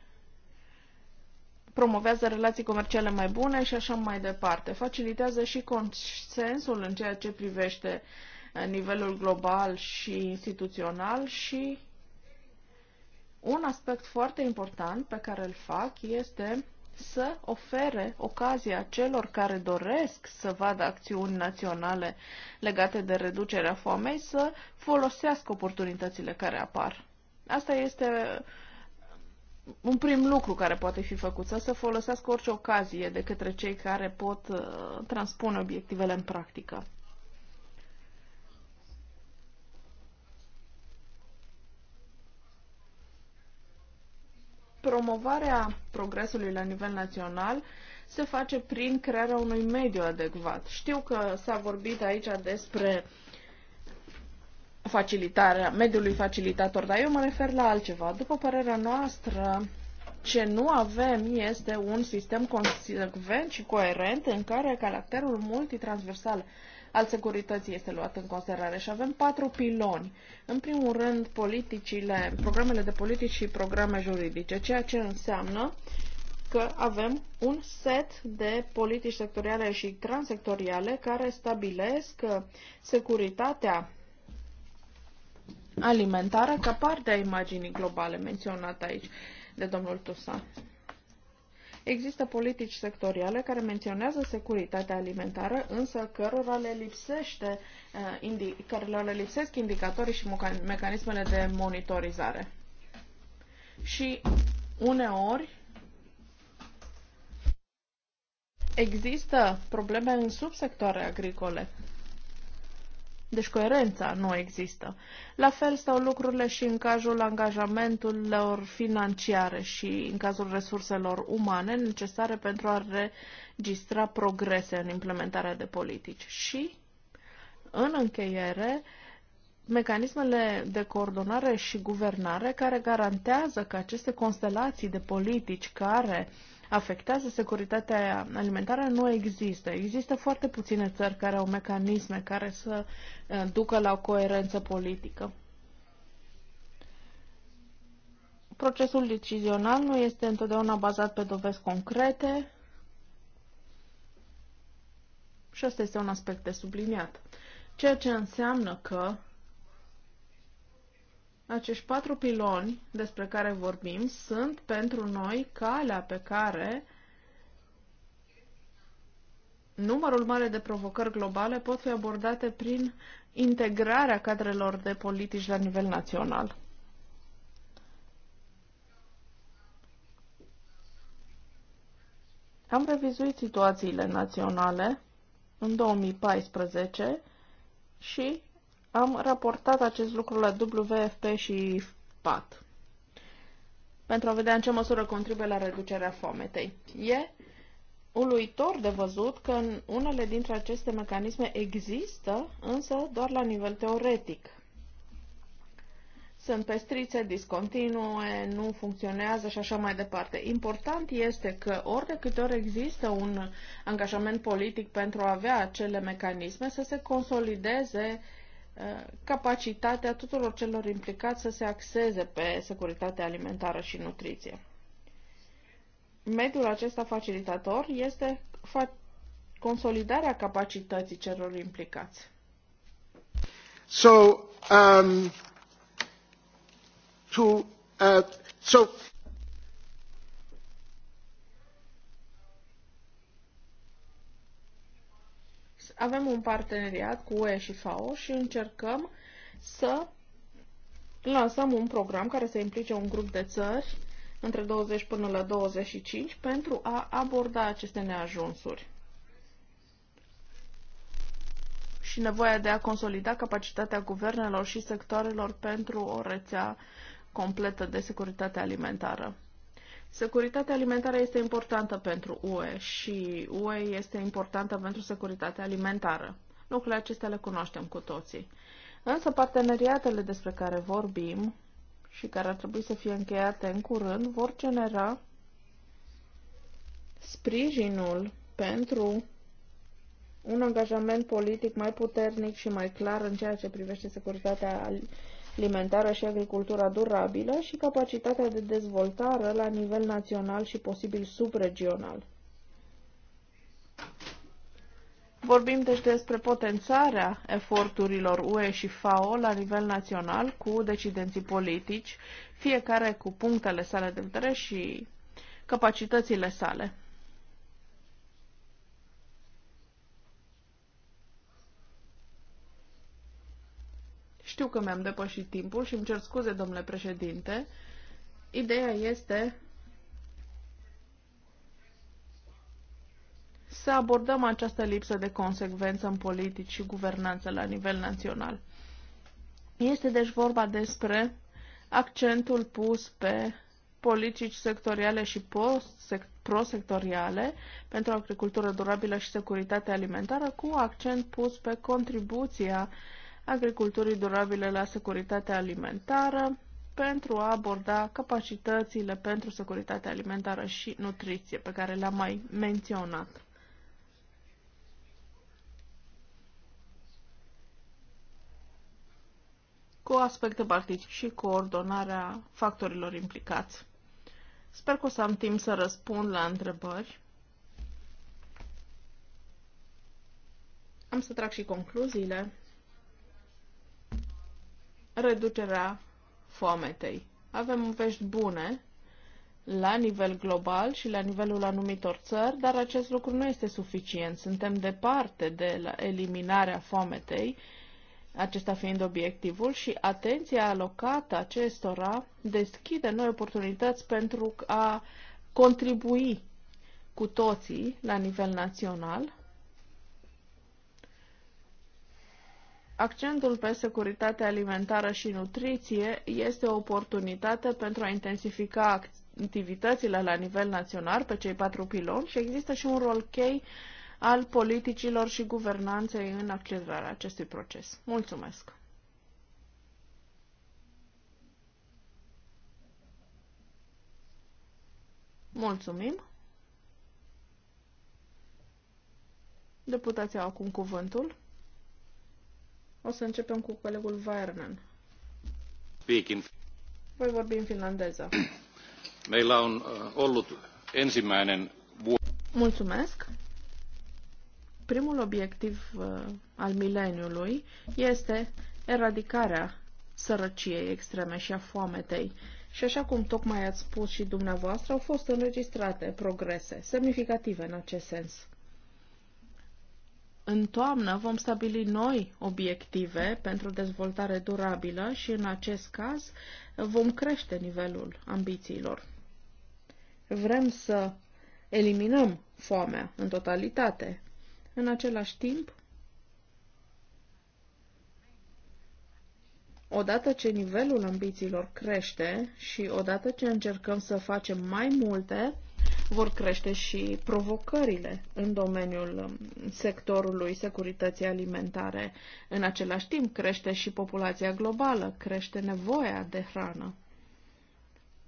promovează relații comerciale mai bune și așa mai departe. Facilitează și consensul în ceea ce privește eh, nivelul global și instituțional și un aspect foarte important pe care îl fac este să ofere ocazia celor care doresc să vadă acțiuni naționale legate de reducerea foamei să folosească oportunitățile care apar. Asta este un prim lucru care poate fi făcut, să se folosească orice ocazie de către cei care pot uh, transpune obiectivele în practică. Promovarea progresului la nivel național se face prin crearea unui mediu adecvat. Știu că s-a vorbit aici despre uh, facilitarea, mediului facilitator, dar eu mă refer la altceva. După părerea noastră, ce nu avem este un sistem consecvent și coerent în care caracterul multitransversal al securității este luat în considerare și avem patru piloni. În primul rând, politicile, programele de politici și programe juridice, ceea ce înseamnă că avem un set de politici sectoriale și transectoriale care stabilesc securitatea alimentară ca parte a imaginii globale menționată aici de domnul Tusa. Există politici sectoriale care menționează securitatea alimentară, însă cărora le, lipsește, eh, cărora le lipsesc indicatorii și mecanismele de monitorizare. Și uneori există probleme în subsectoare agricole. Deci coerența nu există. La fel stau lucrurile și în cazul angajamentelor financiare și în cazul resurselor umane necesare pentru a registra progrese în implementarea de politici. Și, în încheiere, mecanismele de coordonare și guvernare care garantează că aceste constelații de politici care uh, afectează securitatea alimentară nu există. Există foarte puține țări care au mecanisme care să uh, ducă la o coerență politică. Procesul decizional nu este întotdeauna bazat pe dovezi concrete și asta este un aspect de subliniat. Ceea ce înseamnă că acești patru piloni despre care vorbim sunt pentru noi calea pe care numărul mare de provocări globale pot fi abordate prin integrarea cadrelor de politici la nivel național. Am revizuit situațiile naționale în 2014 și am raportat acest lucru la WFP și PAT pentru a vedea în ce măsură contribuie la reducerea foametei. E uluitor de văzut că în unele dintre aceste mecanisme există, însă doar la nivel teoretic. Sunt pestrițe, discontinue, nu funcționează și așa mai departe. Important este că ori de câte ori există un angajament politic pentru a avea acele mecanisme, să se consolideze uh, Uh, capacitatea tuturor celor implicați să se axeze pe securitatea alimentară și nutriție. Mediul acesta facilitator este fa- consolidarea capacității celor implicați. So, um, to, uh, so avem un parteneriat cu UE și FAO și încercăm să lansăm un program care să implice un grup de țări între 20 până la 25 pentru a aborda aceste neajunsuri și nevoia de a consolida capacitatea guvernelor și sectoarelor pentru o rețea completă de securitate alimentară. Securitatea alimentară este importantă pentru UE și UE este importantă pentru securitatea alimentară. Lucrurile acestea le cunoaștem cu toții. Însă parteneriatele despre care vorbim și care ar trebui să fie încheiate în curând vor genera sprijinul pentru un angajament politic mai puternic și mai clar în ceea ce privește securitatea alimentară alimentară și agricultura durabilă și capacitatea de dezvoltare la nivel național și posibil subregional. Vorbim deci despre potențarea eforturilor UE și FAO la nivel național cu decidenții politici, fiecare cu punctele sale de vedere și capacitățile sale. Știu că mi-am depășit timpul și îmi cer scuze, domnule președinte. Ideea este să abordăm această lipsă de consecvență în politici și guvernanță la nivel național. Este deci vorba despre accentul pus pe politici sectoriale și prosectoriale pentru agricultură durabilă și securitate alimentară, cu accent pus pe contribuția uh, agriculturii durabile la securitatea alimentară pentru a aborda capacitățile pentru securitatea alimentară și nutriție pe care le-am mai menționat. cu aspecte practice și coordonarea factorilor implicați. Sper că o să am timp să răspund la întrebări. Am să trag și concluziile reducerea foametei. Avem vești bune la nivel global și la nivelul anumitor țări, dar acest lucru nu este suficient. Suntem departe de la eliminarea foametei, acesta fiind obiectivul, și atenția alocată acestora deschide noi oportunități pentru a contribui cu toții la nivel național Accentul pe securitatea alimentară și nutriție este o oportunitate pentru a intensifica activitățile la nivel național pe cei patru piloni și există și un rol chei al politicilor și guvernanței în accelerarea acestui proces. Mulțumesc! Mulțumim! Deputații au acum cuvântul. O să începem cu colegul Vairnen. Speaking. Voi vorbi în finlandeză. Meillä on ollut ensimmäinen Mulțumesc. Primul obiectiv al mileniului este eradicarea sărăciei extreme și a foametei. Și așa cum tocmai ați spus și dumneavoastră, au fost înregistrate progrese semnificative în acest sens. În toamnă vom stabili noi obiective pentru dezvoltare durabilă și în acest caz vom crește nivelul ambițiilor. Vrem să eliminăm foamea în totalitate. În același timp, odată ce nivelul ambițiilor crește și odată ce încercăm să facem mai multe, vor crește și provocările în domeniul um, sectorului securității alimentare. În același timp, crește și populația globală, crește nevoia de hrană.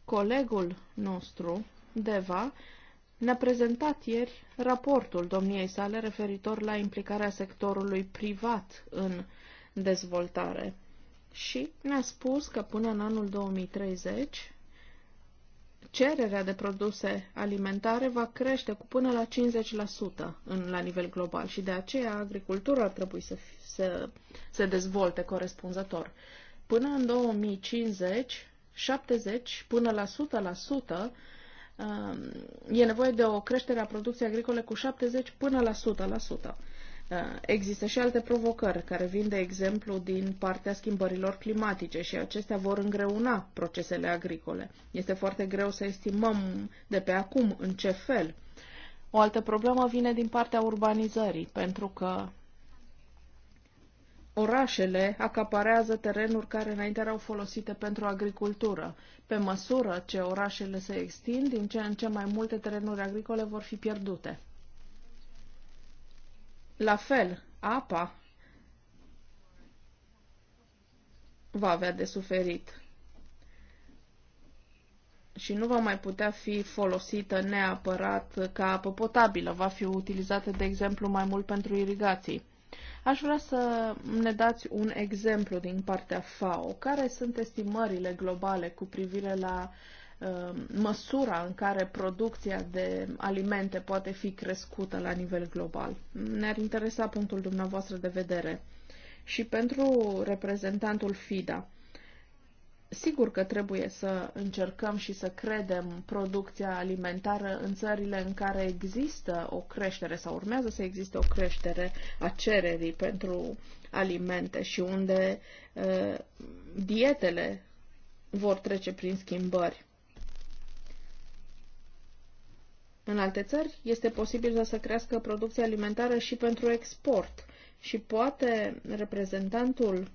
Colegul nostru, Deva, ne-a prezentat ieri raportul domniei sale referitor la implicarea sectorului privat în dezvoltare și ne-a spus că până în anul 2030 cererea de produse alimentare va crește cu până la 50% în, la nivel global și de aceea agricultura ar trebui să, să se dezvolte corespunzător. Până în 2050, 70 până la 100% um, e nevoie de o creștere a producției agricole cu 70 până la 100%. Eh, există și alte provocări care vin, de exemplu, din partea schimbărilor climatice și acestea vor îngreuna procesele agricole. Este foarte greu să estimăm de pe acum în ce fel. O altă problemă vine din partea urbanizării, pentru că orașele acaparează terenuri care înainte erau folosite pentru agricultură. Pe măsură ce orașele se extind, din ce în ce mai multe terenuri agricole vor fi pierdute. La fel, apa va avea de suferit și nu va mai putea fi folosită neapărat ca apă potabilă, va fi utilizată, de exemplu, mai mult pentru irigații. Aș vrea să ne dați un exemplu din partea FAO. Care sunt estimările globale cu privire la uh, Um, măsura în care producția de alimente poate fi crescută la nivel global. Ne-ar interesa punctul dumneavoastră de vedere. Și pentru reprezentantul FIDA, sigur că trebuie să încercăm și să credem producția alimentară în țările în care există o creștere sau urmează să existe o creștere a cererii pentru alimente și unde uh, dietele vor trece prin schimbări. În alte țări este posibil să crească producția alimentară și pentru export și poate reprezentantul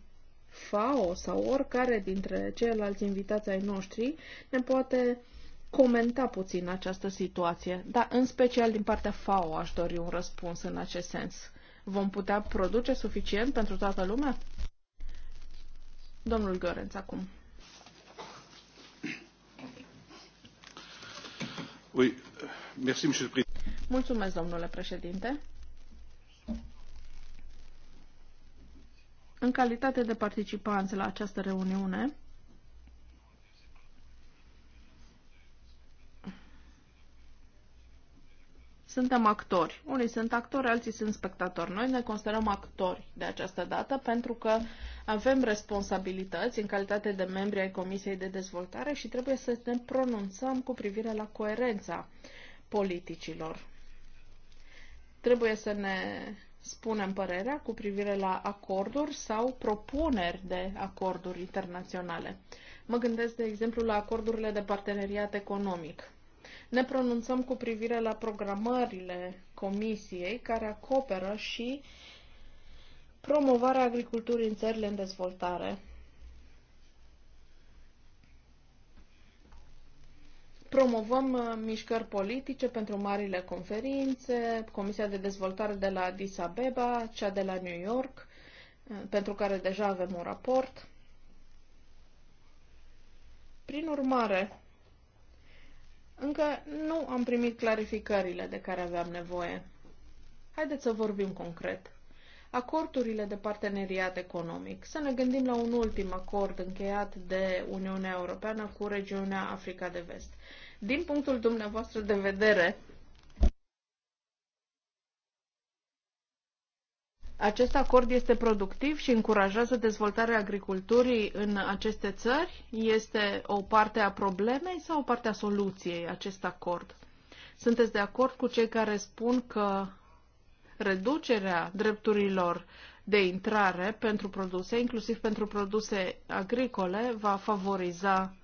FAO sau oricare dintre ceilalți invitați ai noștri ne poate comenta puțin această situație. dar în special din partea FAO aș dori un răspuns în acest sens. Vom putea produce suficient pentru toată lumea? Domnul Gărenț, acum. Oui, Mulțumesc, domnule președinte. În calitate de participanți la această reuniune, suntem actori. Unii sunt actori, alții sunt spectatori. Noi ne considerăm actori de această dată pentru că avem responsabilități în calitate de membri ai Comisiei de Dezvoltare și trebuie să ne pronunțăm cu privire la coerența politicilor. Trebuie să ne spunem părerea cu privire la acorduri sau propuneri de acorduri internaționale. Mă gândesc, de exemplu, la acordurile de parteneriat economic. Ne pronunțăm cu privire la programările Comisiei care acoperă și promovarea agriculturii în țările în dezvoltare, Promovăm uh, mișcări politice pentru marile conferințe, Comisia de Dezvoltare de la Addis Abeba, cea de la New York, uh, pentru care deja avem un raport. Prin urmare, încă nu am primit clarificările de care aveam nevoie. Haideți să vorbim concret. Acordurile de parteneriat economic. Să ne gândim la un ultim acord încheiat de Uniunea Europeană cu regiunea Africa de Vest. Din punctul dumneavoastră de vedere, Acest acord este productiv și încurajează dezvoltarea agriculturii în aceste țări? Este o parte a problemei sau o parte a soluției acest acord? Sunteți de acord cu cei care spun că reducerea drepturilor de intrare pentru produse, inclusiv pentru produse agricole, va favoriza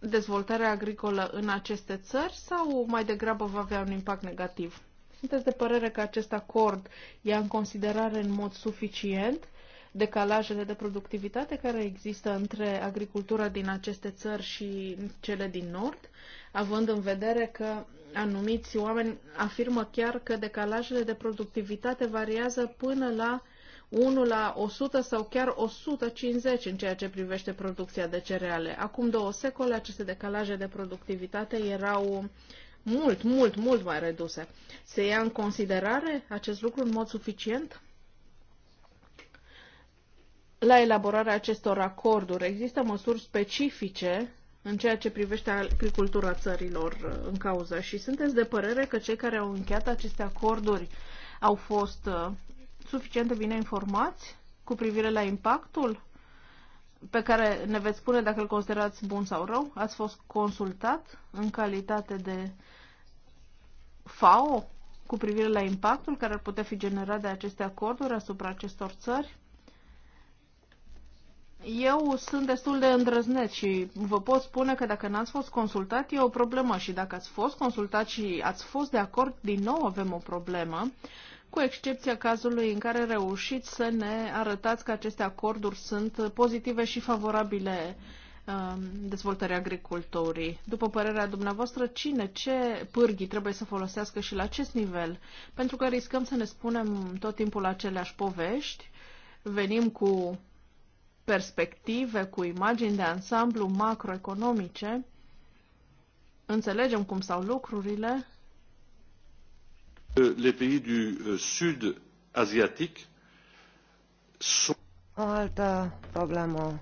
dezvoltarea agricolă în aceste țări sau mai degrabă va avea un impact negativ? Sunteți de părere că acest acord ia în considerare în mod suficient decalajele de productivitate care există între agricultura din aceste țări și cele din nord, având în vedere că anumiți oameni afirmă chiar că decalajele de productivitate variază până la 1 la 100 sau chiar 150 în ceea ce privește producția de cereale. Acum două secole aceste decalaje de productivitate erau mult, mult, mult mai reduse. Se ia în considerare acest lucru în mod suficient? La elaborarea acestor acorduri există măsuri specifice în ceea ce privește agricultura țărilor uh, în cauză și sunteți de părere că cei care au încheiat aceste acorduri au fost uh, suficient de bine informați cu privire la impactul pe care ne veți spune dacă îl considerați bun sau rău? Ați fost consultat în calitate de FAO cu privire la impactul care ar putea fi generat de aceste acorduri asupra acestor țări? Eu sunt destul de îndrăzneț și vă pot spune că dacă n-ați fost consultat e o problemă și dacă ați fost consultat și ați fost de acord, din nou avem o problemă cu excepția cazului în care reușiți să ne arătați că aceste acorduri sunt pozitive și favorabile um, dezvoltării agriculturii. După părerea dumneavoastră, cine, ce pârghii trebuie să folosească și la acest nivel? Pentru că riscăm să ne spunem tot timpul aceleași povești, venim cu perspective, cu imagini de ansamblu macroeconomice, înțelegem cum stau lucrurile, Les pays du euh, sud asiatique sont. O altă problemă.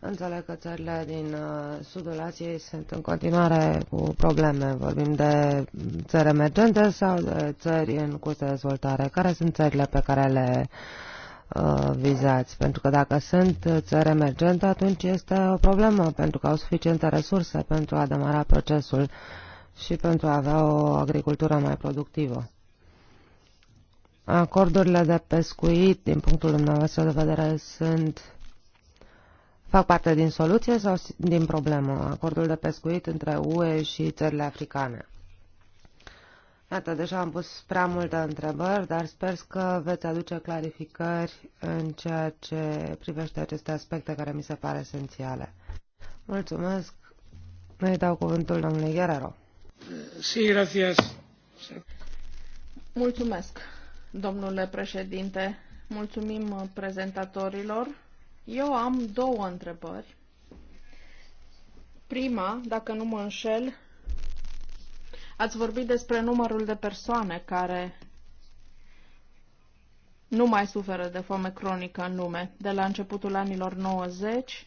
Înțeleg că țările din uh, sudul Asiei sunt în continuare cu probleme. Vorbim de țări emergente sau de țări în curs de dezvoltare. Care sunt țările pe care le uh, vizați? Pentru că dacă sunt țări emergente, atunci este o problemă, pentru că au suficiente resurse pentru a demara procesul uh, și pentru a avea o agricultură mai productivă. Acordurile de pescuit, din punctul dumneavoastră de vedere, sunt fac parte din soluție sau din problemă? Acordul de pescuit între UE și țările africane. Iată, deja am pus prea multe întrebări, dar sper că veți aduce clarificări în ceea ce privește aceste aspecte care mi se par esențiale. Mulțumesc. Noi dau cuvântul domnului Guerrero domnule președinte. Mulțumim uh, prezentatorilor. Eu am două întrebări. Prima, dacă nu mă înșel, ați vorbit despre numărul de persoane care nu mai suferă de foame cronică în lume. De la începutul anilor 90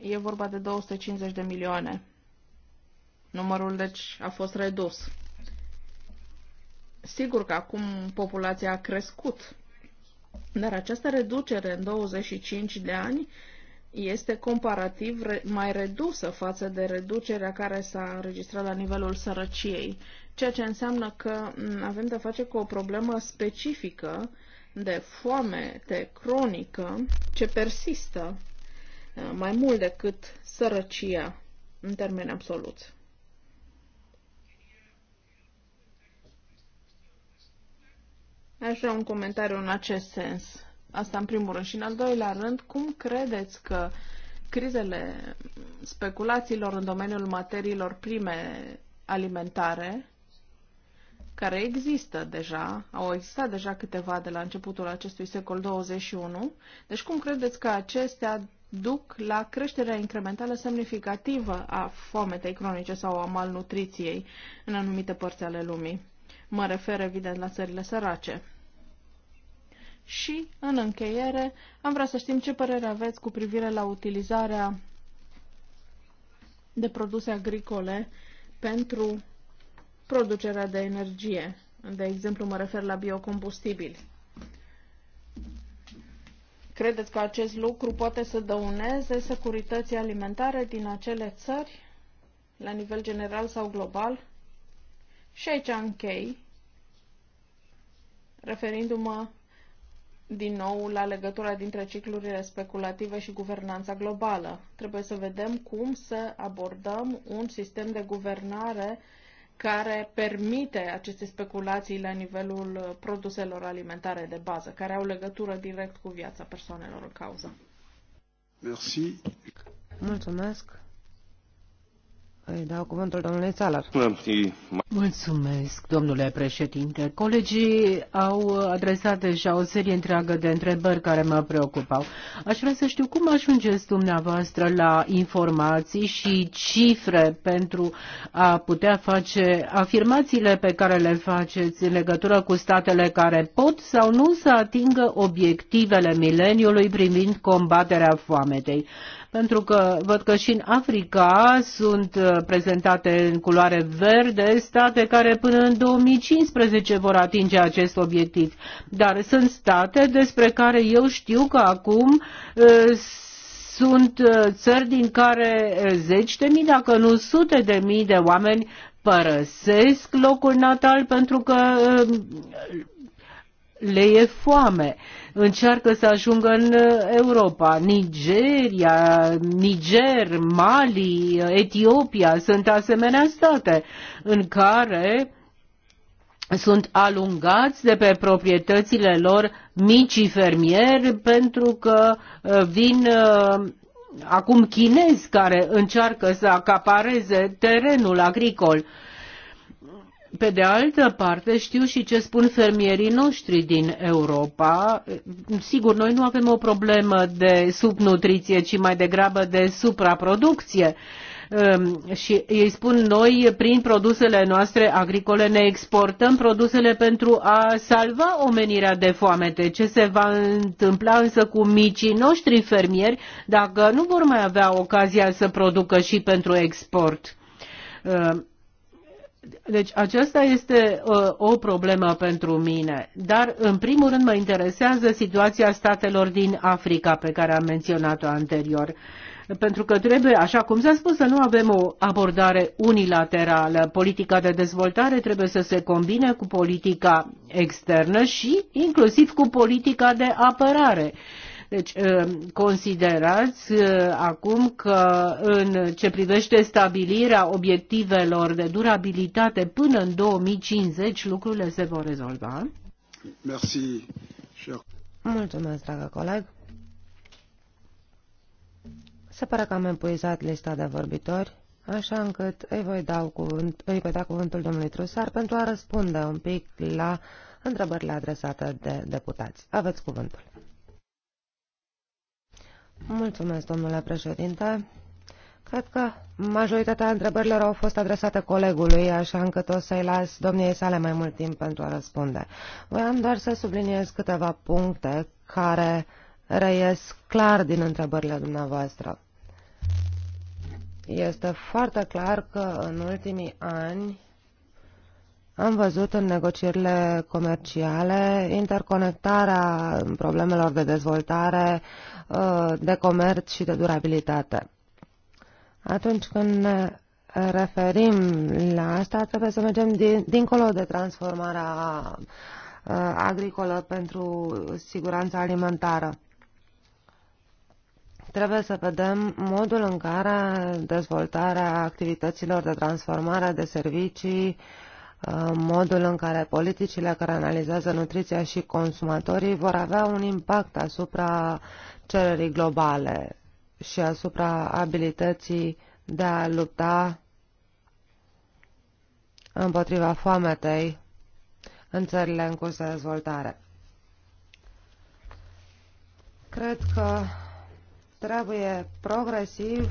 e vorba de 250 de milioane. Numărul, deci, a fost redus. Sigur că acum populația a crescut, dar această reducere în 25 de ani este comparativ mai redusă față de reducerea care s-a înregistrat la nivelul sărăciei, ceea ce înseamnă că avem de face cu o problemă specifică de de cronică ce persistă uh, mai mult decât sărăcia în termeni absoluți. Aș vrea un comentariu în acest sens. Asta în primul rând. Și în al doilea rând, cum credeți că crizele speculațiilor în domeniul materiilor prime alimentare, care există deja, au existat deja câteva de la începutul acestui secol 21, deci cum credeți că acestea duc la creșterea incrementală semnificativă a foametei cronice sau a malnutriției în anumite părți ale lumii? Mă refer, evident, la țările sărace. Și, în încheiere, am vrea să știm ce părere aveți cu privire la utilizarea de produse agricole pentru producerea de energie. De exemplu, mă refer la biocombustibili. Credeți că acest lucru poate să dăuneze securității alimentare din acele țări, la nivel general sau global? Și aici închei, referindu-mă din nou la legătura dintre ciclurile speculative și guvernanța globală. Trebuie să vedem cum să abordăm un sistem de guvernare care permite aceste speculații la nivelul produselor alimentare de bază, care au legătură direct cu viața persoanelor în cauză. Merci. Mulțumesc. Îi dau cuvântul domnului Salar. Mulțumesc, domnule președinte. Colegii au adresat deja o serie întreagă de întrebări care mă preocupau. Aș vrea să știu cum ajungeți dumneavoastră la informații și cifre pentru a putea face afirmațiile pe care le faceți în legătură cu statele care pot sau nu să atingă obiectivele mileniului privind combaterea foametei pentru că văd că și în Africa sunt uh, prezentate în culoare verde state care până în 2015 vor atinge acest obiectiv. Dar sunt state despre care eu știu că acum uh, sunt uh, țări din care zeci de mii, dacă nu sute de mii de oameni părăsesc locul natal pentru că le e foame, încearcă să ajungă în uh, Europa. Nigeria, Niger, Mali, uh, Etiopia sunt asemenea state în care sunt alungați de pe proprietățile lor mici fermieri pentru că uh, vin acum chinezi care încearcă să acapareze terenul agricol. Pe de altă parte, știu și ce spun fermierii noștri din Europa. Sigur, noi nu avem o problemă de subnutriție, ci mai degrabă de supraproducție ehm, și ei spun noi prin produsele noastre agricole ne exportăm produsele pentru a salva omenirea de foamete. Ce se va întâmpla însă cu micii noștri fermieri dacă nu vor mai avea ocazia să producă și pentru export? Ehm, deci aceasta este uh, o problemă pentru mine, dar în primul rând mă interesează situația statelor din Africa pe care am menționat-o anterior, pentru că trebuie, așa cum s-a spus, să nu avem o abordare unilaterală. Politica de dezvoltare trebuie să se combine cu politica externă și inclusiv cu politica de apărare. Uh, deci ă, considerați ă, acum că în ce privește stabilirea obiectivelor de durabilitate până în 2050 lucrurile se vor rezolva? Merci, Mulțumesc, dragă coleg. Se pare că am epuizat lista de vorbitori, așa încât îi voi, dau cuvânt, îi voi da cuvântul domnului Trusar pentru a răspunde un pic la întrebările adresate de deputați. Aveți cuvântul. Mulțumesc, domnule președinte. Cred că majoritatea întrebărilor au fost adresate colegului, așa încât o să-i las domniei sale mai mult timp pentru a răspunde. Voiam doar să subliniez câteva puncte care reies clar din întrebările dumneavoastră. Este foarte clar că în ultimii ani am văzut în negocierile comerciale interconectarea problemelor de dezvoltare, uh, de comerț și de durabilitate. Atunci când ne referim la asta, trebuie să mergem din, dincolo de transformarea uh, agricolă pentru siguranța alimentară. Trebuie să vedem modul în care dezvoltarea activităților de transformare de servicii uh, Uh, modul în care politicile care analizează nutriția și consumatorii vor avea un impact asupra cererii globale și asupra abilității de a lupta împotriva foametei în țările în curs de dezvoltare. Cred că trebuie progresiv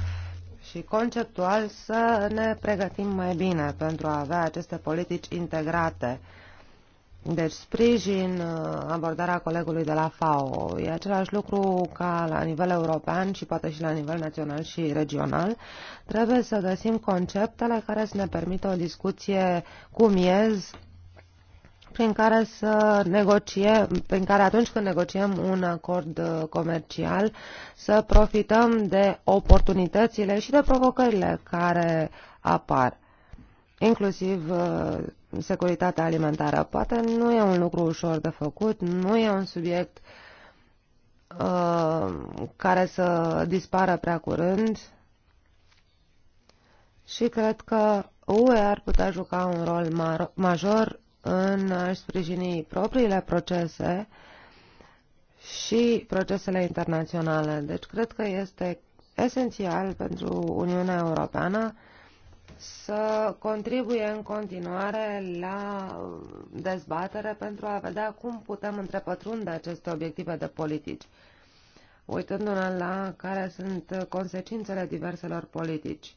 și conceptual să ne pregătim mai bine pentru a avea aceste politici integrate. Deci sprijin uh, abordarea colegului de la FAO. E același lucru ca la nivel european și poate și la nivel național și regional. Trebuie să găsim conceptele care să ne permită o discuție cu miez prin care să negociem, prin care atunci când negociem un acord uh, comercial să profităm de oportunitățile și de provocările care apar, inclusiv uh, securitatea alimentară. Poate nu e un lucru ușor de făcut, nu e un subiect uh, care să dispară prea curând și cred că UE ar putea juca un rol major în a-și sprijini propriile procese și procesele internaționale. Deci cred că este esențial pentru Uniunea Europeană să contribuie în continuare la dezbatere pentru a vedea cum putem întrepătrunde aceste obiective de politici, uitându-ne la care sunt consecințele diverselor politici,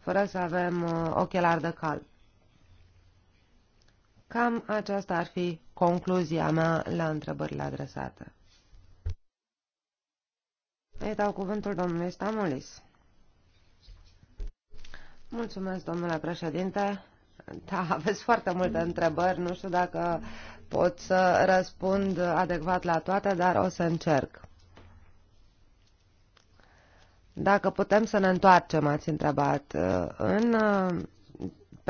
fără să avem uh, ochelari de cal. Cam aceasta ar fi concluzia mea la întrebările adresate. Îi dau cuvântul domnului Stamulis. Mulțumesc, domnule președinte. Da, aveți foarte multe întrebări. Nu știu dacă pot să răspund adecvat la toate, dar o să încerc. Dacă putem să ne întoarcem, ați întrebat. În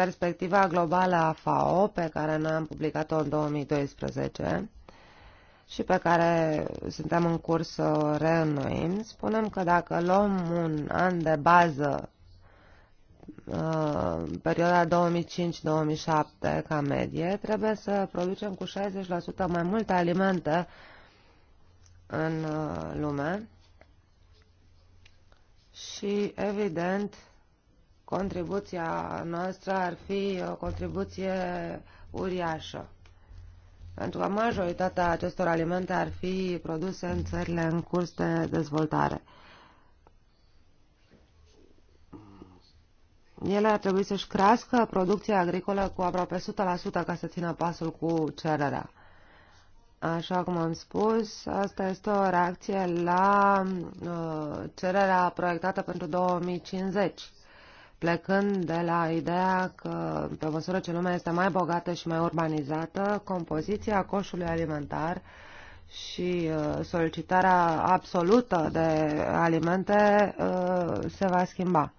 perspectiva globală a FAO, pe care noi am publicat-o în 2012 și pe care suntem în curs să o reînnoim, spunem că dacă luăm un an de bază, uh, perioada 2005-2007 ca medie, trebuie să producem cu 60% mai multe alimente în uh, lume și, evident, contribuția noastră ar fi o contribuție uriașă. Pentru că majoritatea acestor alimente ar fi produse în țările în curs de dezvoltare. Ele ar trebui să-și crească producția agricolă cu aproape 100% ca să țină pasul cu cererea. Așa cum am spus, asta este o reacție la uh, cererea proiectată pentru 2050 plecând de la ideea că, pe măsură ce lumea este mai bogată și mai urbanizată, compoziția coșului alimentar și uh, solicitarea absolută de alimente uh, se va schimba.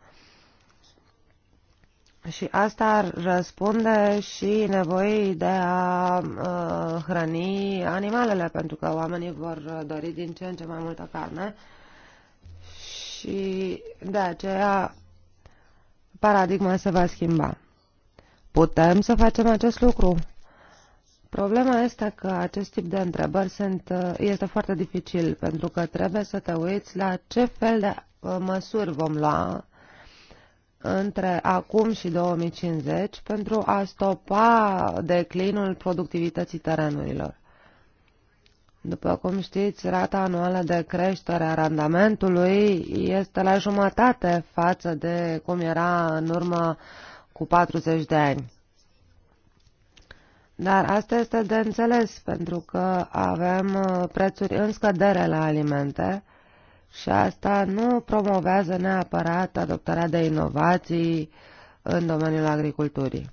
Și asta ar răspunde și nevoii de a uh, hrăni animalele, pentru că oamenii vor dori din ce în ce mai multă carne și de aceea paradigma se va schimba. Putem să facem acest lucru? Problema este că acest tip de întrebări sunt, este foarte dificil, pentru că trebuie să te uiți la ce fel de uh, măsuri vom lua între acum și 2050 pentru a stopa declinul productivității terenurilor. După cum știți, rata anuală de creștere a randamentului este la jumătate față de cum era în urmă cu 40 de ani. Dar asta este de înțeles, pentru că avem uh, prețuri în scădere la alimente și asta nu promovează neapărat adoptarea de inovații în domeniul agriculturii.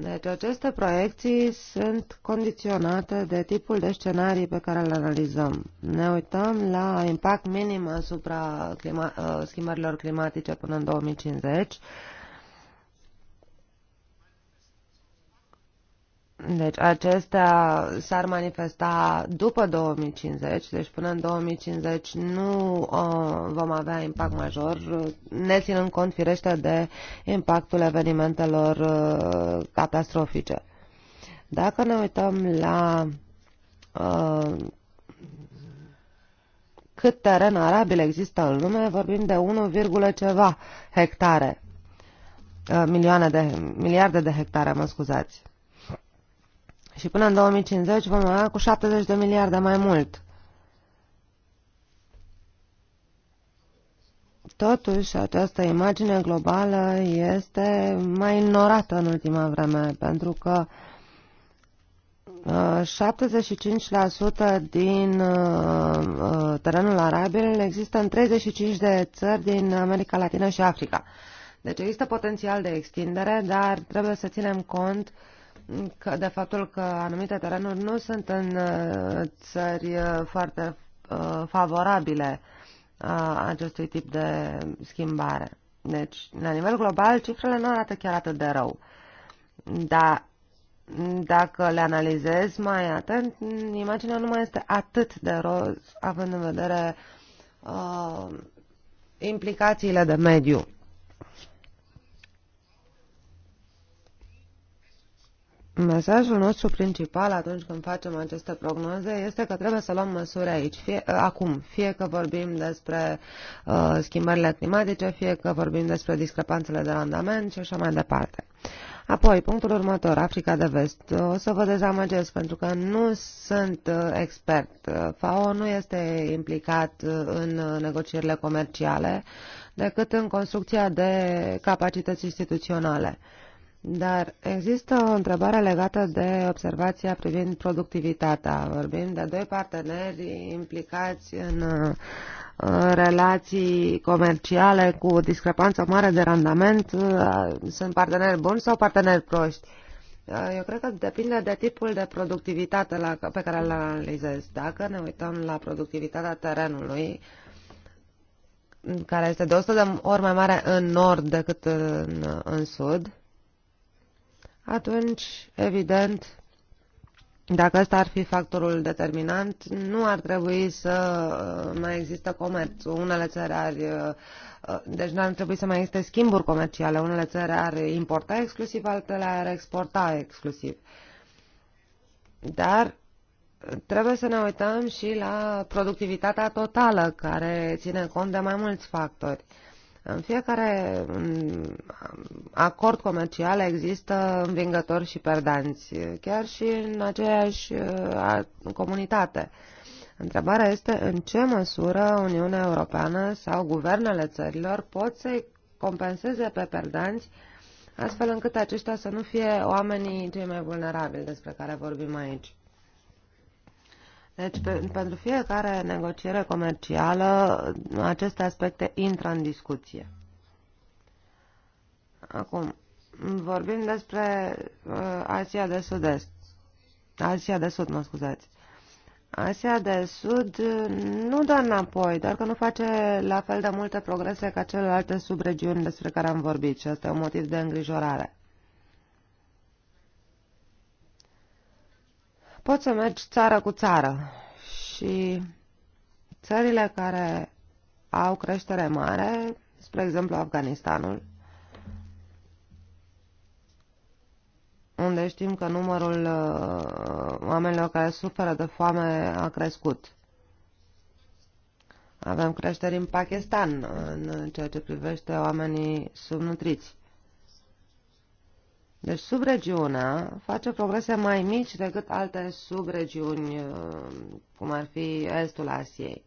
Deci aceste proiecții sunt condiționate de tipul de scenarii pe care le analizăm. Ne uităm la impact minim asupra clima uh, schimbărilor climatice până în 2050 Deci acestea s-ar manifesta după 2050, deci până în 2050 nu uh, vom avea impact major, ne ținând cont firește de impactul evenimentelor uh, catastrofice. Dacă ne uităm la uh, cât teren arabil există în lume, vorbim de 1, ceva hectare, uh, milioane de, miliarde de hectare, mă scuzați și până în 2050 vom avea cu 70 de miliarde mai mult. Totuși, această imagine globală este mai ignorată în ultima vreme, pentru că 75% uh, din uh, uh, terenul arabil există în 35 de țări din America Latină și Africa. Deci există potențial de extindere, dar trebuie să ținem cont uh, că de faptul că anumite terenuri nu sunt în uh, țări uh, foarte uh, favorabile acestui tip de schimbare. Deci, la nivel global, cifrele nu arată chiar atât de rău. Dar dacă le analizez mai atent, imaginea nu mai este atât de roz, având în vedere uh, implicațiile de mediu. Mesajul nostru principal atunci când facem aceste prognoze este că trebuie să luăm măsuri aici, fie, ă, acum, fie că vorbim despre uh, schimbările climatice, fie că vorbim despre discrepanțele de randament și așa mai departe. Apoi, punctul următor, Africa de Vest. O să vă dezamăgesc pentru că nu sunt ă, expert. FAO nu este implicat în negocierile comerciale decât în construcția de capacități instituționale. Uh, dar există o întrebare legată de observația privind productivitatea. Vorbim de doi parteneri implicați în uh, relații comerciale cu discrepanță mare de randament. Uh, sunt parteneri buni sau parteneri proști? Uh, eu cred că depinde de tipul de productivitate la, pe care îl analizez. Dacă ne uităm la productivitatea terenului, care este de 100 de ori mai mare în nord decât în, în sud, atunci, evident, dacă ăsta ar fi factorul determinant, nu ar trebui să uh, mai există comerț. Unele țări ar, uh, uh, deci nu ar trebui să mai existe schimburi comerciale. Unele țări ar importa exclusiv, altele ar exporta exclusiv. Dar trebuie să ne uităm și la productivitatea totală, care ține cont de mai mulți factori. Uh, în fiecare acord comercial există învingători și perdanți, chiar și în aceeași comunitate. Întrebarea este în ce măsură Uniunea Europeană sau guvernele țărilor pot să-i compenseze pe perdanți astfel încât aceștia să nu fie oamenii cei mai vulnerabili despre care vorbim aici. Deci, pe, pentru fiecare negociere comercială, aceste aspecte intră în discuție. Acum, vorbim despre uh, Asia de Sud-Est. Asia de Sud, mă scuzați. Asia de Sud nu dă înapoi, doar că nu face la fel de multe progrese ca celelalte subregiuni despre care am vorbit și asta e un motiv de îngrijorare. Poți să mergi țară cu țară și țările care au creștere mare, spre exemplu Afganistanul, unde știm că numărul uh, oamenilor care suferă de foame a crescut. Avem creșteri în Pakistan în ceea ce privește oamenii subnutriți. Deci subregiunea face progrese mai mici decât alte subregiuni, uh, cum ar fi estul Asiei.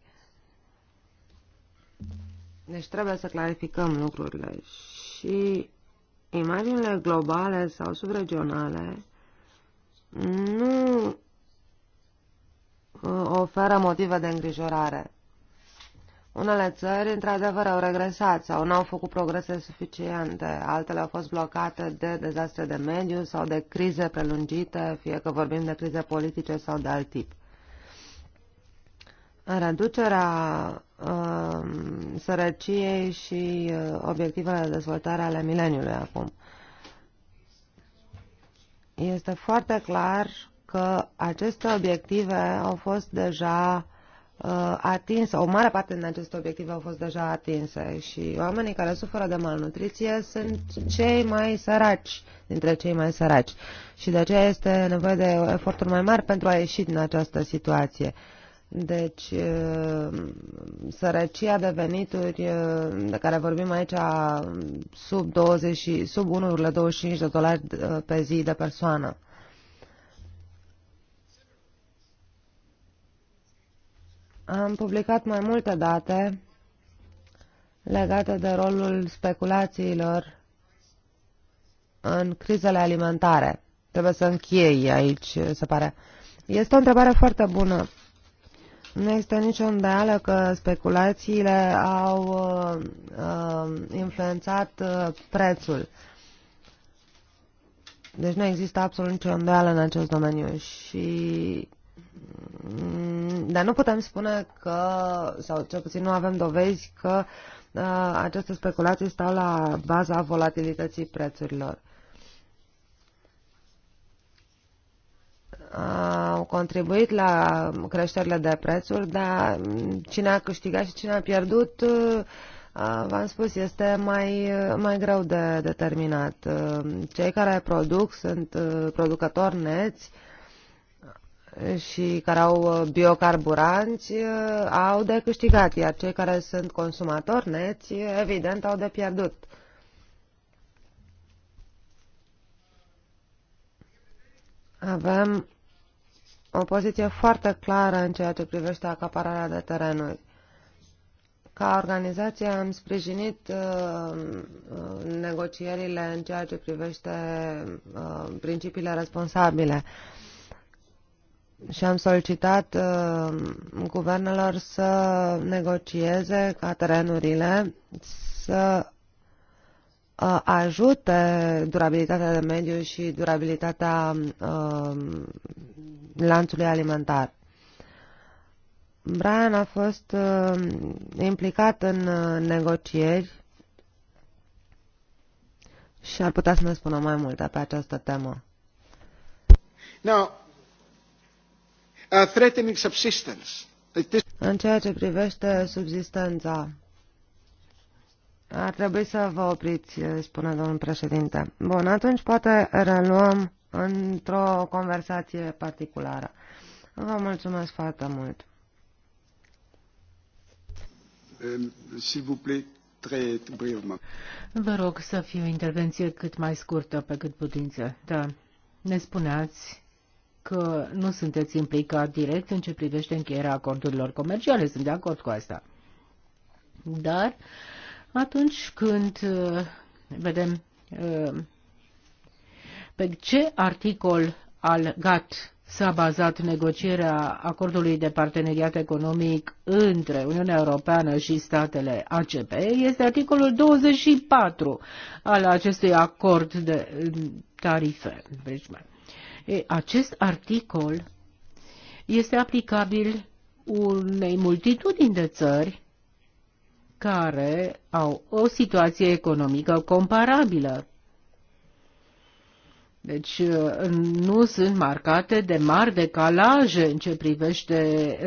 Deci trebuie să clarificăm lucrurile și imaginile globale sau subregionale nu uh, oferă motive de îngrijorare. Unele țări, într-adevăr, au regresat sau nu au făcut progrese suficiente, altele au fost blocate de dezastre de mediu sau de crize prelungite, fie că vorbim de crize politice sau de alt tip. Reducerea uh, sărăciei și uh, obiectivele de dezvoltare ale mileniului acum. Este foarte clar că aceste obiective au fost deja uh, Uh, atinsă, o mare parte din aceste obiective au fost deja atinse și oamenii care suferă de malnutriție sunt cei mai săraci dintre cei mai săraci și de aceea este nevoie de eforturi mai mari pentru a ieși din această situație. Deci, uh, sărăcia de venituri uh, de care vorbim aici sub, 20, sub 1,25 de dolari pe zi de persoană. Am publicat mai multe date legate de rolul speculațiilor în crizele alimentare. Trebuie să închei aici, se pare. Este o întrebare foarte bună. Nu există nicio îndoială că speculațiile au uh, uh, influențat uh, prețul. Deci nu există absolut nicio îndoială în acest domeniu și Mm, dar nu putem spune că, sau cel puțin nu avem dovezi că uh, aceste speculații stau la baza volatilității prețurilor. au contribuit la creșterile de prețuri, dar cine a câștigat și cine a pierdut, uh, v-am spus, este mai, mai greu de determinat. Uh, cei care produc sunt uh, producători neți, și care au uh, biocarburanți uh, au de câștigat, iar cei care sunt consumatori neți, evident, au de pierdut. Avem o poziție foarte clară în ceea ce privește acapararea de terenuri. Ca organizație am sprijinit uh, uh negocierile în ceea ce privește uh, principiile responsabile. Uh, și am solicitat uh, guvernelor să negocieze ca terenurile să uh, ajute durabilitatea de mediu și durabilitatea uh, lanțului alimentar. Brian a fost uh, implicat în uh, negocieri și ar putea să ne spună mai multe pe această temă. Now, Uh, threatening subsistence. În ceea ce privește subsistența, ar trebui să vă opriți, uh, spune domnul președinte. Bun, atunci poate reluăm într-o conversație particulară. Vă mulțumesc foarte mult. Um, s'il vous plaît, très brièvement. Vă rog să fie o intervenție cât mai scurtă, pe cât putință. Da. Ne spuneați că nu sunteți implicat direct în ce privește încheierea acordurilor comerciale. Sunt de acord cu asta. Dar atunci când uh, vedem uh, pe ce articol al GATT s-a bazat negocierea acordului de parteneriat economic între Uniunea Europeană și statele ACP este articolul 24 al acestui acord de uh, tarife. Deci, E, acest articol este aplicabil unei multitudini de țări care au o situație economică comparabilă. Deci nu sunt marcate de mari decalaje în ce privește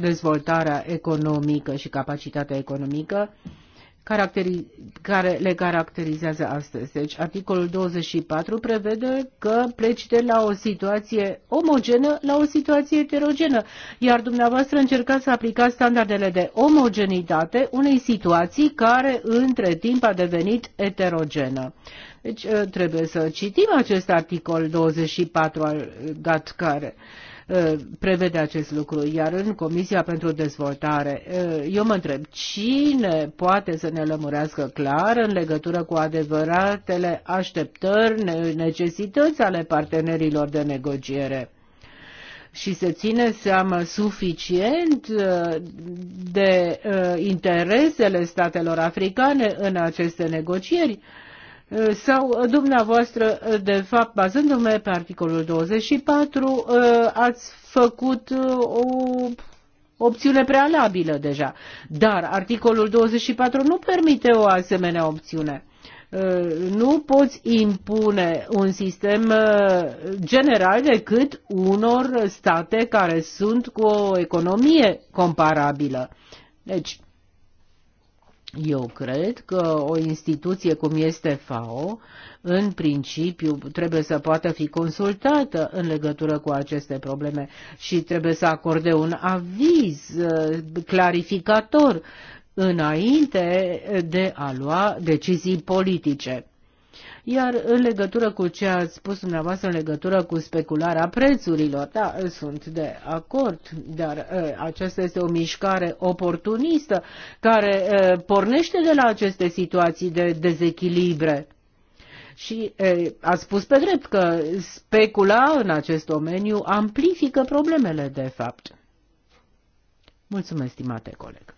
dezvoltarea economică și capacitatea economică care le caracterizează astăzi. Deci, articolul 24 prevede că pleci de la o situație omogenă la o situație heterogenă, iar dumneavoastră încercați să aplicați standardele de omogenitate unei situații care între timp a devenit heterogenă. Deci, trebuie să citim acest articol 24 al GATCARE. care Uh, prevede acest lucru. Iar în Comisia pentru Dezvoltare, uh, eu mă întreb, cine poate să ne lămurească clar în legătură cu adevăratele așteptări, necesități ale partenerilor de negociere? și se ține seama suficient uh, de interesele statelor africane în aceste negocieri. Eh, sau eh, dumneavoastră, eh, de fapt, bazându-mă pe articolul 24, ați făcut o opțiune prealabilă deja. Dar articolul 24 nu permite o asemenea opțiune. Nu poți impune un sistem general decât unor state care sunt cu o economie comparabilă. Deci, eu cred că o instituție cum este FAO, în principiu, trebuie să poată fi consultată în legătură cu aceste probleme și trebuie să acorde un aviz uh, clarificator înainte de a lua decizii politice. Iar în legătură cu ce ați spus dumneavoastră în legătură cu specularea prețurilor, da, sunt de acord, dar e, uh, aceasta este o mișcare oportunistă care e, uh, pornește de la aceste situații de dezechilibre. Și e, uh, a spus pe drept că specula în acest domeniu amplifică problemele, de fapt. Mulțumesc, stimate coleg.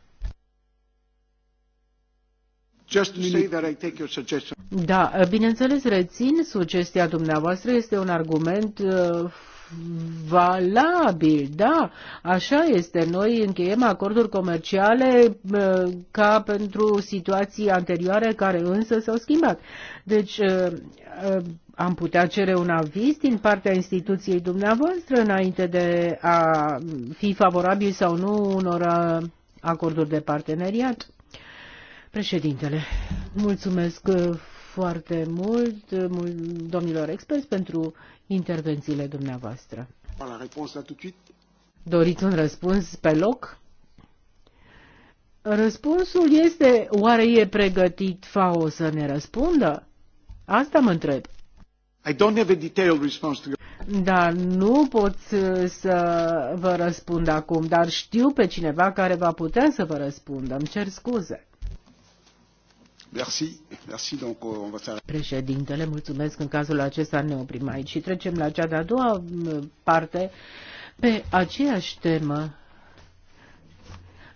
Just say that I take your suggestion. Da, bineînțeles, rețin sugestia dumneavoastră, este un argument uh, valabil, da, așa este. Noi încheiem acorduri comerciale uh, ca pentru situații anterioare care însă s-au schimbat. Deci uh, am putea cere un aviz din partea instituției dumneavoastră înainte de a fi favorabil sau nu unor acorduri de parteneriat. Președintele, mulțumesc uh, foarte mult uh, domnilor experți pentru intervențiile dumneavoastră. Doriți un răspuns pe loc? Răspunsul este, oare e pregătit FAO să ne răspundă? Asta mă întreb. I don't have a detailed response to... Dar nu pot uh, să vă răspund acum, dar știu pe cineva care va putea să vă răspundă. Îmi cer scuze. Merci, merci, donc on va Președintele, mulțumesc. În cazul acesta ne oprim aici și trecem la cea de-a doua parte pe aceeași temă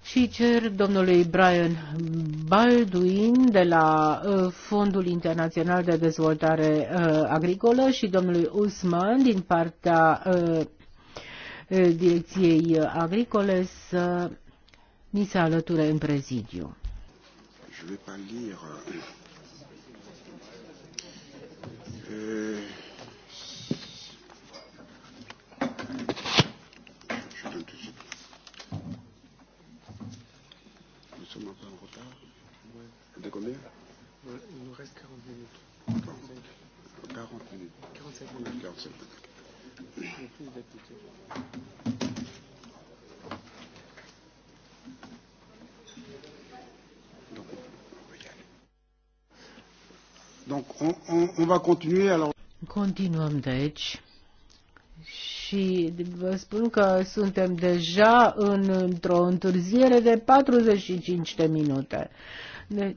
și cer domnului Brian Baldwin de la uh, Fondul Internațional de Dezvoltare uh, Agricolă și domnului Usman din partea uh, Direcției Agricole să mi se alăture în prezidiu je ne vais pas lire. Euh, Nous sommes un peu en retard. Ouais. De combien ouais, Il nous reste 40 minutes. Bon. 40 minutes. 47 minutes. 47 minutes. Il minutes. Donc on, on, on va continuer. alors. Continuăm deci și vă spun că suntem deja în, într-o întârziere de 45 de minute. Deci,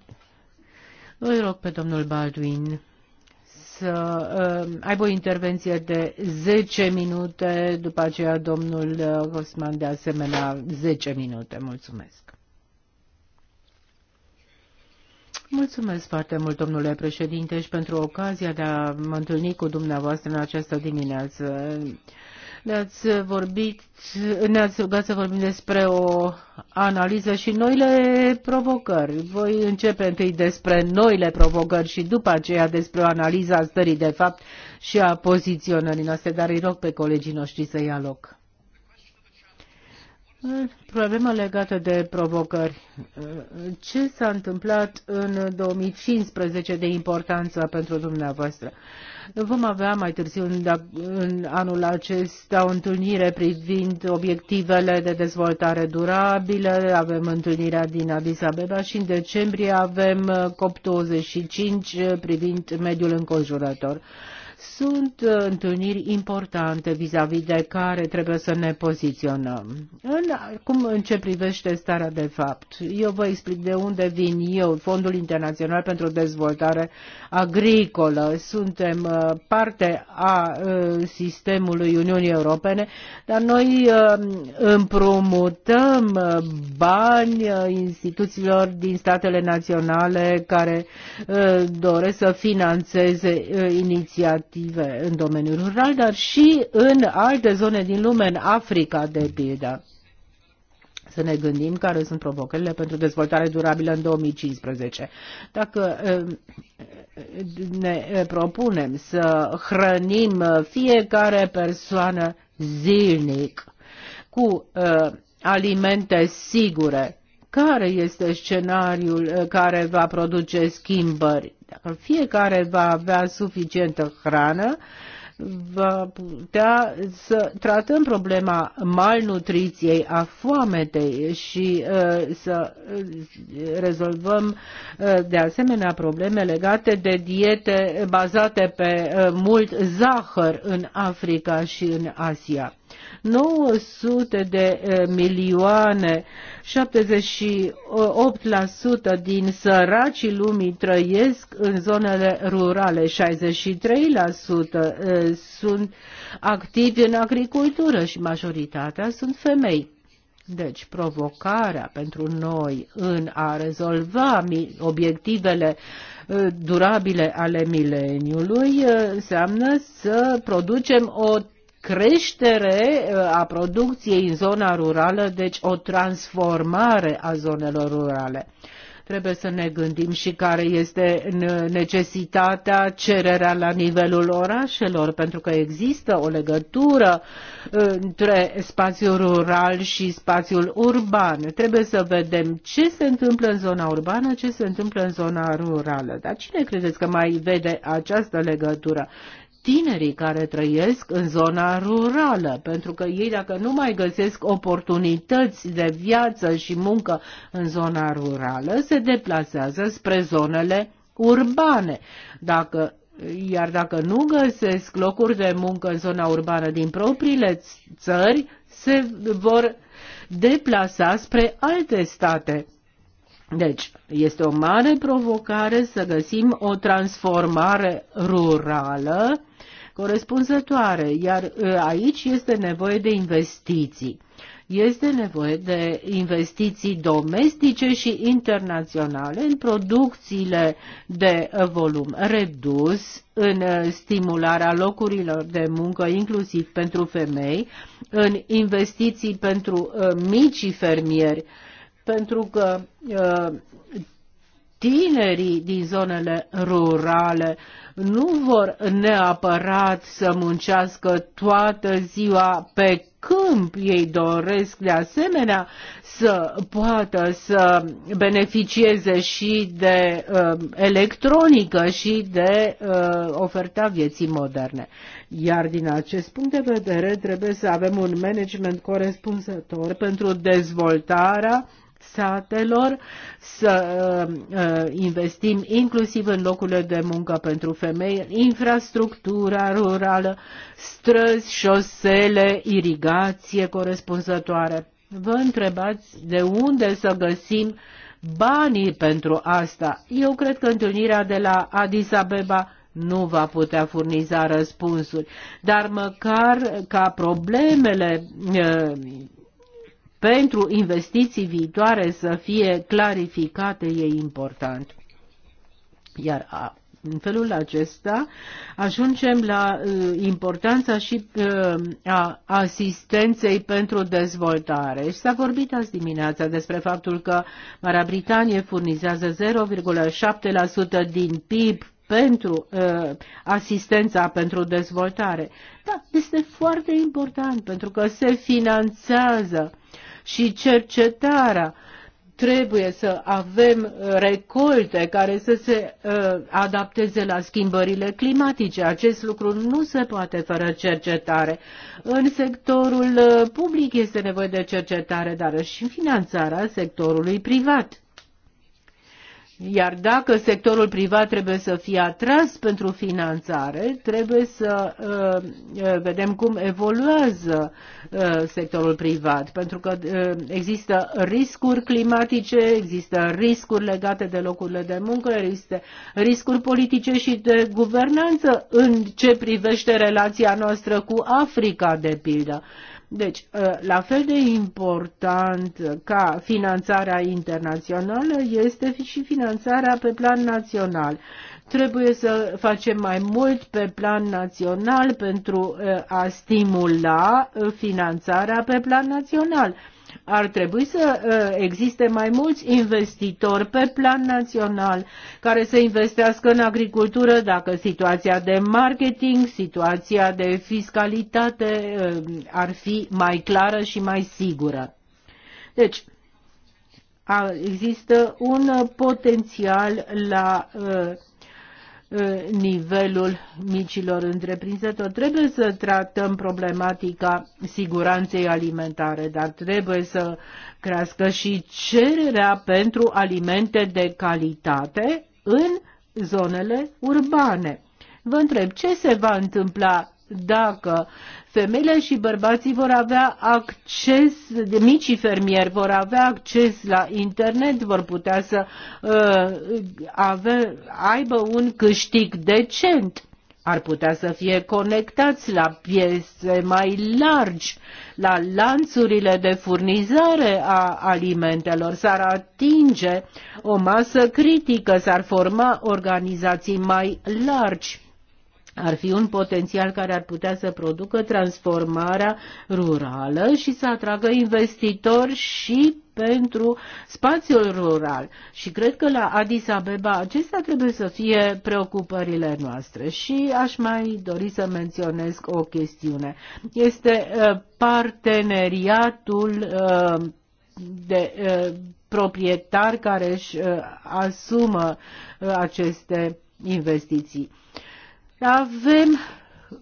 îi rog pe domnul Baldwin să uh, aibă o intervenție de 10 minute, după aceea domnul Rosman uh, de asemenea 10 minute. Mulțumesc. Mulțumesc foarte mult, domnule președinte, și pentru ocazia de a mă întâlni cu dumneavoastră în această dimineață. Ne-ați vorbit, ne-ați rugat să vorbim despre o analiză și noile provocări. Voi începe întâi despre noile provocări și după aceea despre o analiză a stării de fapt și a poziționării noastre, dar îi rog pe colegii noștri să ia loc. Problema legată de provocări. Ce s-a întâmplat în 2015 de importanță pentru dumneavoastră? Vom avea mai târziu în, da, în anul acesta o întâlnire privind obiectivele de dezvoltare durabilă, avem întâlnirea din Addis Abeba și în decembrie avem uh, COP25 uh, privind mediul înconjurător. Sunt uh, întâlniri importante vis-a-vis -vis de care trebuie să ne poziționăm. În, cum în ce privește starea de fapt? Eu vă explic de unde vin eu, Fondul Internațional pentru Dezvoltare Agricolă. Suntem uh, parte a uh, sistemului Uniunii Europene, dar noi împrumutăm bani instituțiilor din statele naționale care doresc să financeze inițiative inițiative în domeniul rural, dar și în alte zone din lume, în Africa, de pildă. Să ne gândim care sunt provocările pentru dezvoltare durabilă în 2015. Dacă eh, ne eh, propunem să hrănim eh, fiecare persoană zilnic cu alimente sigure, care este scenariul care va produce schimbări? Dacă fiecare va avea suficientă hrană, va putea să tratăm problema malnutriției, a foametei și uh, să uh, rezolvăm uh, de asemenea probleme legate de diete bazate pe uh, mult zahăr în Africa și în Asia. 900 de milioane, 78% din săracii lumii trăiesc în zonele rurale, 63% sunt activi în agricultură și majoritatea sunt femei. Deci, provocarea pentru noi în a rezolva obiectivele durabile ale mileniului înseamnă să producem o creștere uh, a producției în zona rurală, deci o transformare a zonelor rurale. Trebuie să ne gândim și care este necesitatea, cererea la nivelul orașelor, pentru că există o legătură uh, între spațiul rural și spațiul urban. Trebuie să vedem ce se întâmplă în zona urbană, ce se întâmplă în zona rurală. Dar cine credeți că mai vede această legătură? tinerii care trăiesc în zona rurală, pentru că ei dacă nu mai găsesc oportunități de viață și muncă în zona rurală, se deplasează spre zonele urbane. Dacă iar dacă nu găsesc locuri de muncă în zona urbană din propriile țări, se vor deplasa spre alte state deci, este o mare provocare să găsim o transformare rurală corespunzătoare, iar ă, aici este nevoie de investiții. Este nevoie de investiții domestice și internaționale în producțiile de volum redus, în stimularea locurilor de muncă, inclusiv pentru femei, în investiții pentru ă, micii fermieri, pentru că ă, tinerii din zonele rurale nu vor neapărat să muncească toată ziua pe câmp. Ei doresc de asemenea să poată să beneficieze și de uh, electronică și de uh, oferta vieții moderne. Iar din acest punct de vedere trebuie să avem un management corespunzător pentru dezvoltarea statelor, să uh, uh, investim inclusiv în locurile de muncă pentru femei, infrastructura rurală, străzi, șosele, irigație corespunzătoare. Vă întrebați de unde să găsim banii pentru asta. Eu cred că întâlnirea de la Addis Abeba nu va putea furniza răspunsuri, dar măcar ca problemele uh, pentru investiții viitoare să fie clarificate e important. Iar a, în felul acesta ajungem la uh, importanța și uh, a asistenței pentru dezvoltare. Și s-a vorbit azi dimineața despre faptul că Marea Britanie furnizează 0,7% din PIB pentru uh, asistența pentru dezvoltare. Da, este foarte important pentru că se finanțează și cercetarea. Trebuie să avem recolte care să se uh, adapteze la schimbările climatice. Acest lucru nu se poate fără cercetare. În sectorul uh, public este nevoie de cercetare, dar și în finanțarea sectorului privat iar dacă sectorul privat trebuie să fie atras pentru finanțare, trebuie să uh, uh, vedem cum evoluează uh, sectorul privat, pentru că uh, există riscuri climatice, există riscuri legate de locurile de muncă, există riscuri politice și de guvernanță în ce privește relația noastră cu Africa, de pildă. Uh, deci, ă, la fel de important ca finanțarea internațională este și finanțarea pe plan național. Trebuie să facem mai mult pe plan național pentru ă, a stimula ă, finanțarea pe plan național ar trebui să uh, existe mai mulți investitori pe plan național care să investească în agricultură dacă situația de marketing, situația de fiscalitate uh, ar fi mai clară și mai sigură. Deci, există un uh, potențial la uh, Uh, nivelul micilor întreprinzători. Trebuie să tratăm problematica siguranței alimentare, dar trebuie să crească și cererea pentru alimente de calitate în zonele urbane. Vă întreb ce se va întâmpla dacă femeile și bărbații vor avea acces, de mici fermieri vor avea acces la internet, vor putea să uh, ave, aibă un câștig decent ar putea să fie conectați la piese mai largi, la lanțurile de furnizare a alimentelor, s-ar atinge o masă critică, s-ar forma organizații mai largi. Ar fi un potențial care ar putea să producă transformarea rurală și să atragă investitori și pentru spațiul rural. Și cred că la Addis Abeba acestea trebuie să fie preocupările noastre. Și aș mai dori să menționez o chestiune. Este uh, parteneriatul uh, de uh, proprietari care își asumă aceste investiții. Uh, avem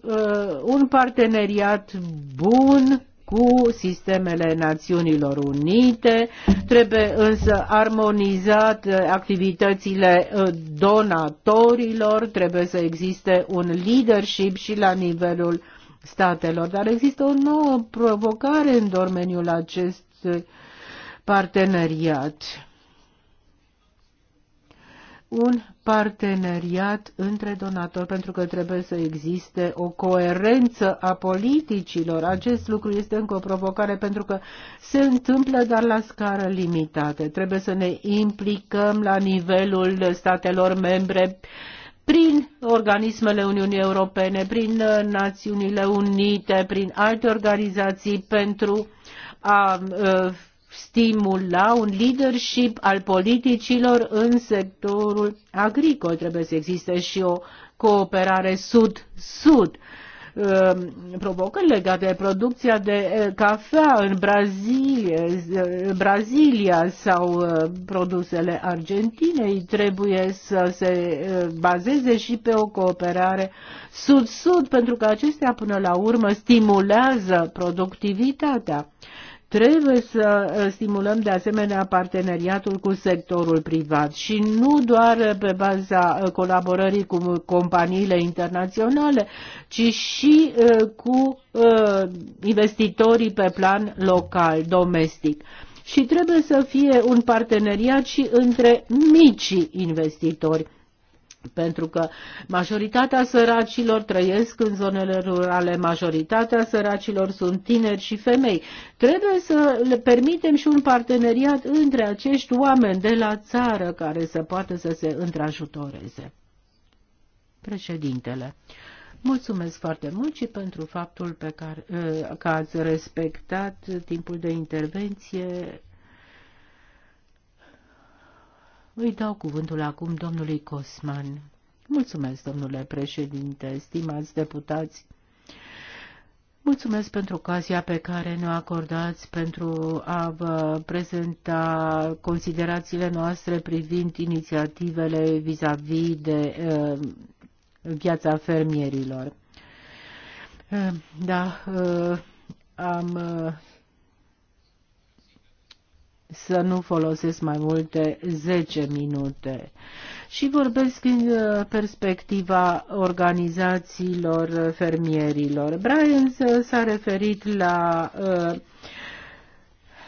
uh, un parteneriat bun cu sistemele Națiunilor Unite, trebuie însă armonizat uh, activitățile uh, donatorilor, trebuie să existe un leadership și la nivelul statelor, dar există o nouă provocare în domeniul acest uh, parteneriat. Un parteneriat între donatori, pentru că trebuie să existe o coerență a politicilor. Acest lucru este încă o provocare pentru că se întâmplă dar la scară limitată. Trebuie să ne implicăm la nivelul statelor membre prin organismele Uniunii Europene, prin Națiunile Unite, prin alte organizații pentru a uh, stimula un leadership al politicilor în sectorul agricol. Trebuie să existe și o cooperare sud-sud ehm, provocări legate de producția de eh, cafea în Brazilia, Brazilia sau eh, produsele Argentinei trebuie să se eh, bazeze și pe o cooperare sud-sud, pentru că acestea până la urmă stimulează productivitatea. Trebuie să uh, stimulăm de asemenea parteneriatul cu sectorul privat și nu doar uh, pe baza uh, colaborării cu companiile internaționale, ci și cu investitorii pe plan local, domestic și trebuie să fie un parteneriat și între micii investitori pentru că majoritatea săracilor trăiesc în zonele rurale, majoritatea săracilor sunt tineri și femei. Trebuie să le permitem și un parteneriat între acești oameni de la țară care să poată să se întrajutoreze. Președintele, mulțumesc foarte mult și pentru faptul pe care, că ați respectat timpul de intervenție Îi dau cuvântul acum domnului Cosman. Mulțumesc, domnule președinte, stimați deputați. Mulțumesc pentru ocazia pe care ne-o acordați pentru a vă prezenta considerațiile noastre privind inițiativele vis-a-vis -vis de uh, viața fermierilor. Uh, da, uh, am uh, să nu folosesc mai multe 10 minute. Și vorbesc în uh, perspectiva organizațiilor fermierilor. Brian s-a referit la uh,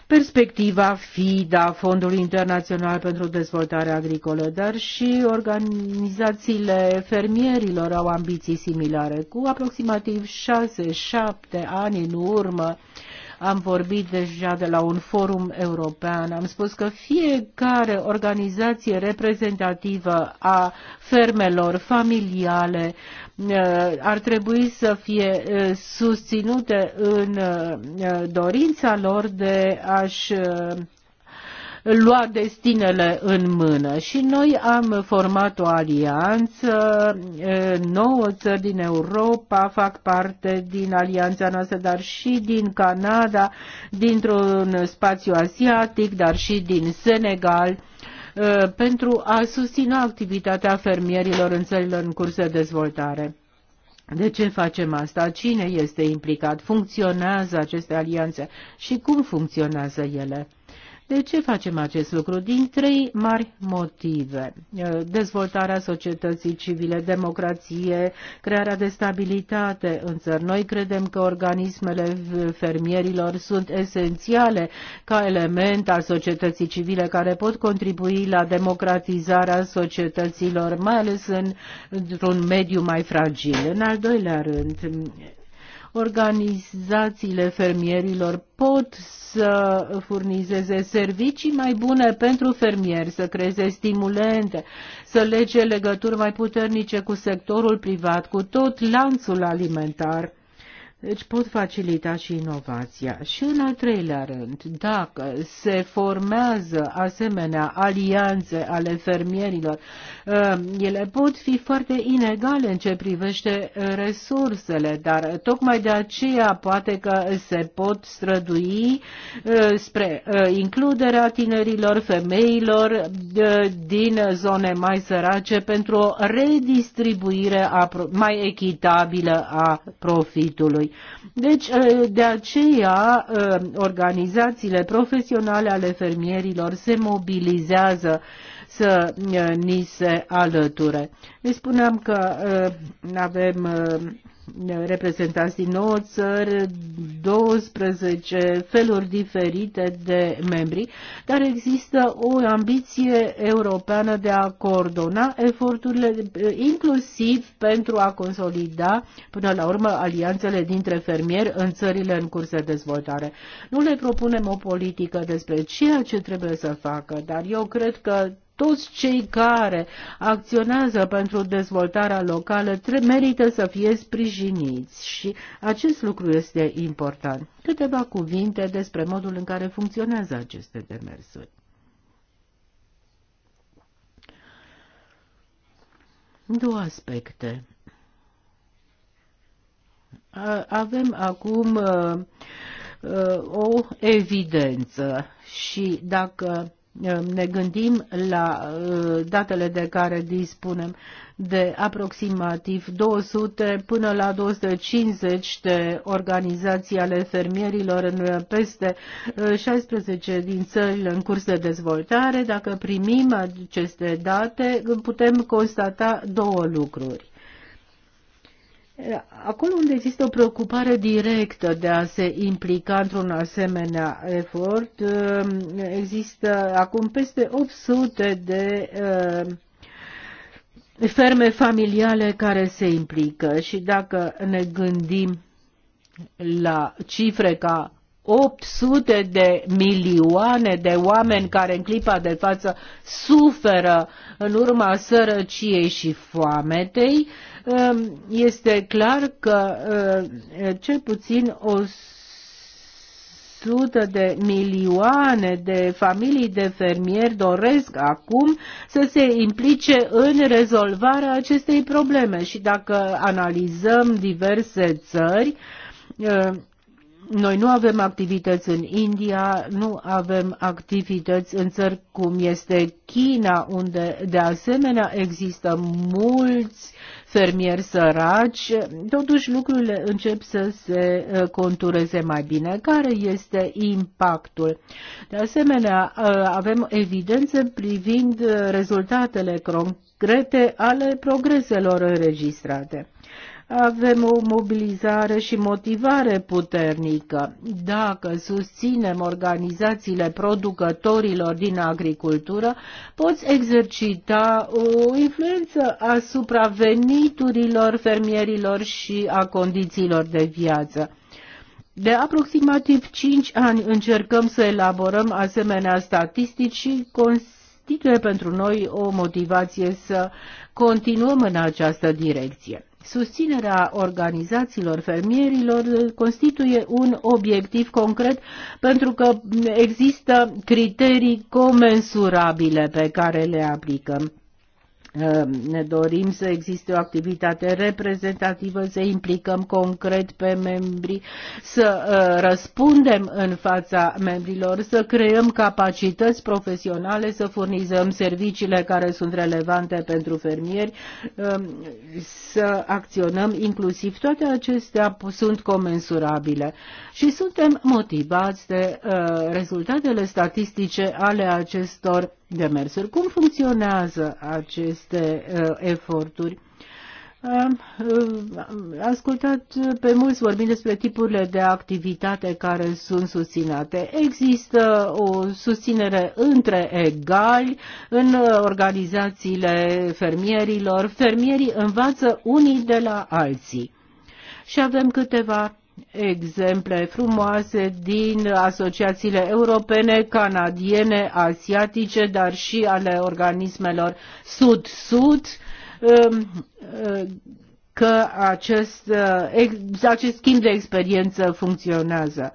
perspectiva FIDA, fondul Internațional pentru Dezvoltare Agricolă, dar și organizațiile fermierilor au ambiții similare. Cu aproximativ 6-7 ani în urmă, am vorbit deja de la un forum european, am spus că fiecare organizație reprezentativă a fermelor familiale uh, ar trebui să fie uh, susținute în uh, dorința lor de a-și lua destinele în mână. Și noi am format o alianță, nouă țări din Europa fac parte din alianța noastră, dar și din Canada, dintr-un spațiu asiatic, dar și din Senegal pentru a susține activitatea fermierilor în țările în curs de dezvoltare. De ce facem asta? Cine este implicat? Funcționează aceste alianțe? Și cum funcționează ele? De ce facem acest lucru? Din trei mari motive. Uh, dezvoltarea societății civile, democrație, crearea de stabilitate în țări. Noi credem că organismele fermierilor sunt esențiale ca element al societății civile care pot contribui la democratizarea societăților, mai ales în, într-un mediu mai fragil. În al doilea rând, organizațiile fermierilor pot să furnizeze servicii mai bune pentru fermieri, să creeze stimulente, să lege legături mai puternice cu sectorul privat, cu tot lanțul alimentar deci pot facilita și inovația. Și în al treilea rând, dacă se formează asemenea alianțe ale fermierilor, uh, ele pot fi foarte inegale în ce privește resursele, dar tocmai de aceea poate că se pot strădui uh, spre uh, includerea tinerilor, femeilor din zone mai sărace pentru o redistribuire mai echitabilă a profitului. Deci, de aceea, organizațiile profesionale ale fermierilor se mobilizează să ni se alăture. Îi spuneam că avem reprezentanți din 9 țări, 12 feluri diferite de membri, dar există o ambiție europeană de a coordona eforturile, inclusiv pentru a consolida până la urmă alianțele dintre fermieri în țările în curs de dezvoltare. Nu le propunem o politică despre ceea ce trebuie să facă, dar eu cred că toți cei care acționează pentru dezvoltarea locală merită să fie sprijiniți și acest lucru este important. Câteva cuvinte despre modul în care funcționează aceste demersuri. Două aspecte. Avem acum uh, uh, o evidență și dacă Ehm, ne gândim la eh, datele de care dispunem de aproximativ 200 până la 250 de organizații ale fermierilor în eh, peste 16 eh, din țări în curs de dezvoltare. Dacă primim aceste date, putem constata două lucruri. Acolo unde există o preocupare directă de a se implica într-un asemenea efort, um, există acum peste 800 de um, ferme familiale care se implică și dacă ne gândim la cifre ca 800 de milioane de oameni care în clipa de față suferă în urma sărăciei și foametei, uh, Ehm, este clar că ehm, cel puțin o sută de milioane de familii de fermieri doresc acum să se implice în rezolvarea acestei probleme. Și dacă analizăm diverse țări, ehm, noi nu avem activități în India, nu avem activități în țări cum este China, unde de asemenea există mulți uh, fermieri săraci, totuși lucrurile încep să se uh, contureze mai bine. Care este impactul? De asemenea, uh, avem evidențe privind uh, rezultatele concrete ale progreselor înregistrate avem o mobilizare și motivare puternică. Dacă susținem organizațiile producătorilor din agricultură, poți exercita o influență asupra veniturilor fermierilor și a condițiilor de viață. De aproximativ 5 ani încercăm să elaborăm asemenea statistici și constituie pentru noi o motivație să continuăm în această direcție. Susținerea organizațiilor fermierilor constituie un obiectiv concret pentru că există criterii comensurabile pe care le aplicăm. Ehm, ne dorim să existe o activitate reprezentativă, să implicăm concret pe membri, să eh, răspundem în fața membrilor, să creăm capacități profesionale, să furnizăm serviciile care sunt relevante pentru fermieri, ehm, să acționăm inclusiv. Toate acestea sunt comensurabile și suntem motivați de eh, rezultatele statistice ale acestor demersuri. Cum funcționează aceste uh, eforturi? Uh, am ascultat pe mulți vorbind despre tipurile de activitate care sunt susținate. Există o susținere între egali în organizațiile fermierilor. Fermierii învață unii de la alții. Și avem câteva exemple frumoase din asociațiile europene, canadiene, asiatice, dar și ale organismelor sud-sud, um, uh, că acest, uh, acest schimb de experiență funcționează.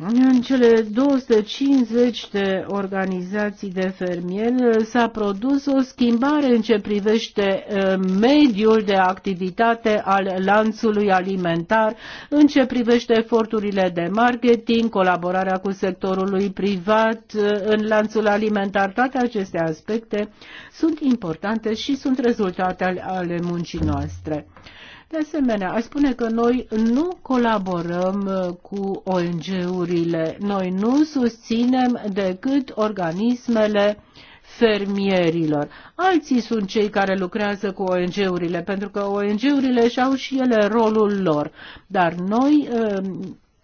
În cele 250 de organizații de fermieri uh, s-a produs o schimbare în ce privește uh, mediul de activitate al lanțului alimentar, în ce privește eforturile de marketing, colaborarea cu sectorului privat uh, în lanțul alimentar. Toate aceste aspecte sunt importante și sunt rezultate ale muncii noastre. De asemenea, aș spune că noi nu colaborăm uh, cu ONG-urile, noi nu susținem decât organismele fermierilor. Alții sunt cei care lucrează cu ONG-urile, pentru că ONG-urile și-au și ele rolul lor. Dar noi uh,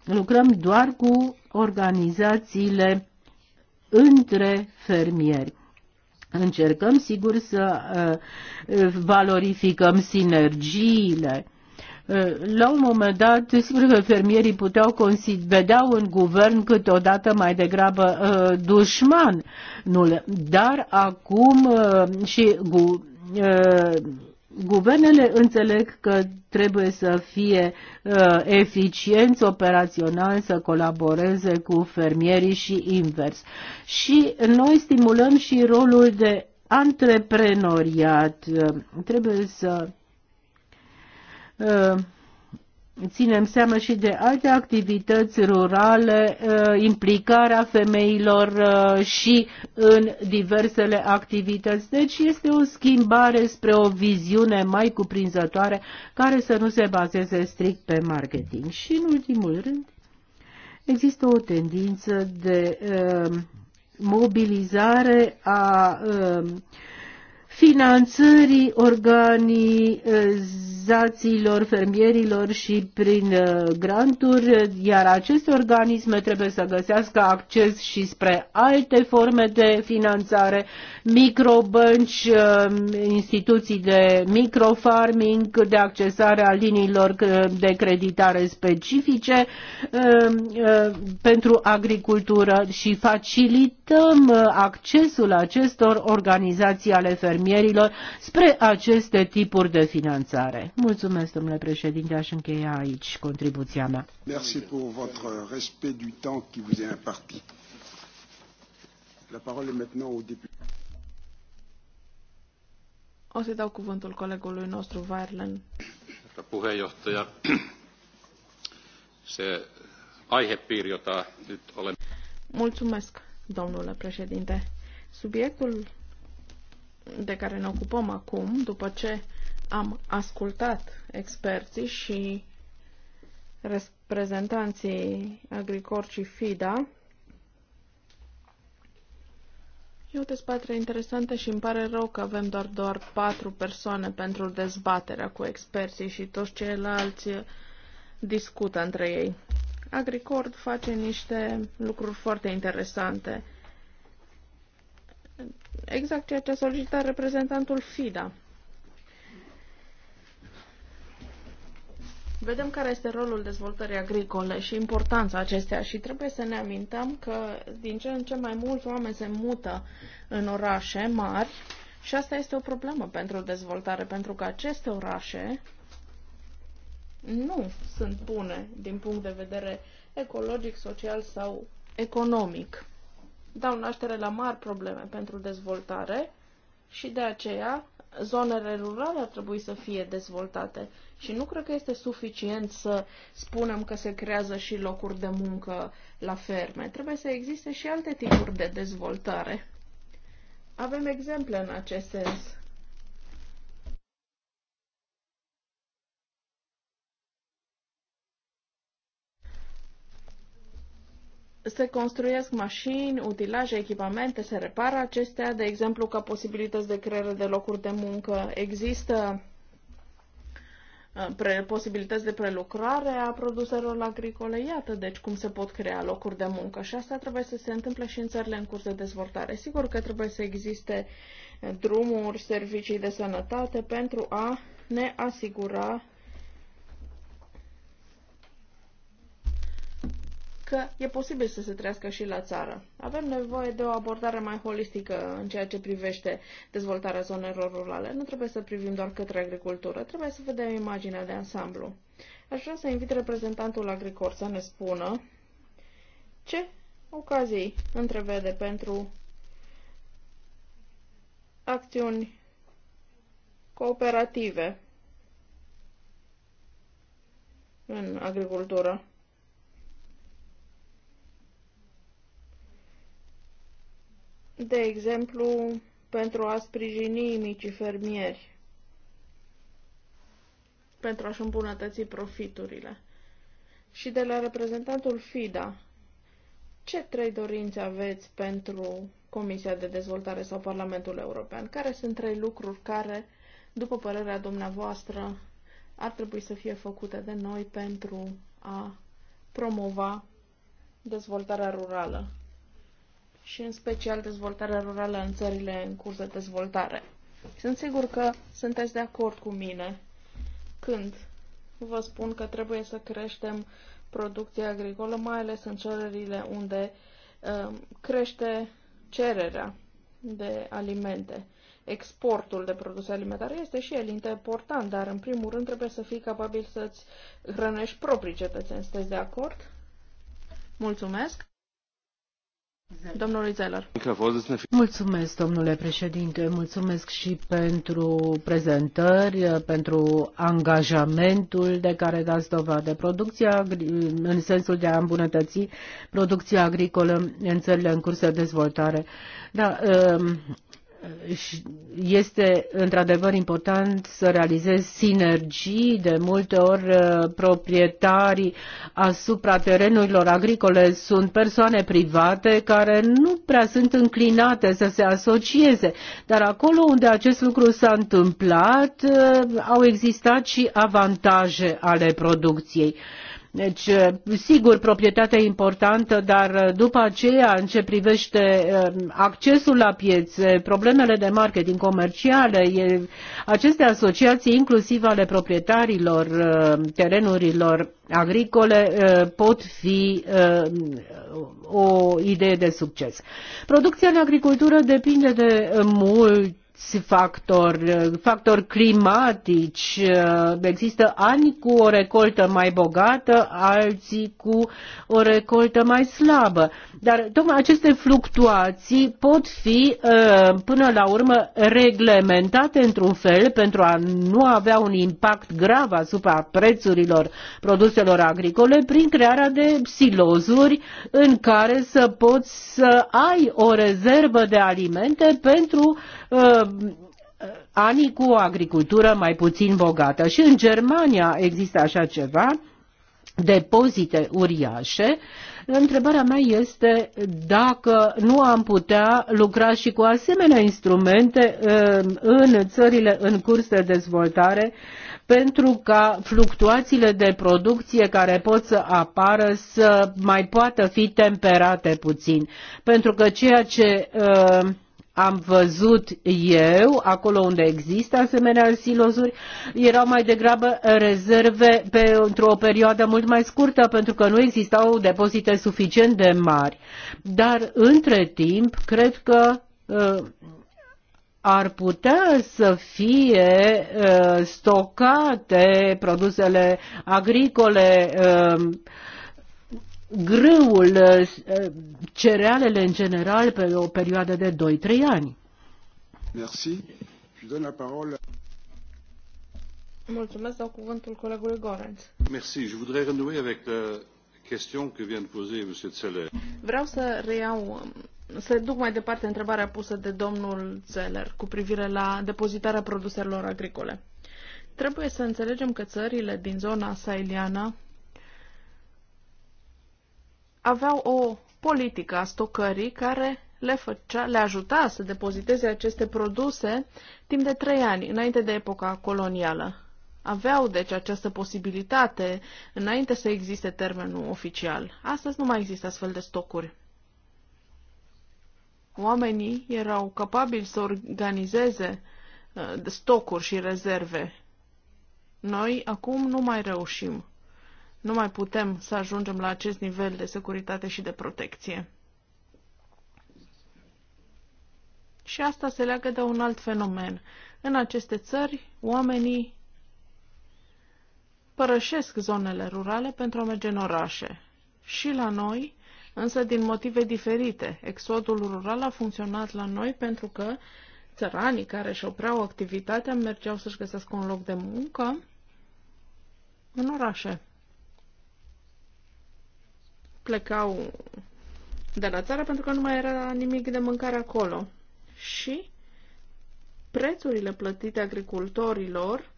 lucrăm doar cu organizațiile între fermieri. Încercăm, sigur, să uh, uh, valorificăm sinergiile uh, la un moment dat, sigur că fermierii puteau vedeau în guvern câteodată mai degrabă uh, dușmanul, dar acum uh, și uh, Guvernele înțeleg că trebuie să fie uh, eficienți operațional, să colaboreze cu fermierii și invers. Și noi stimulăm și rolul de antreprenoriat. Uh, trebuie să uh, ținem seama și de alte activități rurale, uh, implicarea femeilor uh, și în diversele activități. Deci este o schimbare spre o viziune mai cuprinzătoare care să nu se bazeze strict pe marketing. Și în ultimul rând, există o tendință de uh, mobilizare a finanțării organizațiilor fermierilor și prin uh, granturi, iar aceste organisme trebuie să găsească acces și spre alte forme de finanțare, microbănci, uh, instituții de microfarming, de accesare a liniilor uh, de creditare specifice pentru agricultură și facilităm accesul acestor organizații ale fermierilor fermierilor spre aceste tipuri de finanțare. Mulțumesc, domnule președinte, aș încheia aici contribuția mea. Merci pour votre respect du temps qui vous est imparti. La parole est maintenant au député. O să dau cuvântul colegului nostru, Vairlen. puheenjohtaja, se aihepiiri, jota nyt olemme... Mulțumesc, domnule președinte. Subiectul de care ne ocupăm acum, după ce am ascultat experții și reprezentanții Agricor și FIDA, E o dezbatere interesantă și îmi pare rău că avem doar, doar patru persoane pentru dezbaterea cu experții și toți ceilalți discută între ei. Agricord face niște lucruri foarte interesante exact ceea ce a solicitat reprezentantul FIDA. Vedem care este rolul dezvoltării agricole și importanța acesteia și trebuie să ne amintăm că din ce în ce mai mulți oameni se mută în orașe mari și asta este o problemă pentru dezvoltare, pentru că aceste orașe nu sunt bune din punct de vedere ecologic, social sau economic dau naștere la mari probleme pentru dezvoltare și de aceea zonele rurale ar trebui să fie dezvoltate și nu cred că este suficient să spunem că se creează și locuri de muncă la ferme. Trebuie să existe și alte tipuri de dezvoltare. Avem exemple în acest sens. se construiesc mașini, utilaje, echipamente, se repară acestea, de exemplu, ca posibilități de creare de locuri de muncă. Există uh, pre, posibilități de prelucrare a produselor agricole. Iată, deci, cum se pot crea locuri de muncă. Și asta trebuie să se întâmple și în țările în curs de dezvoltare. Sigur că trebuie să existe uh, drumuri, servicii de sănătate pentru a ne asigura că e posibil să se trăiască și la țară. Avem nevoie de o abordare mai holistică în ceea ce privește dezvoltarea zonelor rurale. Nu trebuie să privim doar către agricultură, trebuie să vedem imaginea de ansamblu. Aș vrea să invit reprezentantul agricol să ne spună ce ocazii întrevede pentru acțiuni cooperative în agricultură. de exemplu, pentru a sprijini micii fermieri, pentru a-și îmbunătăți profiturile. Și de la reprezentantul FIDA, ce trei dorințe aveți pentru Comisia de Dezvoltare sau Parlamentul European? Care sunt trei lucruri care, după părerea dumneavoastră, ar trebui să fie făcute de noi pentru a promova dezvoltarea rurală? și în special dezvoltarea rurală în țările în curs de dezvoltare. Sunt sigur că sunteți de acord cu mine când vă spun că trebuie să creștem producția agricolă, mai ales în cererile unde um, crește cererea de alimente. Exportul de produse alimentare este și el important, dar în primul rând trebuie să fii capabil să-ți hrănești proprii cetățeni. Sunteți de acord? Mulțumesc! Mulțumesc, domnule președinte, mulțumesc și pentru prezentări, pentru angajamentul de care dați dovadă. Producția, în sensul de a îmbunătăți producția agricolă în țările în curs de dezvoltare. Da, um, este într-adevăr important să realizezi sinergii. De multe ori uh, proprietarii asupra terenurilor agricole sunt persoane private care nu prea sunt înclinate să se asocieze. Dar acolo unde acest lucru s-a întâmplat uh, au existat și avantaje ale producției. Deci, eh, sigur, proprietatea e importantă, dar eh, după aceea, în ce privește eh, accesul la piețe, problemele de marketing comerciale, aceste asociații, inclusiv ale proprietarilor terenurilor agricole, pot fi o idee de succes. Producția în agricultură depinde de mult alți factori, factori climatici. Uh, există ani cu o recoltă mai bogată, alții cu o recoltă mai slabă. Dar tocmai aceste fluctuații pot fi uh, până la urmă reglementate într-un fel pentru a nu avea un impact grav asupra prețurilor produselor agricole prin crearea de silozuri în care să poți să ai o rezervă de alimente pentru uh, Uh, uh, anii cu o agricultură mai puțin bogată. Și în Germania există așa ceva, depozite uriașe. Întrebarea mea este dacă nu am putea lucra și cu asemenea instrumente uh, în țările în curs de dezvoltare pentru ca fluctuațiile de producție care pot să apară să mai poată fi temperate puțin. Pentru că ceea ce uh, am văzut eu, acolo unde există asemenea silozuri, erau mai degrabă rezerve pentru o perioadă mult mai scurtă, pentru că nu existau depozite suficient de mari. Dar, între timp, cred că uh, ar putea să fie uh, stocate produsele agricole, uh, grâul, eh, cerealele în general, pe o perioadă de 2-3 ani. Merci. Je donne la parole. Mulțumesc, dau cuvântul colegului Gorenț. Merci. Je voudrais renouer avec la question que vient de poser M. Zeller. Vreau să reiau, să duc mai departe întrebarea pusă de domnul Zeller cu privire la depozitarea produselor agricole. Trebuie să înțelegem că țările din zona sailiană aveau o politică a stocării care le, făcea, le ajuta să depoziteze aceste produse timp de trei ani, înainte de epoca colonială. Aveau, deci, această posibilitate înainte să existe termenul oficial. Astăzi nu mai există astfel de stocuri. Oamenii erau capabili să organizeze uh, stocuri și rezerve. Noi acum nu mai reușim. Nu mai putem să ajungem la acest nivel de securitate și de protecție. Și asta se leagă de un alt fenomen. În aceste țări, oamenii părășesc zonele rurale pentru a merge în orașe. Și la noi, însă din motive diferite. Exodul rural a funcționat la noi pentru că țăranii care își opreau activitatea mergeau să-și găsească un loc de muncă în orașe plecau de la țară pentru că nu mai era nimic de mâncare acolo. Și prețurile plătite agricultorilor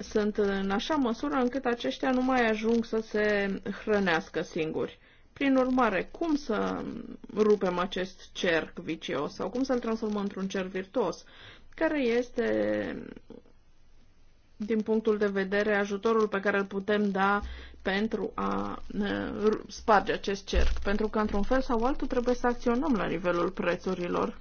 sunt în așa măsură încât aceștia nu mai ajung să se hrănească singuri. Prin urmare, cum să rupem acest cerc vicios sau cum să-l transformăm într-un cerc virtuos, care este, din punctul de vedere, ajutorul pe care îl putem da pentru a sparge acest cerc, pentru că într-un fel sau altul trebuie să acționăm la nivelul prețurilor.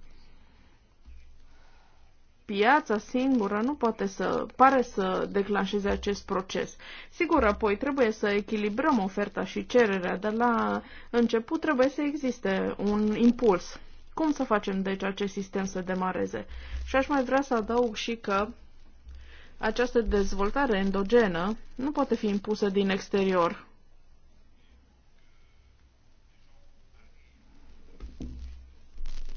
Piața singură nu poate să pare să declanșeze acest proces. Sigur, apoi trebuie să echilibrăm oferta și cererea, dar la început trebuie să existe un impuls. Cum să facem, deci, acest sistem să demareze? Și aș mai vrea să adaug și că această dezvoltare endogenă nu poate fi impusă din exterior.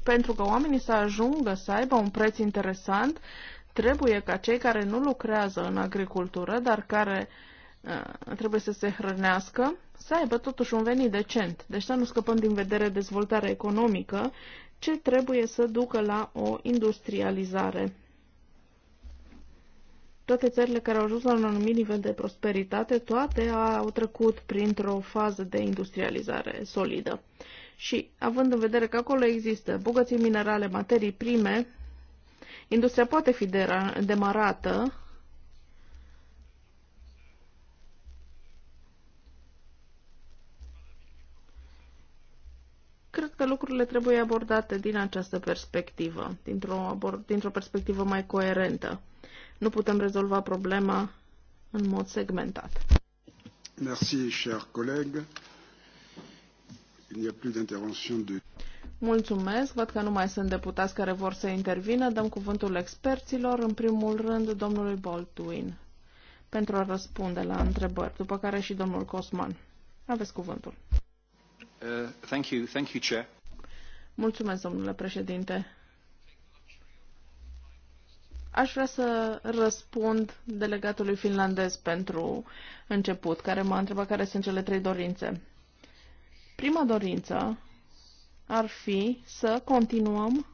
Pentru că oamenii să ajungă să aibă un preț interesant, trebuie ca cei care nu lucrează în agricultură, dar care uh, trebuie să se hrănească, să aibă totuși un venit decent. Deci să nu scăpăm din vedere dezvoltarea economică, ce trebuie să ducă la o industrializare toate țările care au ajuns la un anumit nivel de prosperitate, toate au trecut printr-o fază de industrializare solidă. Și având în vedere că acolo există bogății minerale, materii prime, industria poate fi demarată cred că lucrurile trebuie abordate din această perspectivă, dintr-o, dintr, dintr -o perspectivă mai coerentă nu putem rezolva problema în mod segmentat. Merci, cher coleg. Il n'y a plus d'intervention de... Mulțumesc, văd că nu mai sunt deputați care vor să intervină. Dăm cuvântul experților, în primul rând domnului Baldwin, pentru a răspunde la întrebări, după care și domnul Cosman. Aveți cuvântul. Uh, thank you, thank you, Chair. Mulțumesc, domnule președinte. Aș vrea să răspund delegatului finlandez pentru început, care m-a întrebat care sunt cele trei dorințe. Prima dorință ar fi să continuăm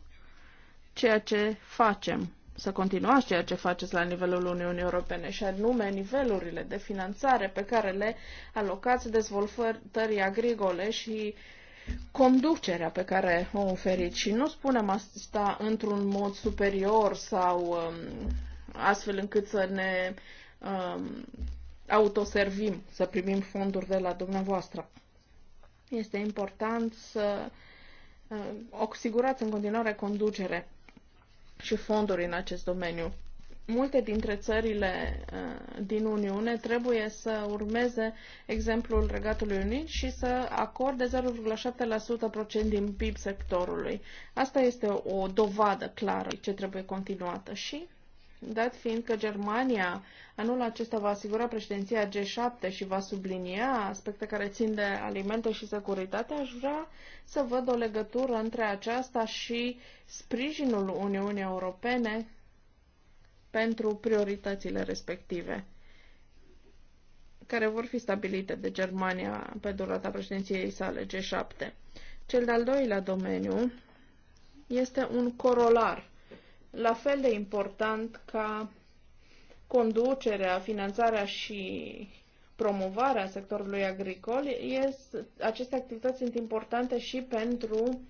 ceea ce facem, să continuați ceea ce faceți la nivelul Uniunii Europene și anume nivelurile de finanțare pe care le alocați dezvoltării agricole și uh, conducerea pe care o oferiți și nu spunem asta într-un mod superior sau um, astfel încât să ne um, autoservim, să primim fonduri de la dumneavoastră. Este important să uh, asigurați în continuare conducere și fonduri în acest domeniu multe dintre țările uh, din Uniune trebuie să urmeze exemplul Regatului Unit și să acorde 0,7% din PIB sectorului. Asta este o dovadă clară ce trebuie continuată și dat fiind că Germania anul acesta va asigura președinția G7 și va sublinia aspecte care țin de alimente și securitate, aș vrea să văd o legătură între aceasta și sprijinul Uniunii Europene pentru prioritățile respective, care vor fi stabilite de Germania pe durata președinției sale G7. Cel de-al doilea domeniu este un corolar, la fel de important ca conducerea, finanțarea și promovarea sectorului agricol, aceste activități sunt importante și pentru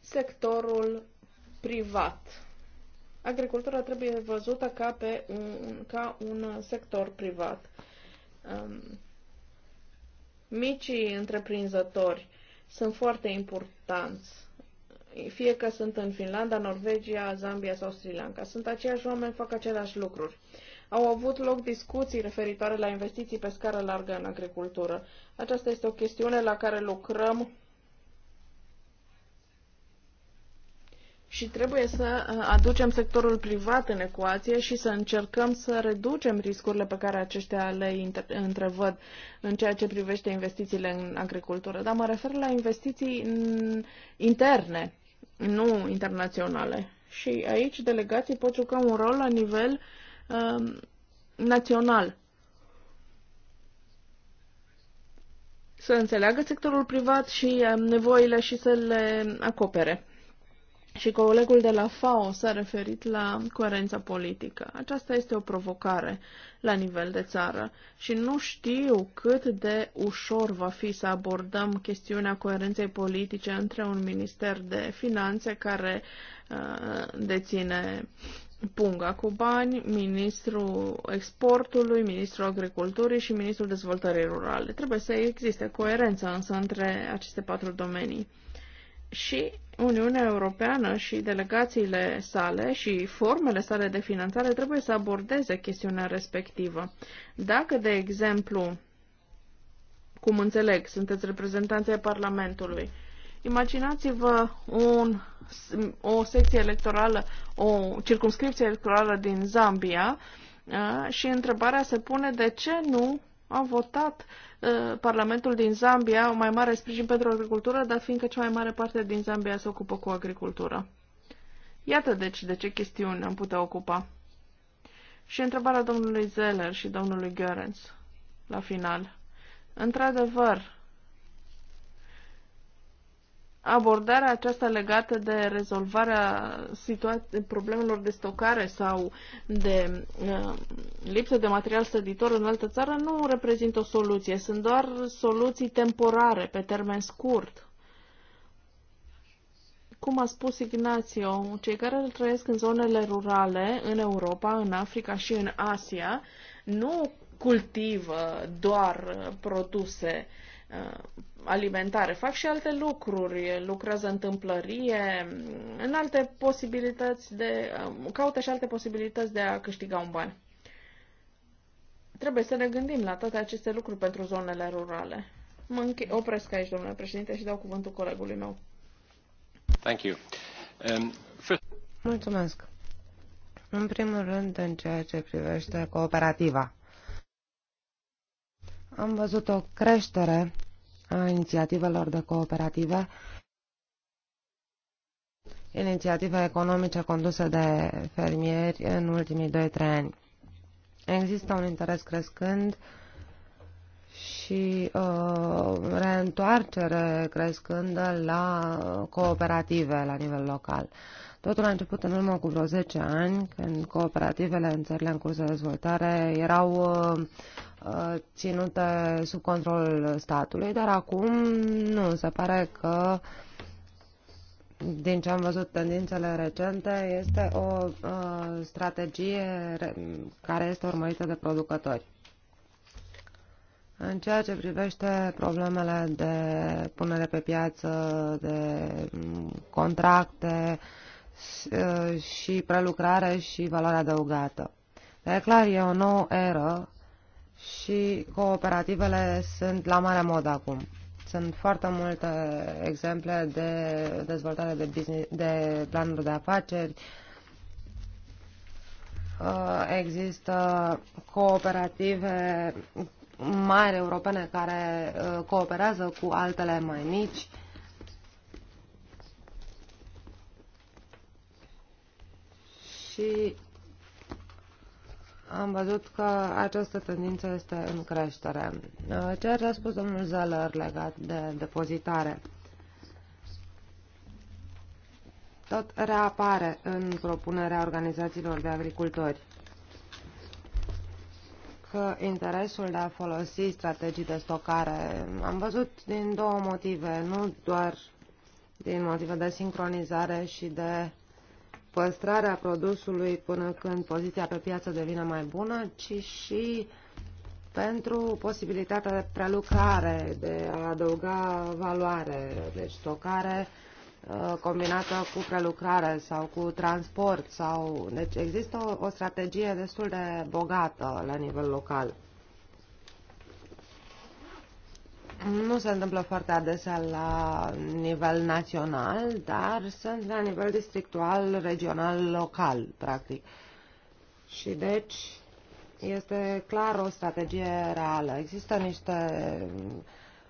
sectorul privat agricultura trebuie văzută ca, pe un, ca un sector privat. Um, micii întreprinzători sunt foarte importanți, fie că sunt în Finlanda, Norvegia, Zambia sau Sri Lanka. Sunt aceiași oameni, fac aceleași lucruri. Au avut loc discuții referitoare la investiții pe scară largă în agricultură. Aceasta este o chestiune la care lucrăm și trebuie să uh, aducem sectorul privat în ecuație și să încercăm să reducem riscurile pe care aceștia le întrevăd în ceea ce privește investițiile în agricultură. Dar mă refer la investiții interne, nu internaționale. Și aici delegații pot juca un rol la nivel um, național. Să înțeleagă sectorul privat și um, nevoile și să le acopere. Și colegul de la FAO s-a referit la coerența politică. Aceasta este o provocare la nivel de țară și nu știu cât de ușor va fi să abordăm chestiunea coerenței politice între un minister de finanțe care uh, deține punga cu bani, ministrul exportului, ministrul agriculturii și ministrul dezvoltării rurale. Trebuie să existe coerență însă între aceste patru domenii. Și Uniunea Europeană și delegațiile sale și formele sale de finanțare trebuie să abordeze chestiunea respectivă. Dacă, de exemplu, cum înțeleg, sunteți reprezentanții Parlamentului, imaginați-vă un, o secție electorală, o circumscripție electorală din Zambia și întrebarea se pune de ce nu a votat uh, Parlamentul din Zambia o mai mare sprijin pentru agricultură, dar fiindcă cea mai mare parte din Zambia se ocupă cu agricultură. Iată deci de ce chestiuni am putea ocupa. Și întrebarea domnului Zeller și domnului Görens, la final. Într-adevăr, abordarea aceasta legată de rezolvarea problemelor de stocare sau de uh, lipsă de material săditor în altă țară nu reprezintă o soluție, sunt doar soluții temporare, pe termen scurt. Cum a spus Ignațio, cei care trăiesc în zonele rurale, în Europa, în Africa și în Asia, nu cultivă doar produse uh, Uh, alimentare, fac și alte lucruri, lucrează în tâmplărie, în alte posibilități de, uh, caută și alte posibilități de a câștiga un ban. Trebuie să ne gândim la toate aceste lucruri pentru zonele rurale. Mă înche- opresc aici, domnule președinte, și dau cuvântul colegului meu. Thank you. Um, first... Mulțumesc. În primul rând, în ceea ce privește cooperativa am văzut o creștere a inițiativelor de cooperative, inițiative economice conduse de fermieri în ultimii 2-3 ani. Există un interes crescând și uh, reîntoarcere crescândă la cooperative la nivel local. Totul a început în urmă cu vreo 10 ani, când cooperativele în țările în curs de dezvoltare erau uh, ținute sub controlul statului, dar acum nu, se pare că din ce am văzut tendințele recente, este o uh, strategie care este urmărită de producători. În ceea ce privește problemele de punere pe piață, de contracte uh, și prelucrare și valoarea adăugată. Dar e clar, e o nouă eră și cooperativele sunt la mare mod acum. Sunt foarte multe exemple de dezvoltare de, business, de planuri de afaceri. Uh, există cooperative mari europene care uh, cooperează cu altele mai mici. Și am văzut că această tendință este în creștere. Uh, ceea ce a spus domnul Zeller legat de depozitare tot reapare în propunerea organizațiilor de agricultori că interesul de a folosi strategii de stocare am văzut din două motive, nu doar din motive de sincronizare și de păstrarea produsului până când poziția pe piață devine mai bună, ci și pentru posibilitatea de prelucrare, de a adăuga valoare, deci stocare uh, combinată cu prelucrare sau cu transport. Sau... Deci există o, o strategie destul de bogată la nivel local. Nu se întâmplă foarte adesea la nivel național, dar sunt la nivel districtual, regional, local, practic. Și deci este clar o strategie reală. Există niște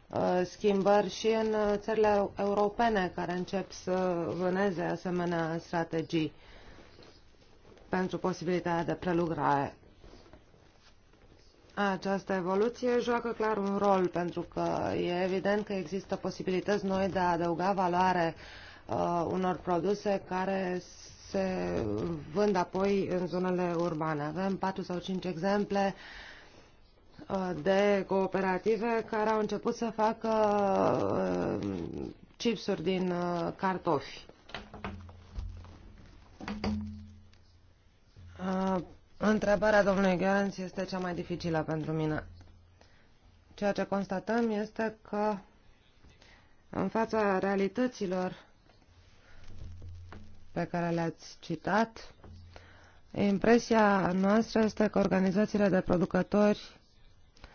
uh, schimbări și în țările europene care încep să vâneze asemenea strategii pentru posibilitatea de prelucrare această evoluție joacă clar un rol pentru că e evident că există posibilități noi de a adăuga valoare uh, unor produse care se vând apoi în zonele urbane. Avem patru sau cinci exemple uh, de cooperative care au început să facă uh, chipsuri din uh, cartofi Întrebarea domnului Gerenț este cea mai dificilă pentru mine. Ceea ce constatăm este că în fața realităților pe care le-ați citat, impresia noastră este că organizațiile de producători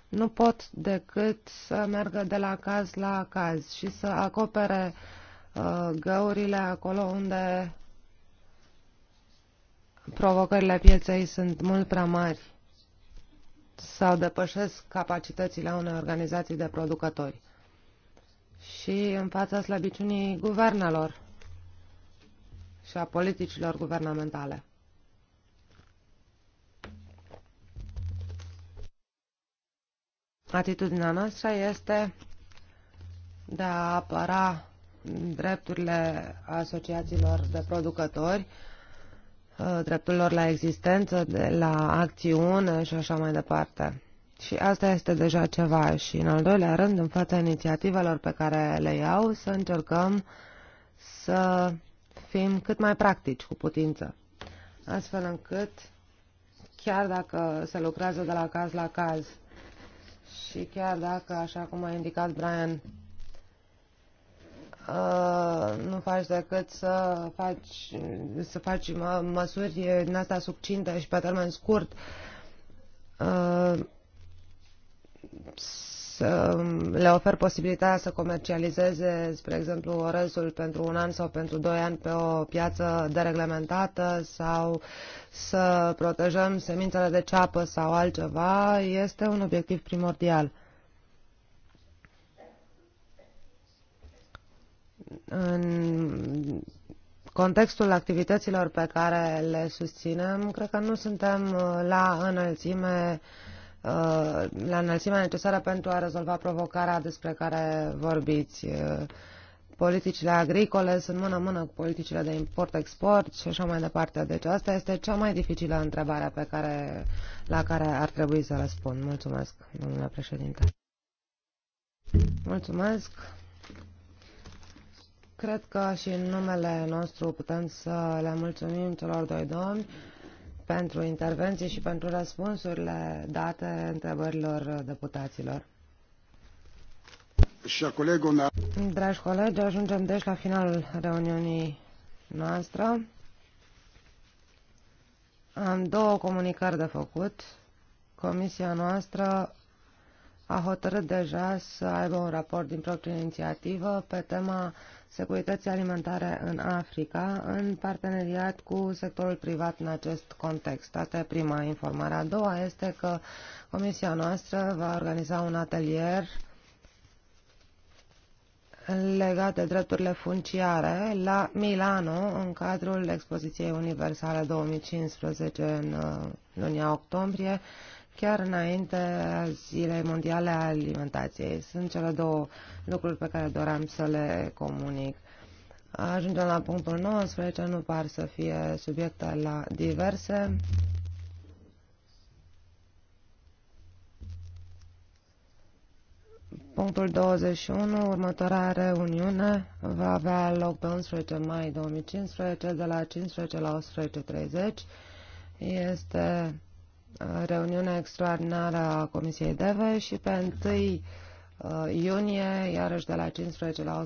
nu pot decât să meargă de la caz la caz și să acopere uh, găurile acolo unde provocările pieței sunt mult prea mari sau depășesc capacitățile unei organizații de producători și în fața slăbiciunii guvernelor și a politicilor guvernamentale. Atitudinea noastră este de a apăra drepturile asociațiilor de producători Uh, dreptul lor la existență, de la acțiune și așa mai departe. Și asta este deja ceva. Și în al doilea rând, în fața inițiativelor pe care le iau, să încercăm să fim cât mai practici cu putință. Astfel încât, chiar dacă se lucrează de la caz la caz și chiar dacă, așa cum a indicat Brian, nu faci decât să faci, să faci măsuri în asta succinte și pe termen scurt uh, să le ofer posibilitatea să comercializeze, spre exemplu, orezul pentru un an sau pentru doi ani pe o piață dereglementată sau să protejăm semințele de ceapă sau altceva, este un obiectiv primordial. în contextul activităților pe care le susținem, cred că nu suntem uh, la înălțime uh, la înălțimea necesară pentru a rezolva provocarea despre care vorbiți. Uh, politicile agricole sunt mână-mână cu politicile de import-export și așa mai departe. Deci asta este cea mai dificilă întrebare pe care, la care ar trebui să răspund. Mulțumesc, domnule președinte. Mulțumesc. Cred că și în numele nostru putem să le mulțumim celor doi domni pentru intervenții și pentru răspunsurile date întrebărilor deputaților. Dragi colegi, ajungem deci la finalul reuniunii noastre. Am două comunicări de făcut. Comisia noastră a hotărât deja să aibă un raport din proprie inițiativă pe tema securității alimentare în Africa, în parteneriat cu sectorul privat în acest context. Asta e prima informare. A doua este că comisia noastră va organiza un atelier legat de drepturile funciare la Milano în cadrul expoziției universale 2015 în uh, lunia octombrie chiar înainte Zilei Mondiale a Alimentației. Sunt cele două lucruri pe care doream să le comunic. Ajungem la punctul 19, nu par să fie subiecte la diverse. Punctul 21, următoarea reuniune va avea loc pe 11 mai 2015 de la 15 la 11.30. Este reuniunea extraordinară a Comisiei DEVE și pe 1 uh, iunie, iarăși de la 15 la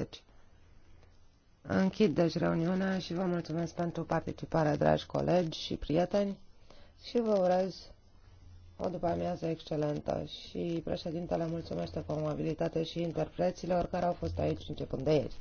18.30. Închid deci reuniunea și vă mulțumesc pentru participare, dragi colegi și prieteni, și vă urez o după amiază excelentă și președintele mulțumește cu amabilitate și interpreților care au fost aici începând de ieri.